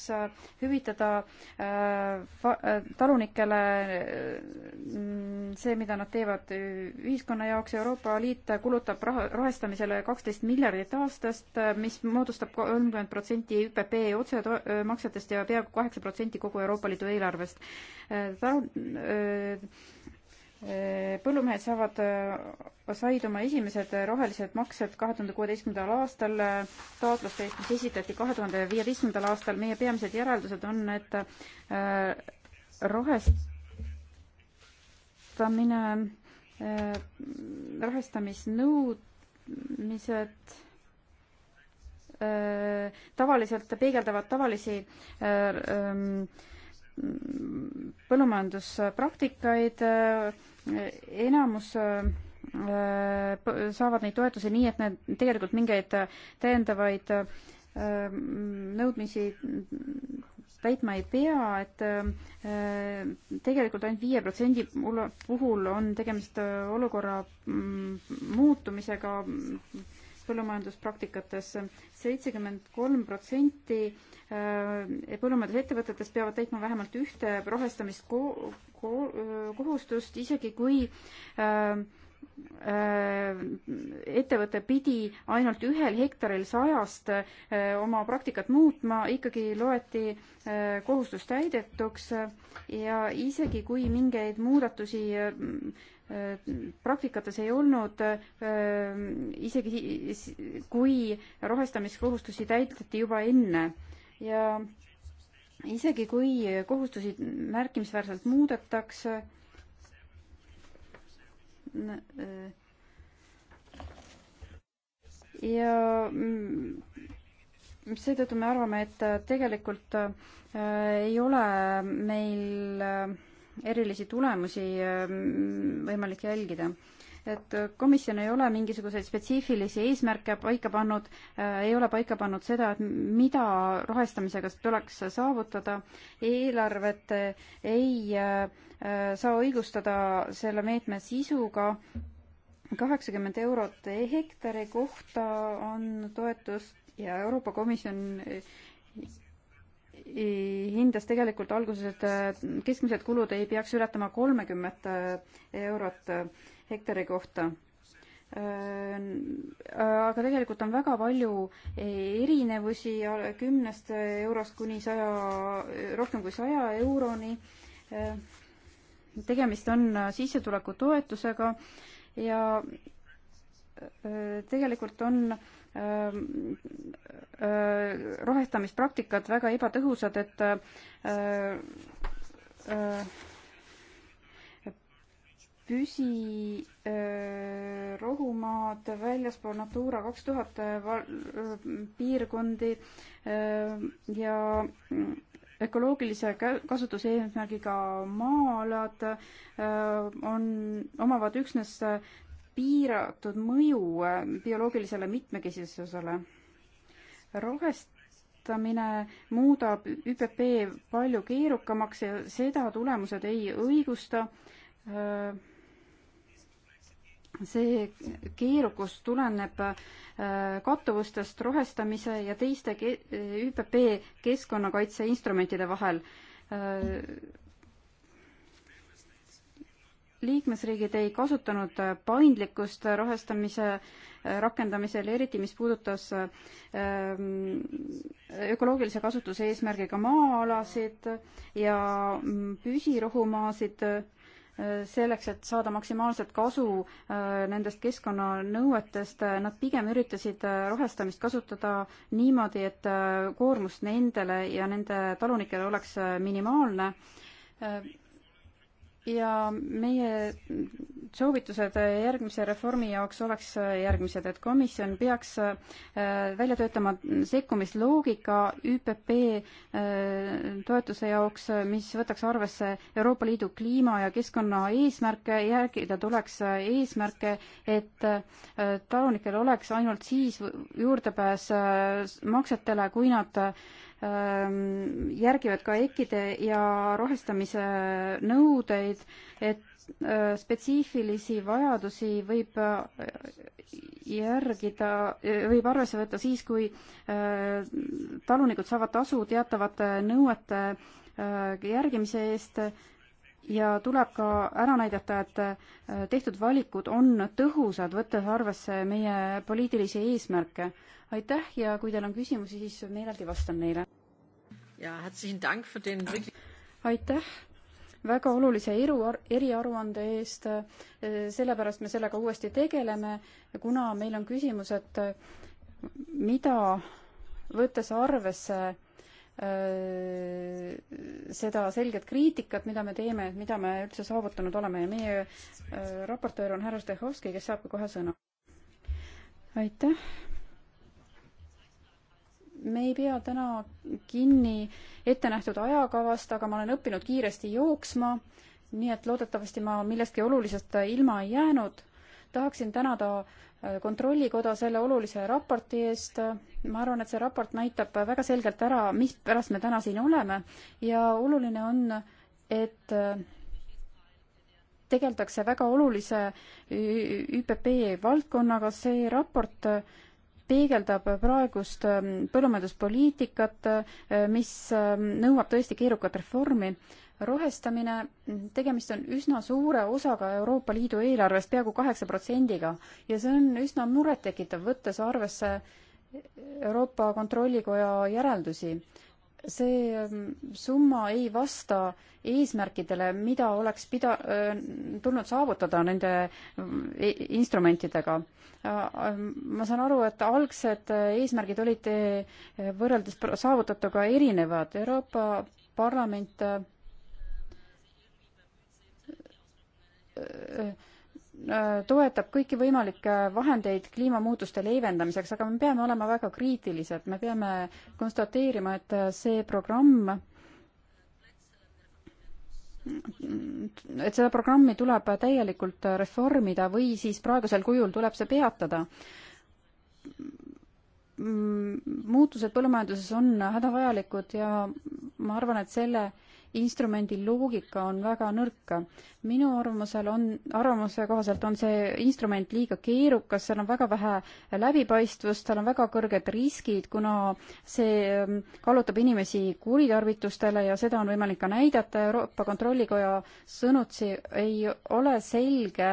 hüvitada talunikele see, mida nad teevad ühiskonna jaoks. Euroopa Liit kulutab raha, rohestamisele kaksteist miljardit aastast, mis moodustab kolmkümmend protsenti ÜPP otsemaksetest ja peaaegu kaheksa protsenti kogu Euroopa Liidu eelarvest. Äh, äh, põllumehed saavad, äh, said oma esimesed rohelised maksed kahe tuhande kuueteistkümnendal aastal taotluste eest, mis esitati kahe tuhande viieteistkümnendal aastal. meie peamised järeldused on, et rohest rahastamine, äh, rahastamisnõudmised äh, tavaliselt peegeldavad tavalisi äh, ähm, põllumajanduspraktikaid, enamus saavad neid toetusi nii, et need tegelikult mingeid täiendavaid nõudmisi väitma ei pea, et äh, tegelikult ainult viie protsendi puhul on tegemist äh, olukorra mm, muutumisega põllumajanduspraktikatesse. seitsekümmend kolm protsenti äh, põllumajandusettevõtetest peavad täitma vähemalt ühte rohestamist ko-, ko-, kohustust, isegi kui äh, Äh, ettevõte pidi ainult ühel hektaril sajast äh, oma praktikat muutma, ikkagi loeti äh, kohustus täidetuks ja isegi kui mingeid muudatusi praktikates ei olnud, isegi kui rohestamiskohustusi täideti juba enne ja isegi kui kohustusi märkimisväärselt muudetakse, Äh, ja mm, seetõttu me arvame, et äh, tegelikult äh, ei ole meil erilisi tulemusi mm, võimalik jälgida et komisjon ei ole mingisuguseid spetsiifilisi eesmärke paika pannud, äh, ei ole paika pannud seda, et mida rohestamisega tuleks saavutada. eelarvet ei äh, saa õigustada selle meetme sisuga. kaheksakümmend eurot hektari kohta on toetust ja Euroopa Komisjon hindas tegelikult alguses, et äh, keskmised kulud ei peaks ületama kolmekümmet eurot hektari kohta aga tegelikult on väga palju erinevusi kümnest eurost kuni saja, rohkem kui saja euroni. tegemist on sissetulekutoetusega ja tegelikult on äh, rohestamispraktikad väga ebatõhusad, et äh, äh, püsirohumaad äh, väljaspool Natura kaks tuhat äh, äh, piirkondi ja mm, ökoloogilise kasutuse eesmärgiga maa-alad on, omavad üksnes piiratud mõju bioloogilisele mitmekesisusele. rohestamine muudab ÜPP palju keerukamaks ja seda tulemused ei õigusta see keerukus tuleneb äh, kattuvustest rohestamise ja teiste ke ÜPP keskkonnakaitse instrumentide vahel. Äh, liikmesriigid ei kasutanud paindlikkust rohestamise äh, rakendamisel, eriti mis puudutas ökoloogilise kasutuse eesmärgiga maa-alasid ja mm, püsirohumaasid selleks, et saada maksimaalset kasu äh, nendest keskkonnanõuetest, äh, nad pigem üritasid äh, rohestamist kasutada niimoodi, et koormus nendele ja nende talunikele oleks minimaalne ja meie soovitused järgmise reformi jaoks oleks järgmised, et komisjon peaks äh, välja töötama sekkumisloogika ÜPP äh, toetuse jaoks, mis võtaks arvesse Euroopa Liidu kliima- ja keskkonnaeesmärke, järgida tuleks eesmärke, et äh, talunikel oleks ainult siis juurdepääs maksetele, kui nad Ähm, järgivad ka EKIDE ja rohestamise nõudeid, et äh, spetsiifilisi vajadusi võib äh, järgida, äh, võib arvesse võtta siis, kui talunikud saavad tasu teatavate nõuete järgimise eest ja tuleb ka ära näidata, et äh, tehtud valikud on tõhusad, võttes arvesse meie poliitilisi eesmärke. aitäh ja kui teil on küsimusi, siis meeleldi vastan neile. aitäh väga olulise eru, eriaruande eest, äh, sellepärast me sellega uuesti tegeleme, kuna meil on küsimus, et äh, mida võttes arvesse Äh, seda selget kriitikat, mida me teeme, et mida me üldse saavutanud oleme ja meie äh, raportöör on härra Stehovski, kes saab ka kohe sõna. aitäh. me ei pea täna kinni ettenähtud ajakavast, aga ma olen õppinud kiiresti jooksma, nii et loodetavasti ma millestki olulisest ilma ei jäänud tahaksin tänada äh, Kontrollikoda selle olulise raporti eest. ma arvan, et see raport näitab väga selgelt ära, mispärast me täna siin oleme ja oluline on, et äh, tegeldakse väga olulise ÜPP valdkonnaga, see raport äh, peegeldab praegust põllumajanduspoliitikat, mis nõuab tõesti keerukat reformi rohestamine, tegemist on üsna suure osaga Euroopa Liidu eelarvest, peaaegu kaheksa protsendiga, ja see on üsna murettekitav, võttes arvesse Euroopa Kontrollikoja järeldusi. see ähm, summa ei vasta eesmärkidele, mida oleks pida-, äh, tulnud saavutada nende äh, instrumentidega. Äh, ma saan aru, et algsed eesmärgid olid võrreldes saavutatuga erinevad. Euroopa Parlament Äh, toetab kõiki võimalikke vahendeid kliimamuutuste leevendamiseks, aga me peame olema väga kriitilised, me peame konstateerima, et see programm, et seda programmi tuleb täielikult reformida või siis praegusel kujul tuleb see peatada. muutused põllumajanduses on hädavajalikud ja ma arvan, et selle äh, instrumendi loogika on väga nõrk. minu arvamusel on, arvamuse kohaselt on see instrument liiga keerukas, seal on väga vähe läbipaistvust, seal on väga kõrged riskid, kuna see ähm, kallutab inimesi kuritarvitustele ja seda on võimalik ka näidata, Euroopa Kontrollikoja sõnutsi ei ole selge,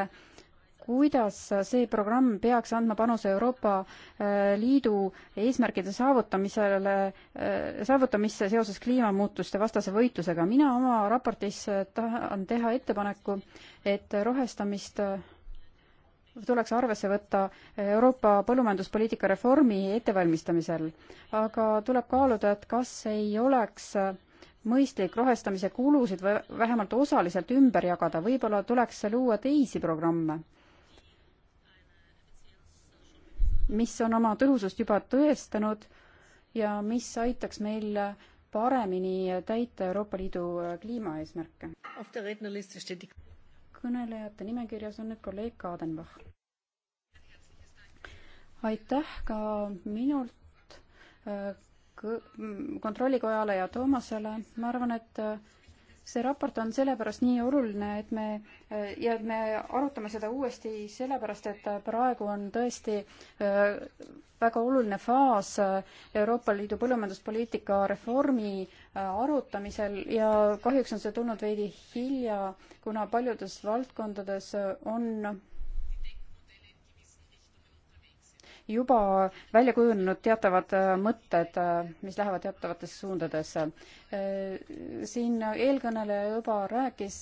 kuidas see programm peaks andma panuse Euroopa äh, Liidu eesmärkide saavutamisele, äh, saavutamisse seoses kliimamuutuste vastase võitlusega. mina oma raportis äh, tahan teha ettepaneku, et rohestamist tuleks arvesse võtta Euroopa põllumajanduspoliitika reformi ettevalmistamisel, aga tuleb kaaluda, et kas ei oleks mõistlik rohestamise kulusid vähemalt osaliselt ümber jagada, võib-olla tuleks luua teisi programme mis on oma tõhusust juba tõestanud ja mis aitaks meil paremini täita Euroopa Liidu kliimaeesmärke. kõnelejate nimekirjas on nüüd kolleeg Kadenbach. aitäh ka minult äh, kontrollikojale ja Toomasele, ma arvan, et äh, see raport on sellepärast nii oluline, et me ja et me arutame seda uuesti sellepärast, et praegu on tõesti äh, väga oluline faas äh, Euroopa Liidu põllumajanduspoliitika reformi äh, arutamisel ja kahjuks on see tulnud veidi hilja, kuna paljudes valdkondades on juba välja kujunenud teatavad äh, mõtted, äh, mis lähevad teatavatesse suundadesse. Äh, siin eelkõneleja juba rääkis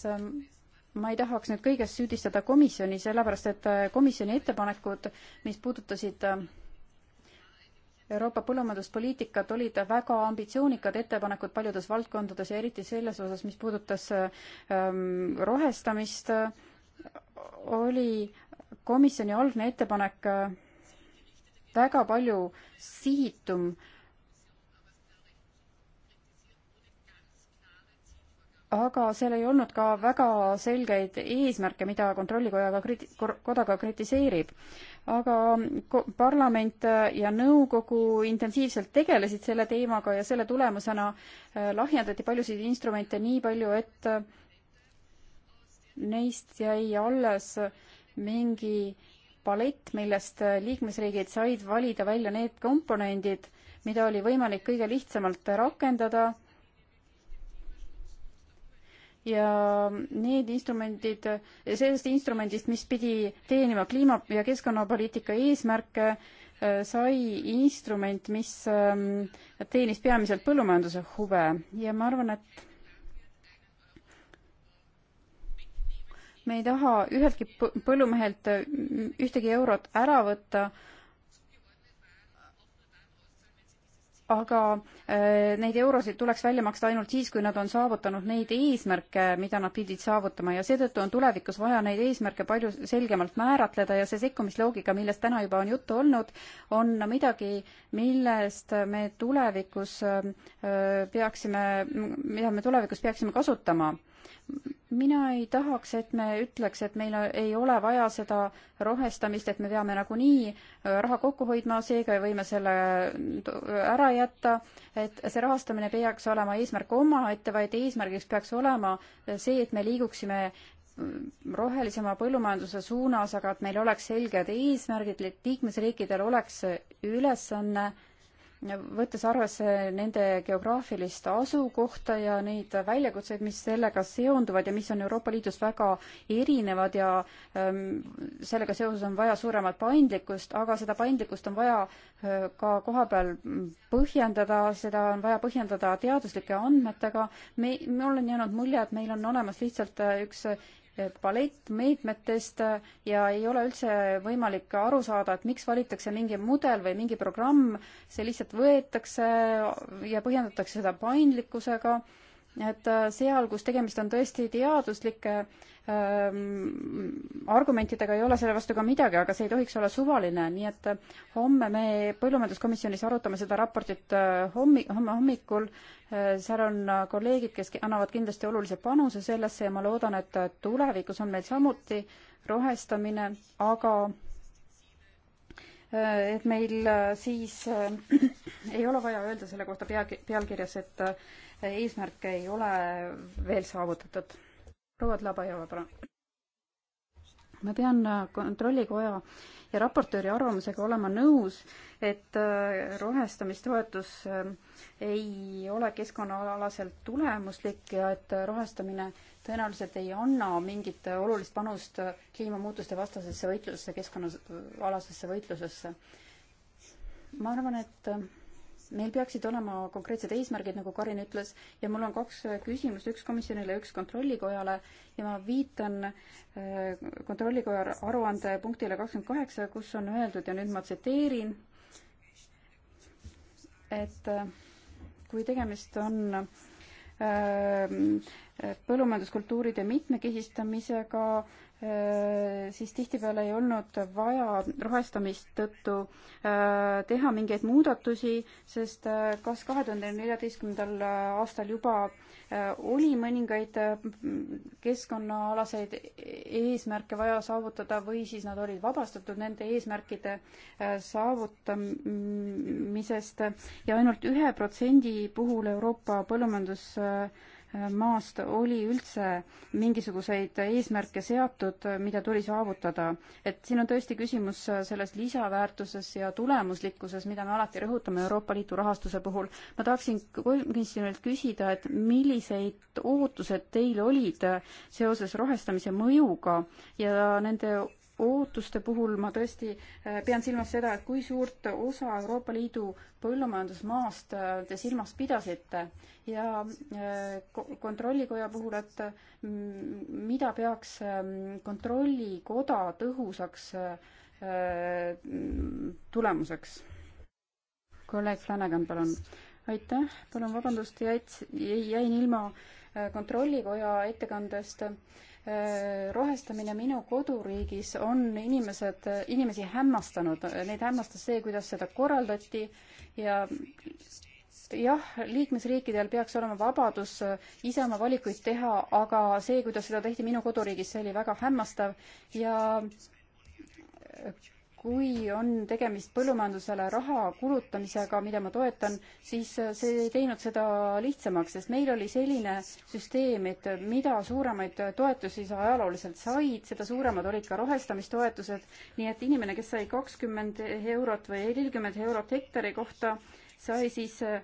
ma ei tahaks nüüd kõiges süüdistada komisjoni, sellepärast et komisjoni ettepanekud, mis puudutasid Euroopa põllumajanduspoliitikat olid väga ambitsioonikad ettepanekud paljudes valdkondades ja eriti selles osas, mis puudutas ähm, rohestamist, oli komisjoni algne ettepanek äh, väga palju sihitum aga seal ei olnud ka väga selgeid eesmärke, mida Kontrollikoja ka kriti-, koda ka kritiseerib. aga ko-, parlament ja nõukogu intensiivselt tegelesid selle teemaga ja selle tulemusena äh, lahjendati paljusid instrumente nii palju, et neist jäi alles mingi äh, palett, millest liikmesriigid said valida välja need komponendid, mida oli võimalik kõige lihtsamalt rakendada ja need instrumendid, sellest instrumendist, mis pidi teenima kliima- ja keskkonnapoliitika eesmärke, sai instrument, mis ähm, teenis peamiselt põllumajanduse huve ja ma arvan, et me ei taha üheltki põllumehelt äh, ühtegi eurot ära võtta, aga äh, neid eurosid tuleks välja maksta ainult siis, kui nad on saavutanud neid eesmärke, mida nad pidid saavutama ja seetõttu on tulevikus vaja neid eesmärke palju selgemalt määratleda ja see sekkumisloogika, millest täna juba on juttu olnud, on midagi, millest me tulevikus äh, peaksime, mida me tulevikus peaksime kasutama mina ei tahaks, et me ütleks, et meil ei ole vaja seda rohestamist, et me peame nagunii äh, raha kokku hoidma, seega võime selle äh, ära jätta, et see rahastamine peaks olema eesmärk omaette, vaid eesmärgiks peaks olema äh, see, et me liiguksime rohelisema põllumajanduse suunas, aga et meil oleks selged eesmärgid, et liikmesriikidel oleks ülesanne äh, võttes arvesse nende geograafilist asukohta ja neid väljakutseid, mis sellega seonduvad ja mis on Euroopa Liidus väga erinevad ja ähm, sellega seoses on vaja suuremat paindlikkust, aga seda paindlikkust on vaja äh, ka kohapeal põhjendada, seda on vaja põhjendada teaduslike andmetega. me, mul on jäänud mulje, et meil on olemas lihtsalt äh, üks palett meetmetest ja ei ole üldse võimalik aru saada, et miks valitakse mingi mudel või mingi programm, see lihtsalt võetakse ja põhjendatakse seda paindlikkusega et äh, seal, kus tegemist on tõesti teaduslike ähm, argumentidega, ei ole selle vastu ka midagi, aga see ei tohiks olla suvaline, nii et äh, homme me Põllumajanduskomisjonis arutame seda raportit äh, hommi-, homme hommikul. seal on kolleegid, kes annavad kindlasti olulise panuse sellesse ja ma loodan, et tulevikus on meil samuti rohestamine, aga et meil siis äh, [CLEARS THROAT] ei ole vaja öelda selle kohta pea, pealkirjas, et äh, eesmärke ei ole veel saavutatud. proua Tlabajova, palun ma pean äh, Kontrollikoja ja raportööri arvamusega olema nõus, et äh, rohestamistoetus äh, ei ole keskkonnaalaselt tulemuslik ja et rohestamine tõenäoliselt ei anna mingit olulist panust kliimamuutuste vastasesse võitlusesse, keskkonnaalasesse võitlusesse. ma arvan, et meil peaksid olema konkreetsed eesmärgid, nagu Karin ütles, ja mul on kaks äh, küsimust, üks komisjonile, üks kontrollikojale ja ma viitan äh, kontrollikoja aruande punktile kakskümmend kaheksa, kus on öeldud ja nüüd ma tsiteerin, et äh, kui tegemist on põllumajanduskultuuride mitmekesistamisega, Äh, siis tihtipeale ei olnud vaja rohestamist tõttu äh, teha mingeid muudatusi, sest äh, kas kahe tuhande neljateistkümnendal aastal juba oli mõningaid keskkonnaalaseid eesmärke vaja saavutada või siis nad olid vabastatud nende eesmärkide saavutamisest ja ainult ühe protsendi puhul Euroopa põllumajandus maast oli üldse mingisuguseid eesmärke seatud, mida tuli saavutada. et siin on tõesti küsimus selles lisaväärtuses ja tulemuslikkuses, mida me alati rõhutame Euroopa Liidu rahastuse puhul. ma tahaksin komisjonilt küsida, et millised ootused teil olid seoses rohestamise mõjuga ja nende ootuste puhul ma tõesti äh, pean silmas seda, et kui suurt osa Euroopa Liidu põllumajandusmaast äh, te silmas pidasite ja äh, kontrollikoja puhul, et mm, mida peaks ähm, kontrollikoda tõhusaks tulemuseks? kolleeg Flanagan, palun. aitäh, palun vabandust, jäid, jäin ilma kontrollikoja ettekandest Äh, rohestamine minu koduriigis on inimesed, inimesi hämmastanud, neid hämmastas see, kuidas seda korraldati ja jah, liikmesriikidel peaks olema vabadus äh, ise oma valikuid teha, aga see, kuidas seda tehti minu koduriigis, see oli väga hämmastav ja äh, kui on tegemist põllumajandusele raha kulutamisega, mida ma toetan, siis see ei teinud seda lihtsamaks, sest meil oli selline süsteem, et mida suuremaid toetusi sa ajalooliselt said, seda suuremad olid ka rohestamistoetused, nii et inimene, kes sai kakskümmend eurot või nelikümmend eurot hektari kohta, sai siis äh,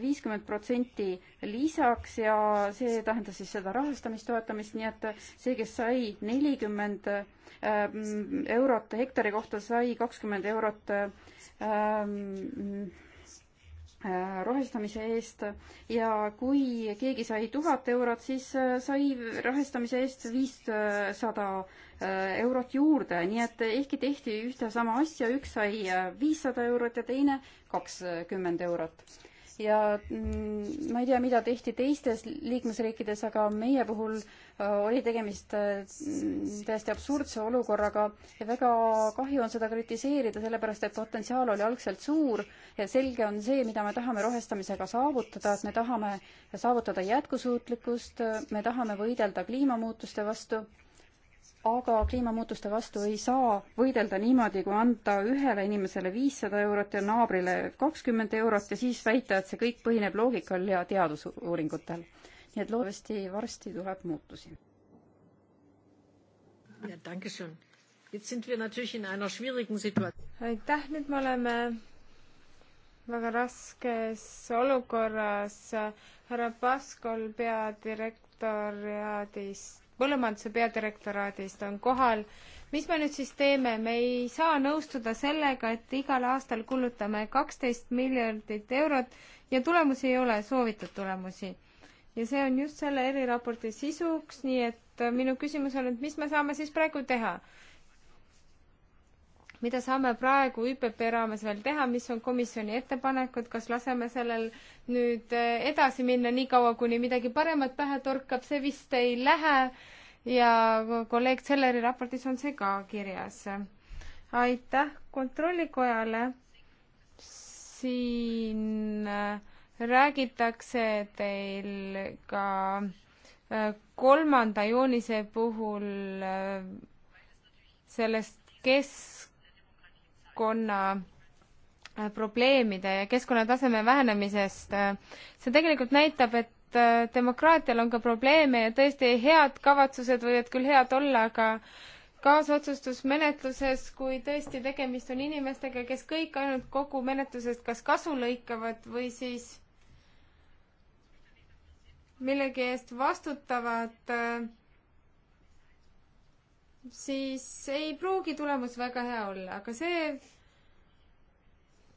viiskümmend protsenti lisaks ja see tähendas siis seda rahastamistoetamist, nii et see, kes sai nelikümmend ähm, eurot hektari kohta, sai kakskümmend eurot ähm, Äh, rohestamise eest ja kui keegi sai tuhat eurot, siis äh, sai rohestamise eest viissada äh, eurot juurde, nii et ehkki tehti ühte sama asja, üks sai viissada eurot ja teine kakskümmend eurot ja mm, ma ei tea, mida tehti teistes liikmesriikides, aga meie puhul äh, oli tegemist äh, mm, täiesti absurdse olukorraga ja väga kahju on seda kritiseerida, sellepärast et potentsiaal oli algselt suur ja selge on see, mida me tahame rohestamisega saavutada, et me tahame saavutada jätkusuutlikkust, me tahame võidelda kliimamuutuste vastu aga kliimamuutuste vastu ei saa võidelda niimoodi, kui anda ühele inimesele viissada eurot ja naabrile kakskümmend eurot ja siis väita, et see kõik põhineb loogikal ja teadusuuringutel. nii et loodetavasti varsti tuleb muutusi. aitäh, nüüd me oleme väga raskes olukorras. härra Paskol peadirektoriaadist põllumajanduse peadirektoraadist on kohal. mis me nüüd siis teeme, me ei saa nõustuda sellega, et igal aastal kulutame kaksteist miljardit eurot ja tulemusi ei ole, soovitud tulemusi. ja see on just selle eriraporti sisuks, nii et minu küsimus on, et mis me saame siis praegu teha? mida saame praegu ÜPP raames veel teha, mis on komisjoni ettepanekud, kas laseme sellel nüüd eh, edasi minna niikaua, kuni midagi paremat pähe torkab, see vist ei lähe ja kolleeg Selleri raportis on see ka kirjas. aitäh Kontrollikojale, siin eh, räägitakse teil ka eh, kolmanda joonise puhul sellest, kes keskkonna äh, probleemide ja keskkonnataseme vähenemisest. see tegelikult näitab, et äh, demokraatial on ka probleeme ja tõesti head kavatsused võivad küll head olla, aga kaasotsustusmenetluses, kui tõesti tegemist on inimestega, kes kõik ainult kogu menetlusest kas kasu lõikavad või siis millegi eest vastutavad äh, siis ei pruugi tulemus väga hea olla, aga see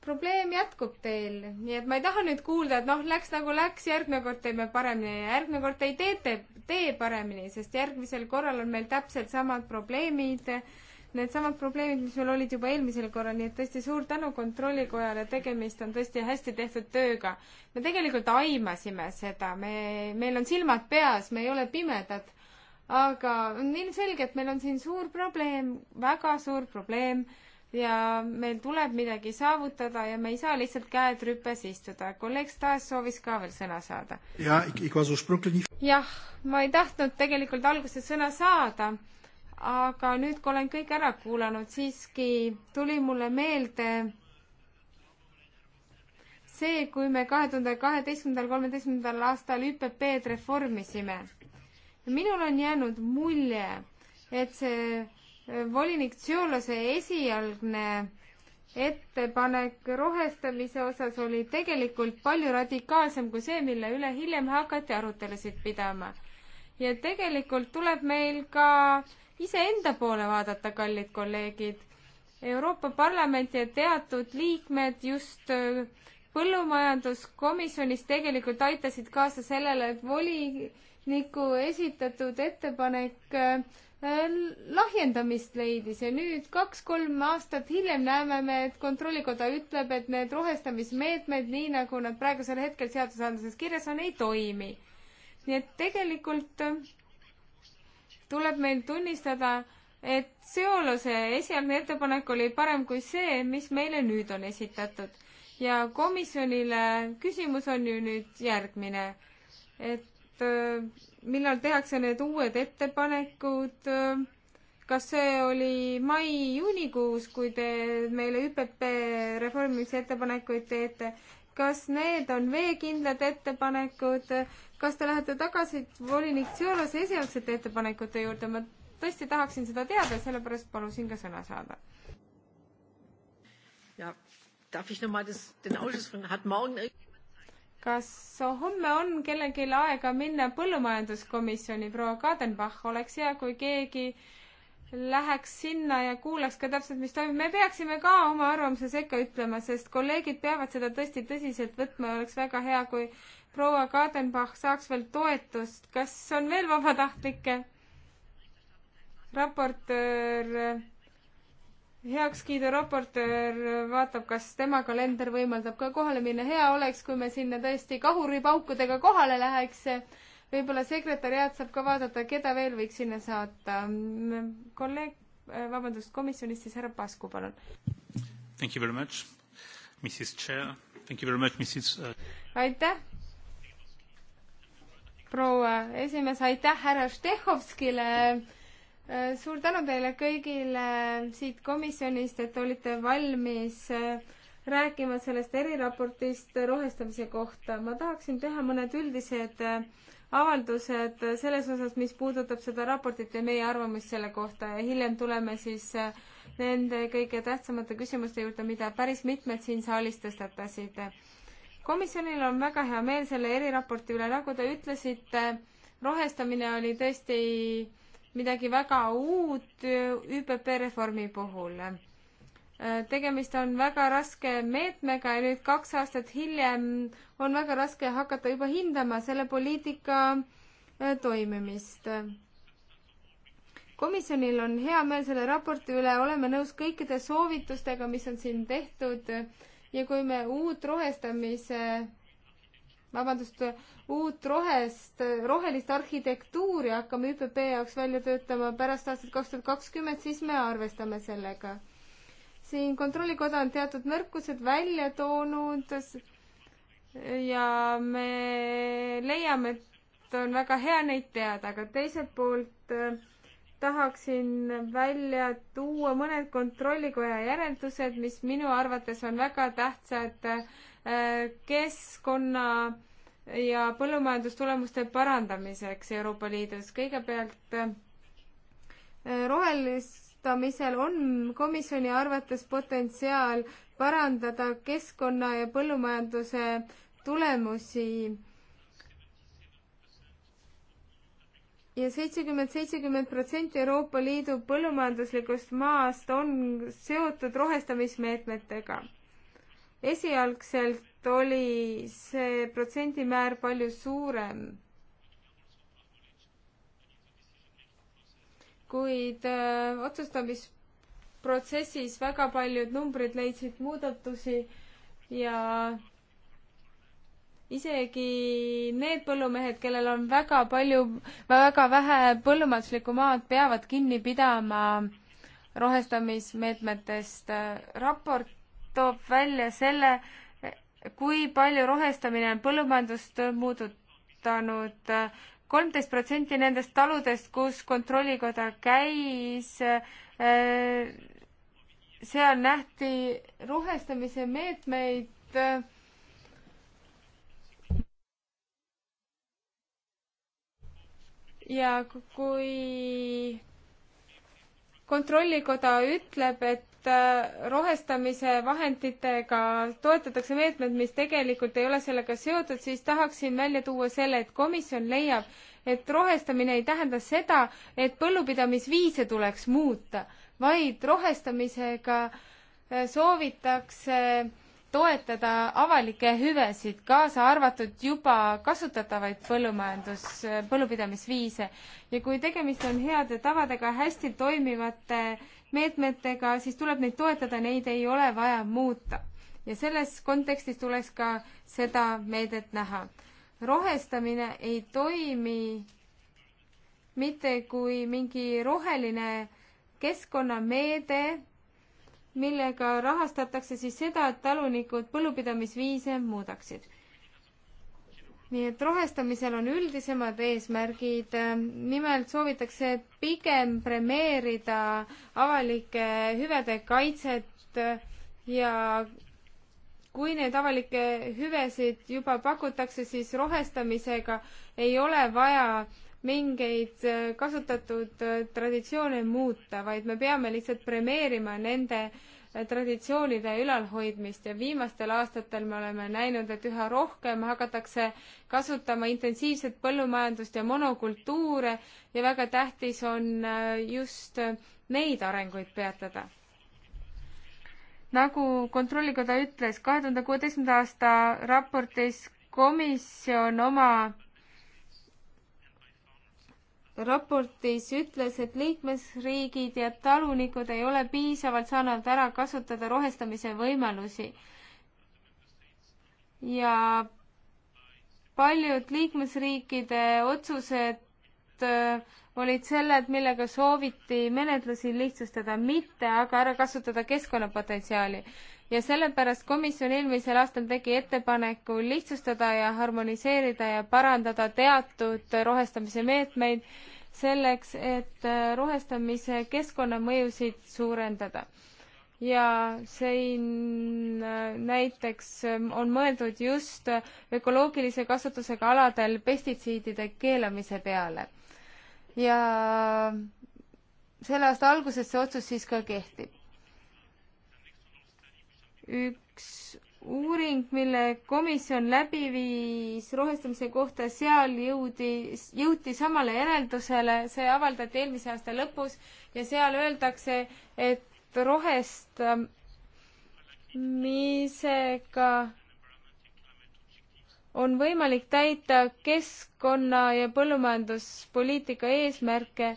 probleem jätkub teil, nii et ma ei taha nüüd kuulda, et noh, läks nagu läks, järgmine kord teeme paremini ja järgmine kord ei tee, tee, tee paremini, sest järgmisel korral on meil täpselt samad probleemid, needsamad probleemid, mis meil olid juba eelmisel korral, nii et tõesti suur tänu Kontrollikojale, tegemist on tõesti hästi tehtud tööga. me tegelikult aimasime seda, me, meil on silmad peas, me ei ole pimedad aga on ilmselge, et meil on siin suur probleem, väga suur probleem ja meil tuleb midagi saavutada ja me ei saa lihtsalt käed rüpes istuda. kolleeg Stas soovis ka veel sõna saada. jah, ma ei tahtnud tegelikult alguses sõna saada, aga nüüd, kui olen kõik ära kuulanud, siiski tuli mulle meelde see, kui me kahe tuhande kaheteistkümnendal, kolmeteistkümnendal aastal ÜPP-d reformisime minul on jäänud mulje, et see eh, volinik Tšiolose esialgne ettepanek rohestamise osas oli tegelikult palju radikaalsem kui see, mille üle hiljem hakati arutelusid pidama. ja tegelikult tuleb meil ka iseenda poole vaadata, kallid kolleegid. Euroopa Parlament ja teatud liikmed just eh, põllumajanduskomisjonis tegelikult aitasid kaasa sellele, et voli voliniku esitatud ettepanek äh, lahjendamist leidis ja nüüd kaks-kolm aastat hiljem näeme me, et Kontrollikoda ütleb, et need rohestamismeetmed, nii nagu nad praegusel hetkel seadusandluses kirjas on, ei toimi. nii et tegelikult äh, tuleb meil tunnistada, et seoluse esialgne ettepanek oli parem kui see, mis meile nüüd on esitatud. ja komisjonile küsimus on ju nüüd järgmine, et Äh, millal tehakse need uued ettepanekud? Äh, kas see oli mai-juunikuus, kui te meile ÜPP reformimise ettepanekuid teete? kas need on veekindlad ettepanekud, kas te lähete tagasi volinik Tsiolose esialgsete ettepanekute juurde, ma tõesti tahaksin seda teada, sellepärast palusin ka sõna saada. ja, darf ich nochmal das, den Ausschuss von, hat morgen kas homme on kellelgi aega minna põllumajanduskomisjoni, proua Kadenbach, oleks hea, kui keegi läheks sinna ja kuulaks ka täpselt, mis toimub. me peaksime ka oma arvamuse sekka ütlema, sest kolleegid peavad seda tõesti tõsiselt võtma ja oleks väga hea, kui proua Kadenbach saaks veel toetust. kas on veel vabatahtlikke? raportöör heakskiidu raportöör vaatab, kas tema kalender võimaldab ka kohale minna. hea oleks, kui me sinna tõesti kahuripaukudega kohale läheks. võib-olla sekretäriaat saab ka vaadata, keda veel võiks sinna saata. kolleeg, äh, vabandust, komisjonist siis härra Pasku, palun. Thank you very much, Mrs Chair. Thank you very much, Mrs. Äh, aitäh, proua esimees, aitäh härra Štehovskile Äh, suur tänu teile kõigile siit komisjonist, et olite valmis äh, rääkima sellest eriraportist rohestamise kohta. ma tahaksin teha mõned üldised äh, avaldused selles osas, mis puudutab seda raportit ja meie arvamust selle kohta ja hiljem tuleme siis nende kõige tähtsamate küsimuste juurde, mida päris mitmed siin saalis tõstatasid. komisjonil on väga hea meel selle eriraporti üle, nagu te ütlesite, rohestamine oli tõesti midagi väga uut ÜPP reformi puhul. Äh, tegemist on väga raske meetmega ja nüüd kaks aastat hiljem on väga raske hakata juba hindama selle poliitika äh, toimimist. komisjonil on hea meel selle raporti üle, oleme nõus kõikide soovitustega, mis on siin tehtud ja kui me uut rohestamise vabandust, uut rohest, rohelist arhitektuuri hakkame ÜPP jaoks välja töötama pärast aastat kaks tuhat kakskümmend, siis me arvestame sellega. siin Kontrollikoda on teatud nõrkused välja toonud ja me leiame, et on väga hea neid teada, aga teiselt poolt äh, tahaksin välja tuua mõned Kontrollikoja järeldused, mis minu arvates on väga tähtsad äh, keskkonna ja põllumajandustulemuste parandamiseks Euroopa Liidus. kõigepealt äh, rohelistamisel on komisjoni arvates potentsiaal parandada keskkonna ja põllumajanduse tulemusi ja seitsekümmend, seitsekümmend protsenti Euroopa Liidu põllumajanduslikust maast on seotud rohestamismeetmetega esialgselt oli see protsendimäär palju suurem kuid öö, äh, otsustamisprotsessis väga paljud numbrid leidsid muudatusi ja isegi need põllumehed, kellel on väga palju, väga vähe põllumajanduslikku maad, peavad kinni pidama rohestamismeetmetest. raport toob välja selle, kui palju rohestamine on põllumajandust muudutanud. kolmteist protsenti nendest taludest, kus kontrollikoda käis, seal nähti rohestamise meetmeid ja kui kontrollikoda ütleb, et et äh, rohestamise vahenditega toetatakse meetmed, mis tegelikult ei ole sellega seotud, siis tahaksin välja tuua selle, et komisjon leiab, et rohestamine ei tähenda seda, et põllupidamisviise tuleks muuta, vaid rohestamisega äh, soovitakse toetada avalikke hüvesid, kaasa arvatud juba kasutatavaid põllumajandus, äh, põllupidamisviise. ja kui tegemist on heade tavadega, hästi toimivate äh, meetmetega, siis tuleb neid toetada, neid ei ole vaja muuta. ja selles kontekstis tuleks ka seda meedet näha. rohestamine ei toimi mitte kui mingi roheline keskkonnameede, millega rahastatakse siis seda, et talunikud põllupidamisviise muudaksid nii et rohestamisel on üldisemad eesmärgid, nimelt soovitakse pigem premeerida avalike hüvede kaitset ja kui neid avalikke hüvesid juba pakutakse, siis rohestamisega ei ole vaja mingeid kasutatud traditsioone muuta, vaid me peame lihtsalt premeerima nende äh, traditsioonide ülalhoidmist ja viimastel aastatel me oleme näinud, et üha rohkem hakatakse kasutama intensiivset põllumajandust ja monokultuure ja väga tähtis on äh, just äh, neid arenguid peatada. nagu kontrollikoda ütles, kahe tuhande kuueteistkümnenda aasta raportis komisjon oma raportis ütles, et liikmesriigid ja talunikud ei ole piisavalt saanud ära kasutada rohestamise võimalusi. ja paljud liikmesriikide otsused äh, olid selled, millega sooviti menetlusi lihtsustada, mitte aga ära kasutada keskkonnapotentsiaali ja sellepärast komisjon eelmisel aastal tegi ettepaneku lihtsustada ja harmoniseerida ja parandada teatud rohestamise meetmeid selleks, et äh, rohestamise keskkonnamõjusid suurendada. ja siin äh, näiteks ähm, on mõeldud just ökoloogilise kasutusega aladel pestitsiidide keelamise peale. ja selle aasta alguses see otsus siis ka kehtib üks uuring, mille komisjon läbi viis rohestamise kohta, seal jõudi, jõuti samale järeldusele, see avaldati eelmise aasta lõpus ja seal öeldakse, et rohestamisega on võimalik täita keskkonna ja põllumajanduspoliitika eesmärke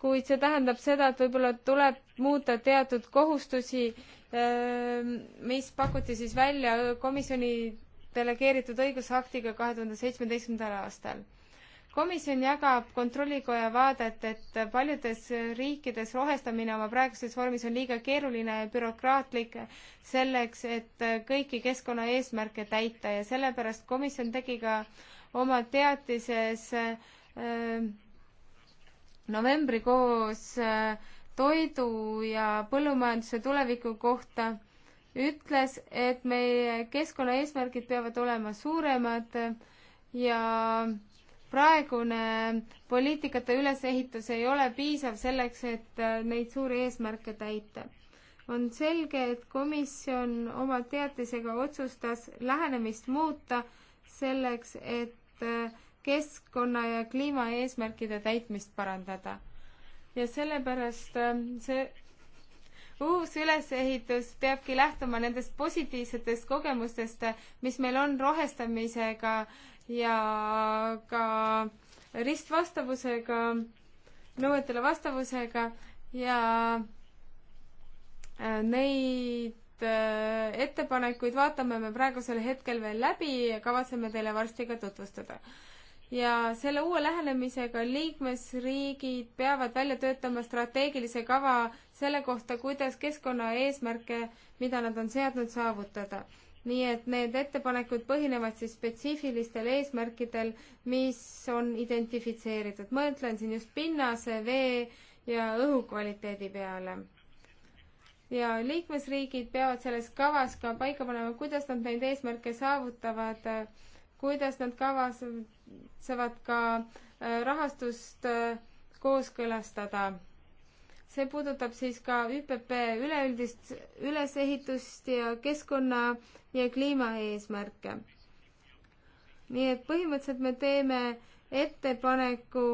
kuid see tähendab seda, et võib-olla tuleb muuta teatud kohustusi Ehm, mis pakuti siis välja komisjoni delegeeritud õigusaktiga kahe tuhande seitsmeteistkümnendal aastal. komisjon jagab Kontrollikoja vaadet, et paljudes riikides rohestamine oma praeguses vormis on liiga keeruline ja bürokraatlik selleks, et kõiki keskkonnaeesmärke täita ja sellepärast komisjon tegi ka oma teatises ehm, novembrikuus äh, toidu ja põllumajanduse tuleviku kohta ütles, et meie keskkonnaeesmärgid peavad olema suuremad ja praegune poliitikate ülesehitus ei ole piisav selleks, et neid suuri eesmärke täita. on selge, et komisjon oma teatisega otsustas lähenemist muuta selleks, et keskkonna ja kliimaeesmärkide täitmist parandada ja sellepärast äh, see uus ülesehitus peabki lähtuma nendest positiivsetest kogemustest, mis meil on rohestamisega ja ka ristvastavusega, nõuetele vastavusega ja äh, neid äh, ettepanekuid vaatame me praegusel hetkel veel läbi ja kavatseme teile varsti ka tutvustada ja selle uue lähenemisega liikmesriigid peavad välja töötama strateegilise kava selle kohta, kuidas keskkonnaeesmärke, mida nad on seadnud, saavutada. nii et need ettepanekud põhinevad siis spetsiifilistel eesmärkidel, mis on identifitseeritud. ma ütlen siin just pinnase, vee ja õhukvaliteedi peale ja liikmesriigid peavad selles kavas ka paika panema, kuidas nad neid eesmärke saavutavad äh, kuidas nad kavatsevad ka äh, rahastust äh, kooskõlastada. see puudutab siis ka ÜPP üleüldist ülesehitust ja keskkonna ja kliimaeesmärke. nii et põhimõtteliselt me teeme ettepaneku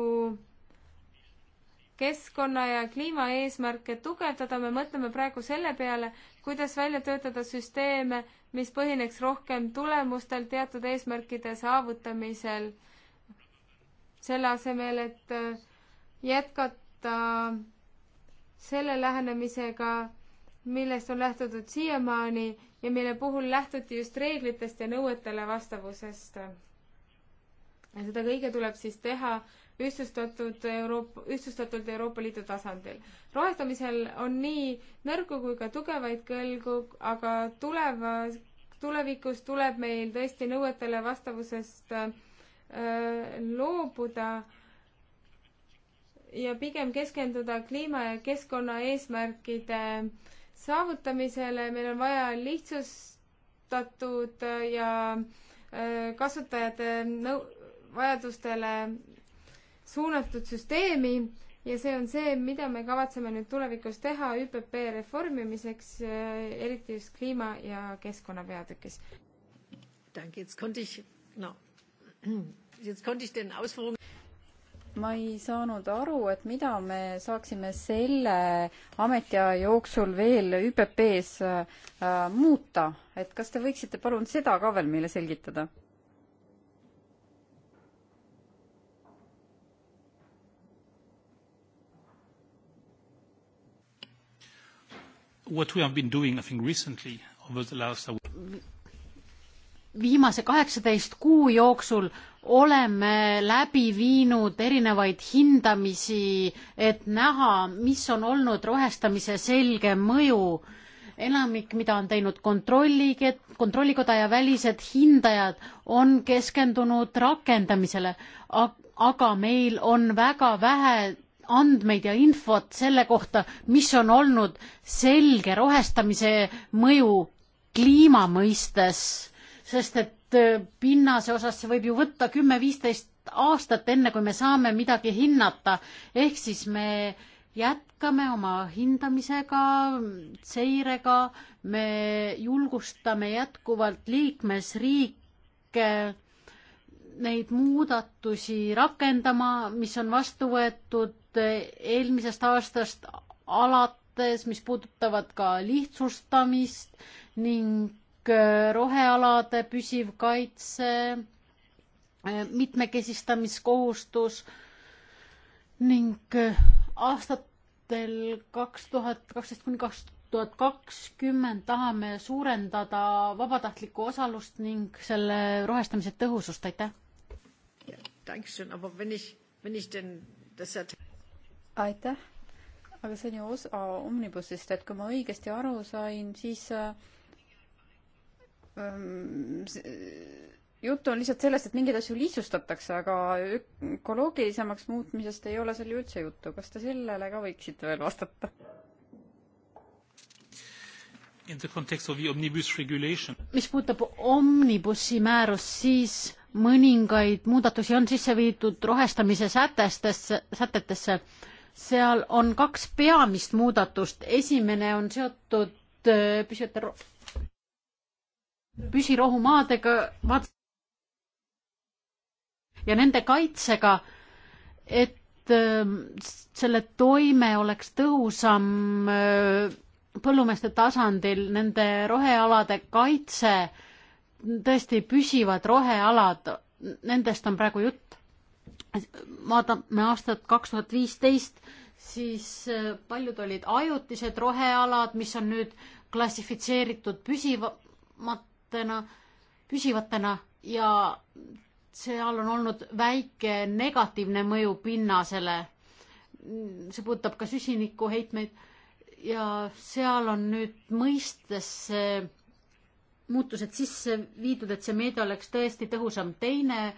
keskkonna ja kliimaeesmärke tugevdada, me mõtleme praegu selle peale, kuidas välja töötada süsteeme, mis põhineks rohkem tulemustel teatud eesmärkide saavutamisel, selle asemel, et äh, jätkata selle lähenemisega, millest on lähtutud siiamaani ja mille puhul lähtuti just reeglitest ja nõuetele vastavusest. ja seda kõike tuleb siis teha ühtsustatud Euroopa, ühtsustatult Euroopa Liidu tasandil. rohestamisel on nii nõrku kui ka tugevaid kõlgu, aga tuleva, tulevikus tuleb meil tõesti nõuetele vastavusest äh, loobuda ja pigem keskenduda kliima ja keskkonna eesmärkide saavutamisele, meil on vaja lihtsustatud ja äh, kasutajate nõu-, vajadustele suunatud süsteemi ja see on see, mida me kavatseme nüüd tulevikus teha ÜPP reformimiseks, äh, eriti just kliima ja keskkonna peatükis. ma ei saanud aru, et mida me saaksime selle ametiaja jooksul veel ÜPP-s äh, muuta, et kas te võiksite palun seda ka veel meile selgitada? what we have been doing, I think, recently over the last uh, viimase kaheksateist kuu jooksul oleme läbi viinud erinevaid hindamisi, et näha, mis on olnud rohestamise selge mõju. enamik, mida on teinud kontrolli, kontrollikoda ja välised hindajad, on keskendunud rakendamisele, aga meil on väga vähe andmeid ja infot selle kohta, mis on olnud selge rohestamise mõju kliima mõistes, sest et äh, pinnase osas see võib ju võtta kümme-viisteist aastat, enne kui me saame midagi hinnata, ehk siis me jätkame oma hindamisega, seirega, me julgustame jätkuvalt liikmesriike neid muudatusi rakendama, mis on vastu võetud eelmisest aastast alates, mis puudutavad ka lihtsustamist ning äh, rohealade püsiv kaitse, äh, mitmekesistamiskohustus ning äh, aastatel kaks tuhat kaksteist kuni kaks tuhat kakskümmend tahame suurendada vabatahtlikku osalust ning selle rohestamise tõhusust, aitäh! aitäh, aga see on ju osa omnibusist, et kui ma õigesti aru sain, siis ähm, juttu on lihtsalt sellest, et mingeid asju lihtsustatakse, aga ökoloogilisemaks muutmisest ei ole seal ju üldse juttu. kas te sellele ka võiksite veel vastata? mis puudutab omnibussi määrust, siis mõningaid muudatusi on sisse viidud rohestamise sätestesse, sätetesse seal on kaks peamist muudatust, esimene on seotud äh, püsütero-, püsirohumaadega, vaat-, ja nende kaitsega, et ähm, selle toime oleks tõhusam äh, põllumeeste tasandil, nende rohealade kaitse, tõesti püsivad rohealad, nendest on praegu juttu vaatame aastat kaks tuhat viisteist, siis äh, paljud olid ajutised rohealad, mis on nüüd klassifitseeritud püsivatena, püsivatena ja seal on olnud väike negatiivne mõju pinnasele. see puudutab ka süsinikuheitmeid ja seal on nüüd mõistesse muutused sisse viidud, et see meede oleks tõesti tõhusam. teine äh,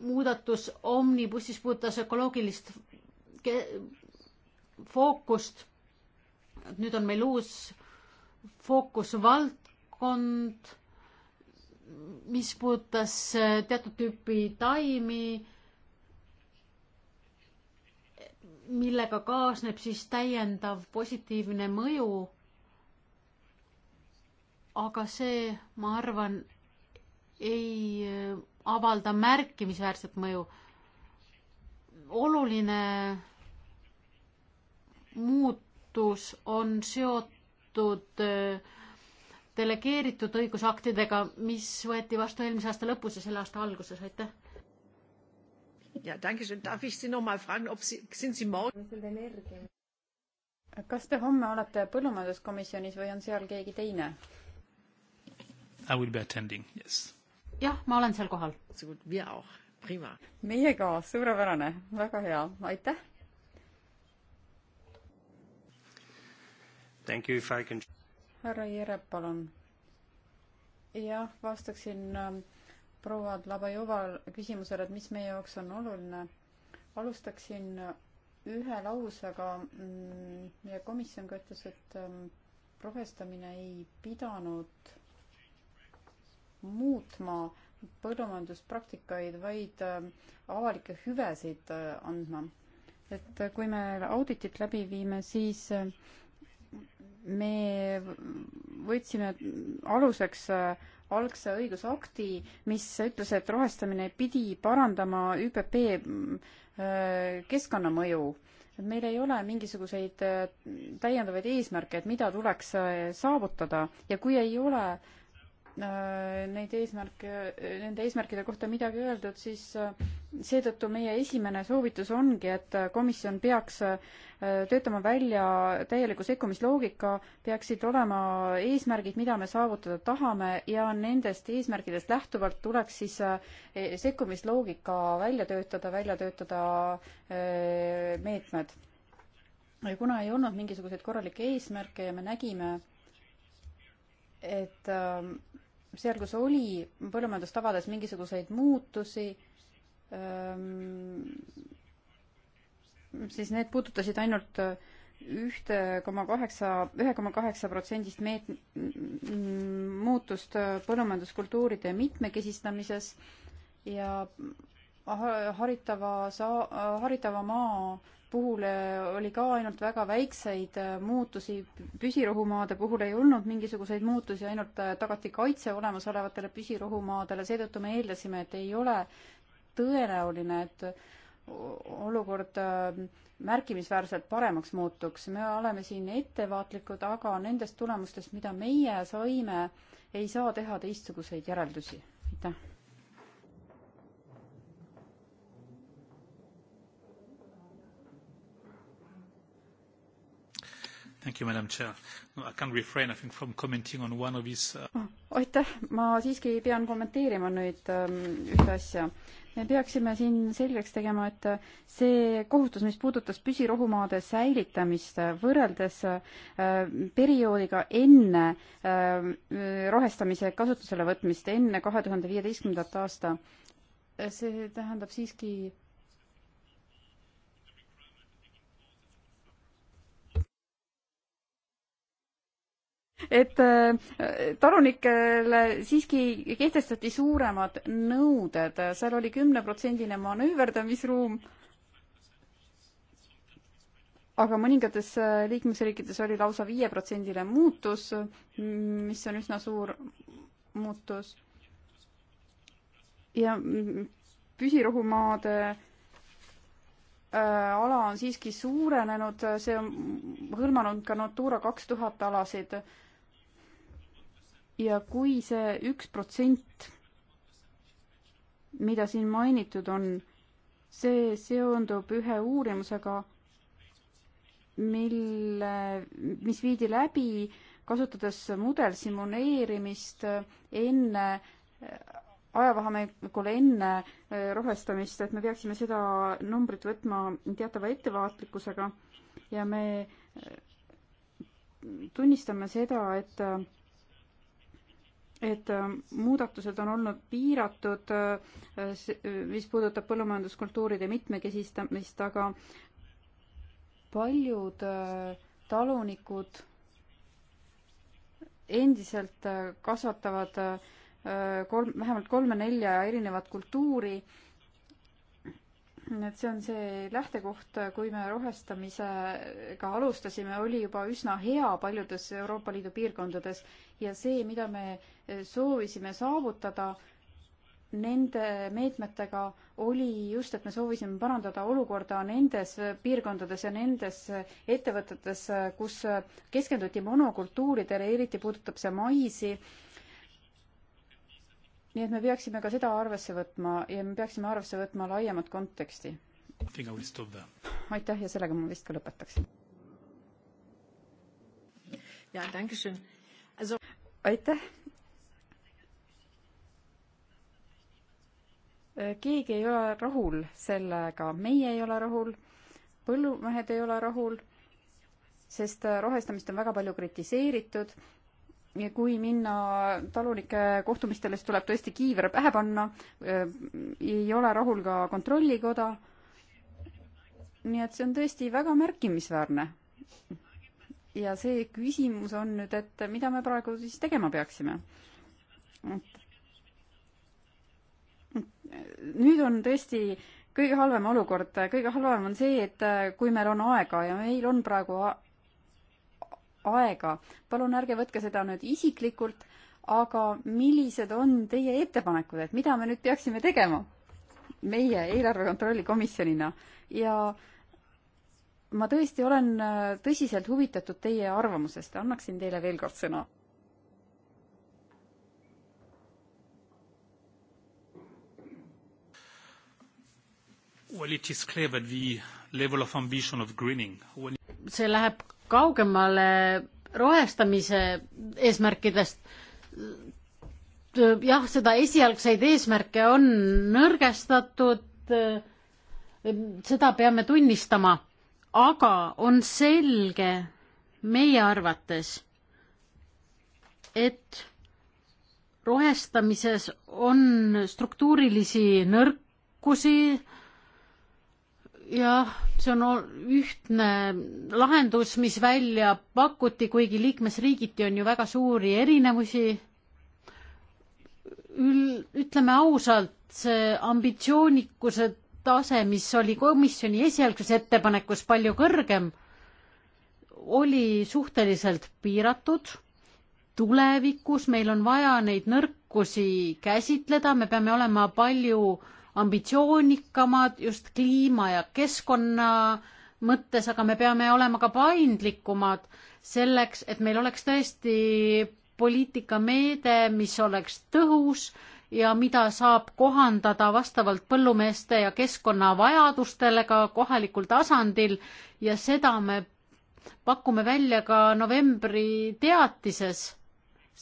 muudatus omnibussis puudutas ökoloogilist fookust. nüüd on meil uus fookusvaldkond, mis puudutas äh, teatud tüüpi taimi, millega kaasneb siis täiendav positiivne mõju. aga see, ma arvan, ei äh, avalda märkimisväärset mõju. oluline muutus on seotud äh, delegeeritud õigusaktidega, mis võeti vastu eelmise aasta lõpus ja selle aasta alguses, aitäh. ja tänke schön, darf ich Sie noch mal fragen, ob Sie, sind Sie morgen? kas te homme olete põllumajanduskomisjonis või on seal keegi teine? I will be attending, yes jah, ma olen seal kohal. meie ka, suurepärane, väga hea, aitäh. härra Jerep, palun. jah, vastaksin äh, proua Dlabajova küsimusele, et mis meie jaoks on oluline. alustaksin äh, ühe lausega mm, ja komisjon ka ütles, et profestamine ähm, ei pidanud muutma põllumajanduspraktikaid, vaid äh, avalikke hüvesid äh, andma. et äh, kui me auditit läbi viime, siis me võtsime aluseks algse õigusakti, mis ütles, et rohestamine pidi parandama ÜPP keskkonnamõju. et meil ei ole mingisuguseid täiendavaid eesmärke, et mida tuleks saavutada ja kui ei ole Äh, neid eesmärke, nende eesmärkide kohta midagi öeldud, siis äh, seetõttu meie esimene soovitus ongi, et komisjon peaks äh, töötama välja täieliku sekkumisloogika, peaksid olema eesmärgid, mida me saavutada tahame ja nendest eesmärkidest lähtuvalt tuleks siis sekkumisloogika välja töötada, välja töötada meetmed. kuna ei olnud mingisuguseid korralikke eesmärke ja me nägime, et äh, seal, kus oli põllumajandustavades mingisuguseid muutusi, ähm, siis need puudutasid ainult ühte koma kaheksa, ühe koma kaheksa protsendist meet-, muutust põllumajanduskultuuride mitmekesistamises ja haritava saa-, haritava maa puhul äh, oli ka ainult väga väikseid äh, muutusi, püsirohumaade puhul ei olnud mingisuguseid muutusi, ainult äh, tagati kaitse olemasolevatele püsirohumaadele, seetõttu me eeldasime, et ei ole tõenäoline, et olukord märkimisväärselt paremaks muutuks. me oleme siin ettevaatlikud, aga nendest tulemustest, mida meie saime, ei saa teha teistsuguseid järeldusi. aitäh! Thank you, Madam Chair. No, I can refrain, I think, from commenting on one of his uh... Oh, aitäh, ma siiski pean kommenteerima nüüd um, ühte asja. me peaksime siin selgeks tegema, et äh, see kohustus, mis puudutas püsirohumaade säilitamist äh, võrreldes uh, perioodiga enne uh, rohestamise kasutusele võtmist, enne kahe tuhande viieteistkümnendat aasta, see tähendab siiski uh, et äh, talunikele siiski kehtestati suuremad nõuded, seal oli kümneprotsendine manööverdamisruum, aga mõningates äh, liikmesriikides oli lausa viieprotsendine muutus, mis on üsna suur muutus. ja püsirohumaade äh, ala on siiski suurenenud, see on hõlmanud ka Natura kaks tuhat alasid ja kui see üks protsent, mida siin mainitud on, see seondub ühe uurimusega, mille, mis viidi läbi, kasutades mudelsimuleerimist enne, ajavahemikul enne äh, rohestamist, et me peaksime seda numbrit võtma teatava ettevaatlikkusega ja me äh, tunnistame seda, et äh, et äh, muudatused on olnud piiratud, äh, mis puudutab põllumajanduskultuuride mitmekesistamist, aga paljud äh, talunikud endiselt kasvatavad kolm, vähemalt kolme-nelja erinevat kultuuri et see on see lähtekoht, kui me rohestamisega alustasime, oli juba üsna hea paljudes Euroopa Liidu piirkondades ja see, mida me eh, soovisime saavutada nende meetmetega, oli just, et me soovisime parandada olukorda nendes piirkondades ja nendes ettevõtetes, kus keskenduti monokultuuridele, eriti puudutab see maisi nii et me peaksime ka seda arvesse võtma ja me peaksime arvesse võtma laiemat konteksti. aitäh ja sellega ma vist ka lõpetaksin. aitäh. Äh, keegi ei ole rahul sellega, meie ei ole rahul, põllumehed ei ole rahul, sest äh, rohestamist on väga palju kritiseeritud ja kui minna talunike kohtumistele, siis tuleb tõesti kiiver pähe panna. Äh, ei ole rahul ka kontrollikoda. nii et see on tõesti väga märkimisväärne. ja see küsimus on nüüd, et mida me praegu siis tegema peaksime? nüüd on tõesti kõige halvem olukord, kõige halvem on see, et kui meil on aega ja meil on praegu aega. palun ärge võtke seda nüüd isiklikult, aga millised on teie ettepanekud, et mida me nüüd peaksime tegema meie eelarve kontrolli komisjonina ja ma tõesti olen äh, tõsiselt huvitatud teie arvamusest, annaksin teile veel kord sõna. Well, it is clear that the level of ambition of greening well see läheb kaugemale rohestamise eesmärkidest. jah, seda esialgseid eesmärke on nõrgestatud, seda peame tunnistama, aga on selge meie arvates, et rohestamises on struktuurilisi nõrkusi, jah, see on ühtne lahendus, mis välja pakuti, kuigi liikmesriigiti on ju väga suuri erinevusi. Ül-, ütleme ausalt, see ambitsioonikuse tase, mis oli komisjoni esialgses ettepanekus palju kõrgem, oli suhteliselt piiratud. tulevikus meil on vaja neid nõrkusi käsitleda, me peame olema palju äh, ambitsioonikamad just kliima ja keskkonna mõttes, aga me peame olema ka paindlikumad selleks, et meil oleks tõesti poliitikameede, mis oleks tõhus ja mida saab kohandada vastavalt põllumeeste ja keskkonna vajadustele ka kohalikul tasandil ja seda me pakume välja ka novembri teatises.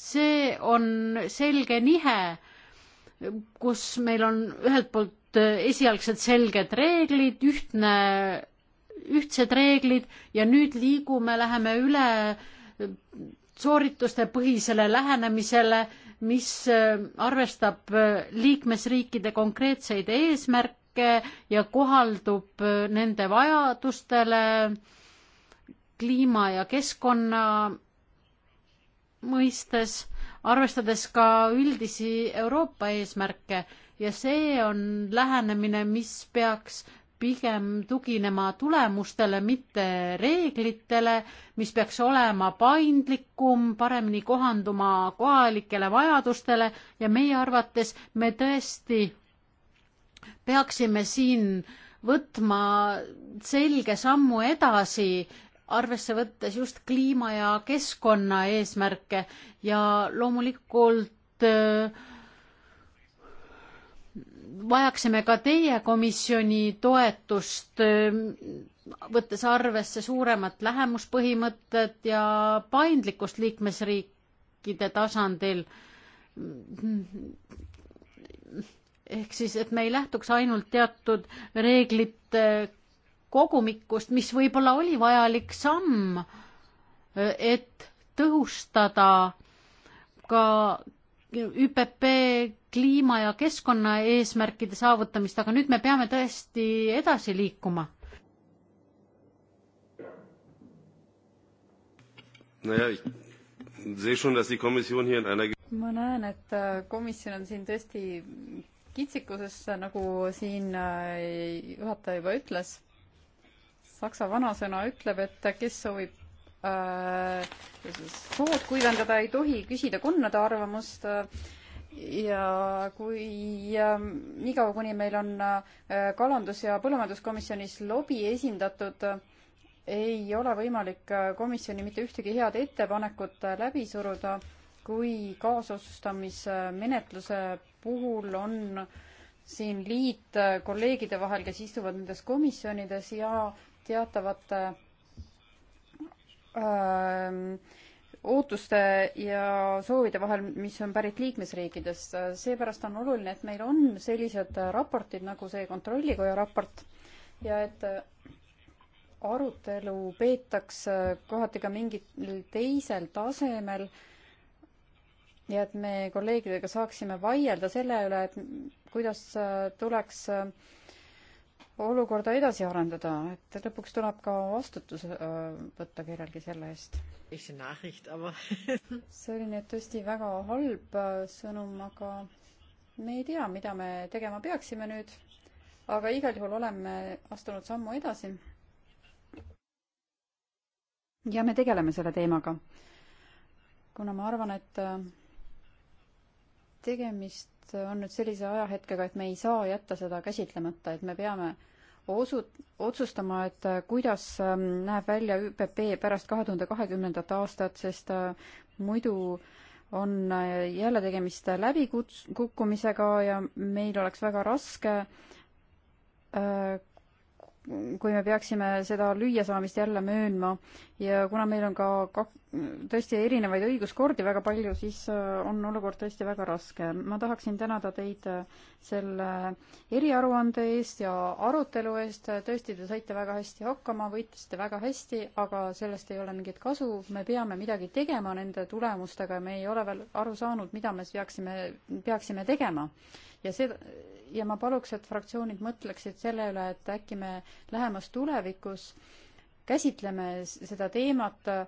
see on selge nihe kus meil on ühelt poolt esialgsed selged reeglid, ühtne, ühtsed reeglid ja nüüd liigume, läheme üle sooritustepõhisele lähenemisele, mis arvestab liikmesriikide konkreetseid eesmärke ja kohaldub nende vajadustele kliima ja keskkonna mõistes arvestades ka üldisi Euroopa eesmärke ja see on lähenemine, mis peaks pigem tuginema tulemustele, mitte reeglitele, mis peaks olema paindlikum, paremini kohanduma kohalikele vajadustele ja meie arvates me tõesti peaksime siin võtma selge sammu edasi arvesse võttes just kliima ja keskkonna eesmärke ja loomulikult äh, vajaksime ka teie komisjoni toetust, äh, võttes arvesse suuremat lähemuspõhimõtet ja paindlikkust liikmesriikide tasandil. ehk siis, et me ei lähtuks ainult teatud reeglite kogumikust, mis võib-olla oli vajalik samm, äh, et tõhustada ka ÜPP kliima ja keskkonnaeesmärkide saavutamist, aga nüüd me peame tõesti edasi liikuma. nojah, ma näen, et äh, komisjon on siin tõesti kitsikuses, nagu siin äh, juhataja juba ütles Saksa vanasõna ütleb, et kes soovib äh, sood kuivendada, ei tohi küsida konnade arvamust äh, ja kui äh, niikaua, kuni meil on äh, kalandus- ja põllumajanduskomisjonis lobi esindatud äh,, ei ole võimalik äh, komisjoni mitte ühtegi head ettepanekut äh, läbi suruda, kui kaasotsustamismenetluse puhul on siin liit äh, kolleegide vahel, kes istuvad nendes komisjonides ja teatavate öö, ähm, ootuste ja soovide vahel, mis on pärit liikmesriikidest. seepärast on oluline, et meil on sellised raportid nagu see Kontrollikoja raport ja et arutelu peetaks kohati ka mingil teisel tasemel ja et me kolleegidega saaksime vaielda selle üle, et kuidas tuleks äh, olukorda edasi arendada, et lõpuks tuleb ka vastutus äh, võtta kellelgi selle eest. [LAUGHS] see oli nüüd tõesti väga halb äh, sõnum, aga me ei tea, mida me tegema peaksime nüüd, aga igal juhul oleme astunud sammu edasi. ja me tegeleme selle teemaga, kuna ma arvan, et äh, tegemist tegemist on nüüd sellise ajahetkega, et me ei saa jätta seda käsitlemata, et me peame osu-, otsustama, et äh, kuidas ähm, näeb välja ÜPP pärast kahe tuhande kahekümnendat aastat, sest äh, muidu on äh, jälle tegemist läbikuts-, kukkumisega ja meil oleks väga raske kui me peaksime seda lüüasaamist jälle möönma ja kuna meil on ka kak-, tõesti erinevaid õiguskordi väga palju, siis äh, on olukord tõesti väga raske. ma tahaksin tänada teid äh, selle eriaruande eest ja arutelu eest, tõesti, te saite väga hästi hakkama, võitlesite väga hästi, aga sellest ei ole mingit kasu, me peame midagi tegema nende tulemustega ja me ei ole veel aru saanud, mida me peaksime, peaksime tegema. ja see, ja ma paluks, et fraktsioonid mõtleksid selle üle, et äkki me lähemas tulevikus käsitleme seda teemat äh,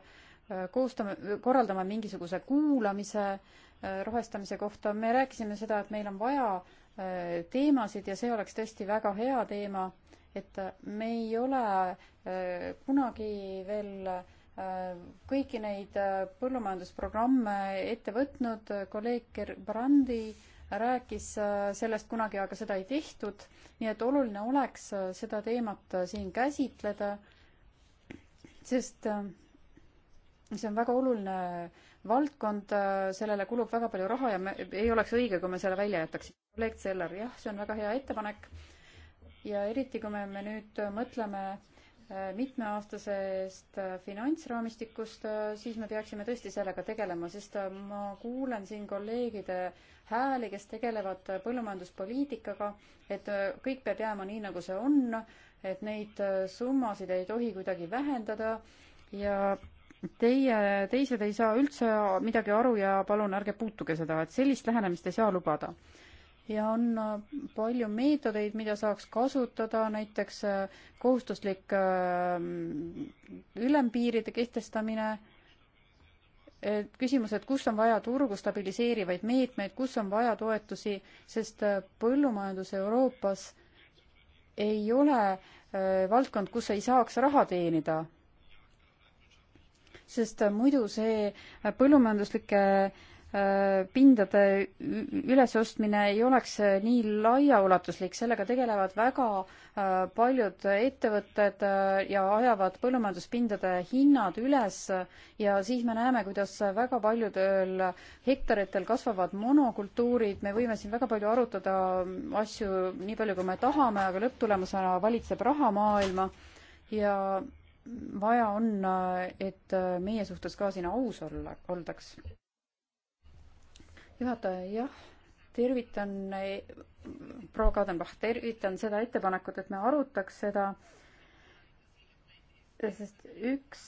koostame, korraldame mingisuguse kuulamise äh, rohestamise kohta, me rääkisime seda, et meil on vaja äh, teemasid ja see oleks tõesti väga hea teema, et äh, me ei ole kunagi veel kõiki neid põllumajandusprogramme ette võtnud, kolleeg Brandi rääkis sellest kunagi, aga seda ei tehtud, nii et oluline oleks seda teemat siin käsitleda, sest see on väga oluline valdkond, sellele kulub väga palju raha ja me, ei oleks õige, kui me selle välja jätaksime. kolleeg Seller, jah, see on väga hea ettepanek ja eriti, kui me, me nüüd mõtleme äh, mitmeaastasest äh, finantsraamistikust, äh, siis me peaksime tõesti sellega tegelema, sest ma kuulen siin kolleegide hääli, kes tegelevad põllumajanduspoliitikaga, et kõik peab jääma nii, nagu see on, et neid summasid ei tohi kuidagi vähendada ja Teie teised ei saa üldse midagi aru ja palun ärge puutuge seda, et sellist lähenemist ei saa lubada. ja on äh, palju meetodeid, mida saaks kasutada, näiteks äh, kohustuslik äh, ülempiiride kehtestamine et küsimus, et kus on vaja turgu stabiliseerivaid meetmeid, kus on vaja toetusi, sest põllumajandus Euroopas ei ole valdkond, kus ei saaks raha teenida sest muidu see põllumajanduslike äh, pindade ülesostmine ei oleks äh, nii laiaulatuslik, sellega tegelevad väga äh, paljud ettevõtted ja ajavad põllumajanduspindade hinnad üles ja siis me näeme, kuidas väga paljudel hektaritel kasvavad monokultuurid, me võime siin väga palju arutada mm, asju nii palju, kui me tahame, aga lõpptulemusena valitseb rahamaailma ja vaja on, et meie suhtes ka siin aus olla, oldaks. juhataja, jah, tervitan, proua Kadenbach, tervitan seda ettepanekut, et me arutaks seda, sest üks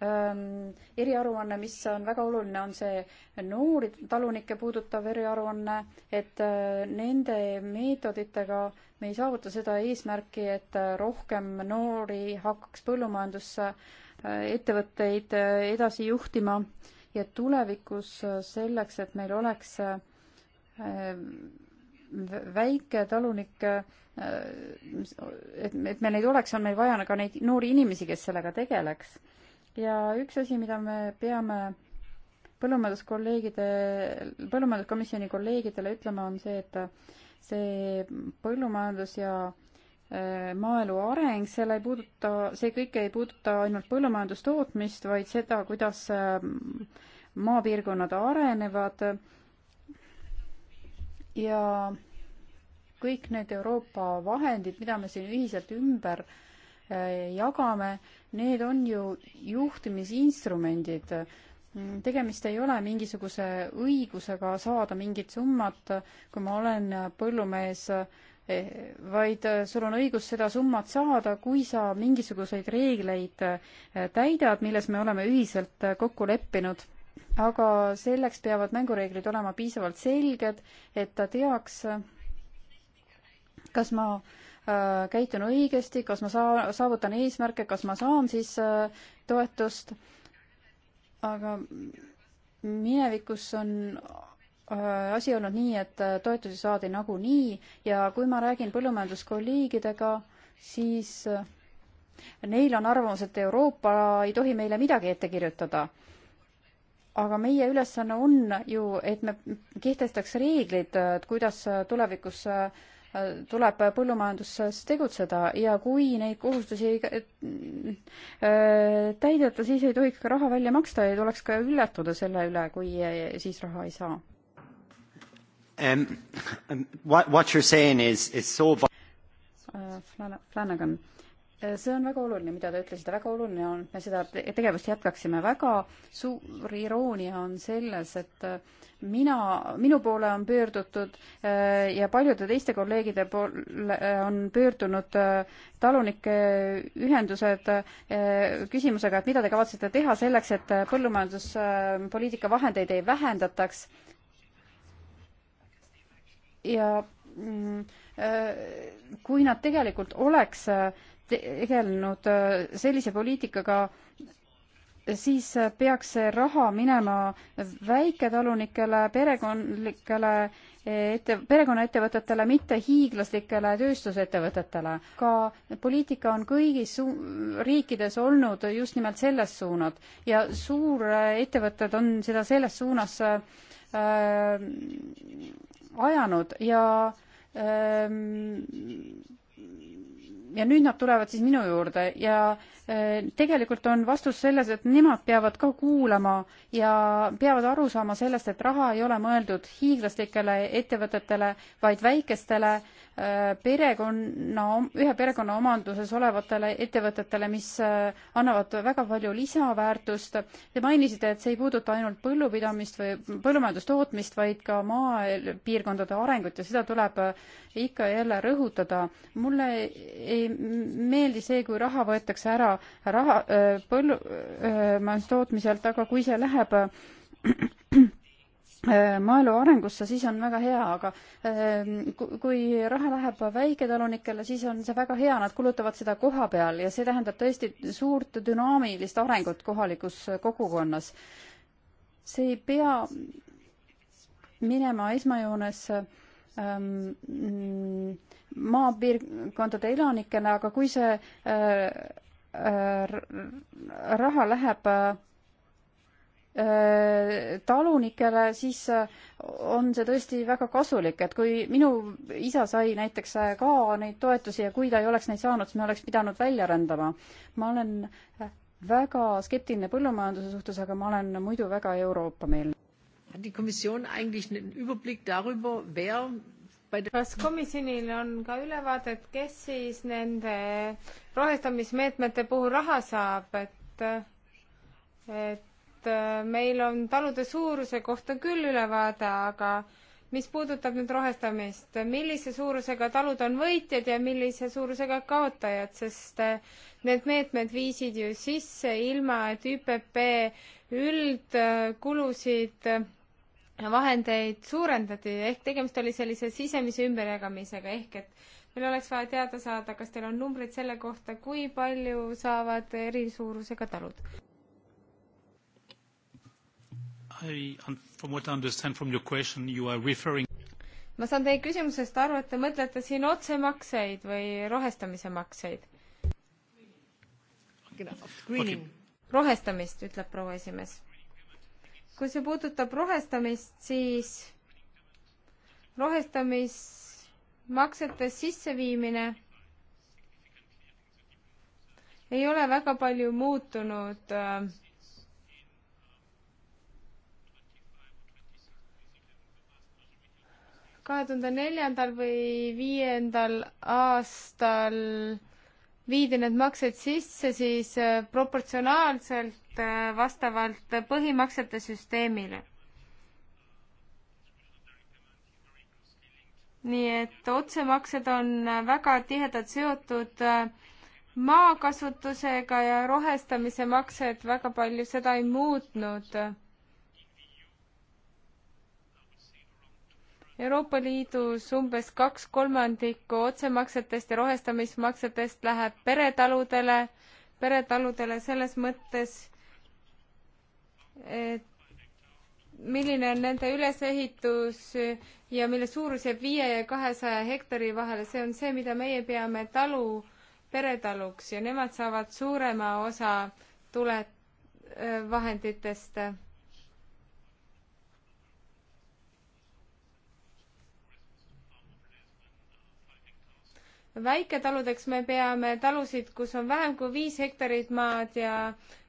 eriaruanne, mis on väga oluline, on see noori talunikke puudutav eriaruanne, et äh, nende meetoditega me ei saavuta seda eesmärki, et äh, rohkem noori hakkaks põllumajandusettevõtteid äh, edasi juhtima ja tulevikus selleks, et meil oleks väike talunik, et, et me neid oleks, on meil vaja ka neid noori inimesi, kes sellega tegeleks ja üks asi, mida me peame põllumajanduskolleegide, põllumajanduskomisjoni kolleegidele ütlema, on see, et see põllumajandus ja äh, maaelu areng, selle ei puuduta, see kõik ei puuduta ainult põllumajandustootmist, vaid seda, kuidas äh, maapiirkonnad arenevad ja kõik need Euroopa vahendid, mida me siin ühiselt ümber äh, Äh, jagame, need on ju juhtimisinstrumendid. Mm, tegemist ei ole mingisuguse õigusega saada mingit summat, kui ma olen põllumees, eh, vaid äh, sul on õigus seda summat saada, kui sa mingisuguseid reegleid äh, täidad, milles me oleme ühiselt kokku leppinud. aga selleks peavad mängureeglid olema piisavalt selged, et ta teaks, kas ma äh, Äh, käitun õigesti, kas ma saa-, saavutan eesmärke, kas ma saan siis äh, toetust, aga minevikus on äh, asi olnud nii, et toetusi saadi nagunii ja kui ma räägin põllumajanduskolleegidega, siis neil on arvamus, et Euroopa ei tohi meile midagi ette kirjutada. aga meie ülesanne on ju, et me kehtestaks reeglid, et kuidas tulevikus äh, tuleb põllumajanduses tegutseda ja kui neid kohustusi ei äh, täideta, siis ei tohiks ka raha välja maksta ja ei tuleks ka üllatuda selle üle, kui äh, siis raha ei saa um,. um what, what you are saying is, is so äh, Flanagan see on väga oluline, mida te ütlesite, väga oluline on, et me seda tegevust jätkaksime. väga suur iroonia on selles, et äh, mina, minu poole on pöördutud äh, ja paljude teiste kolleegide poole äh, on pöördunud talunike ühendused küsimusega, et mida te kavatsete teha selleks, et põllumajanduspoliitika vahendeid ei vähendataks. ja mm, kui nad tegelikult oleks tegelenud äh, sellise poliitikaga, siis äh, peaks see raha minema väiketalunikele, perekondlikele äh, ette, perekonnaettevõtetele, mitte hiiglaslikele tööstusettevõtetele. ka poliitika on kõigis riikides olnud just nimelt selles suunad ja suurettevõtted on seda selles suunas äh, ajanud ja äh, ja nüüd nad tulevad siis minu juurde ja äh, tegelikult on vastus selles, et nemad peavad ka kuulama ja peavad aru saama sellest, et raha ei ole mõeldud hiiglaslikele ettevõtetele, vaid väikestele äh, perekonna, ühe perekonna omanduses olevatele ettevõtetele, mis äh, annavad väga palju lisaväärtust. Te mainisite, et see ei puuduta ainult põllupidamist või põllumajandustootmist, vaid ka maapiirkondade arengut ja seda tuleb äh, ikka ja jälle rõhutada. mulle ei meeldi see, kui raha võetakse ära raha äh, põllumajandustootmiselt, äh, aga kui see läheb äh, maaelu arengusse, siis on väga hea, aga kui raha läheb väiketalunikele, siis on see väga hea, nad kulutavad seda koha peal ja see tähendab tõesti suurt dünaamilist arengut kohalikus kogukonnas. see ei pea minema esmajoones ähm, maapiirkondade elanikena, aga kui see äh, Äh, raha läheb äh, äh, talunikele, siis on see tõesti väga kasulik, et kui minu isa sai näiteks ka neid toetusi ja kui ta ei oleks neid saanud, siis me oleks pidanud välja rändama. ma olen väga skeptiline põllumajanduse suhtes, aga ma olen muidu väga Euroopa-meelne. Hat die Kommission eigentlich einen Überblick darüber, wer kas komisjonil on ka ülevaade, et kes siis nende rohestamismeetmete puhul raha saab, et, et äh, meil on talude suuruse kohta küll ülevaade, aga mis puudutab nüüd rohestamist, millise suurusega talud on võitjad ja millise suurusega kaotajad, sest äh, need meetmed viisid ju sisse ilma, et ÜPP üldkulusid vahendeid suurendati, ehk tegemist oli sellise sisemise ümberjagamisega, ehk et meil oleks vaja teada saada, kas teil on numbrid selle kohta, kui palju saavad eri suurusega talud? Referring... ma saan teie küsimusest aru, et te mõtlete siin otsemakseid või rohestamise makseid? rohestamist, ütleb proua esimees kui see puudutab rohestamist, siis rohestamismaksete sisseviimine ei ole väga palju muutunud äh, kahe tuhande neljandal või viiendal aastal viidi need maksed sisse siis äh, proportsionaalselt Äh, vastavalt põhimaksete süsteemile. nii et otsemaksed on väga tihedalt seotud äh, maakasutusega ja rohestamise maksed väga palju seda ei muutnud. Euroopa Liidus umbes kaks kolmandikku otsemaksetest ja rohestamismaksetest läheb peretaludele, peretaludele selles mõttes et milline on nende ülesehitus ja mille suurus jääb viie ja kahesaja hektari vahele, see on see, mida meie peame talu peretaluks ja nemad saavad suurema osa tule, vahenditest. väiketaludeks me peame talusid, kus on vähem kui viis hektarit maad ja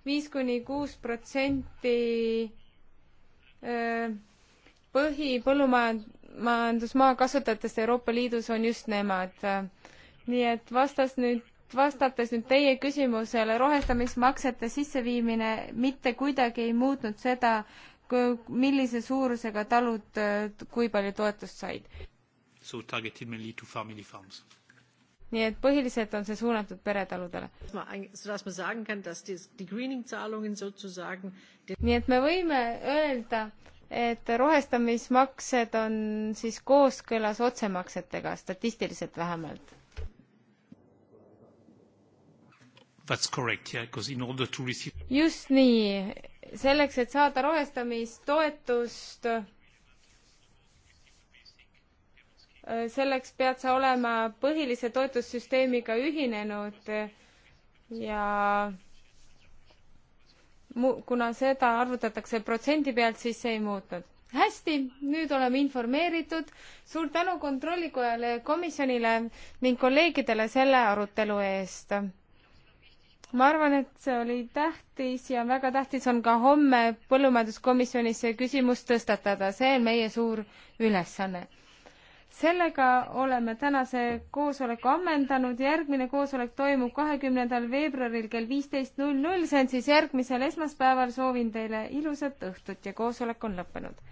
viis kuni kuus protsenti äh, põhipõllumajandusmaa kasutajatest Euroopa Liidus on just nemad. nii et vastas nüüd, vastates nüüd teie küsimusele, rohestamismaksete sisseviimine mitte kuidagi ei muutnud seda, millise suurusega talud äh, kui palju toetust said. So targeted mainly to family farms nii et põhiliselt on see suunatud peretaludele. nii et me võime öelda, et rohestamismaksed on siis kooskõlas otsemaksetega, statistiliselt vähemalt. Yeah, receive... just nii, selleks, et saada rohestamistoetust selleks pead sa olema põhilise toetussüsteemiga ühinenud ja mu-, kuna seda arvutatakse protsendi pealt, siis see ei muutnud. hästi, nüüd oleme informeeritud. suur tänu Kontrollikojale ja komisjonile ning kolleegidele selle arutelu eest ma arvan, et see oli tähtis ja väga tähtis on ka homme põllumajanduskomisjonis see küsimus tõstatada, see on meie suur ülesanne sellega oleme tänase koosoleku ammendanud, järgmine koosolek toimub kahekümnendal veebruaril kell viisteist null null, see on siis järgmisel esmaspäeval, soovin teile ilusat õhtut ja koosolek on lõppenud.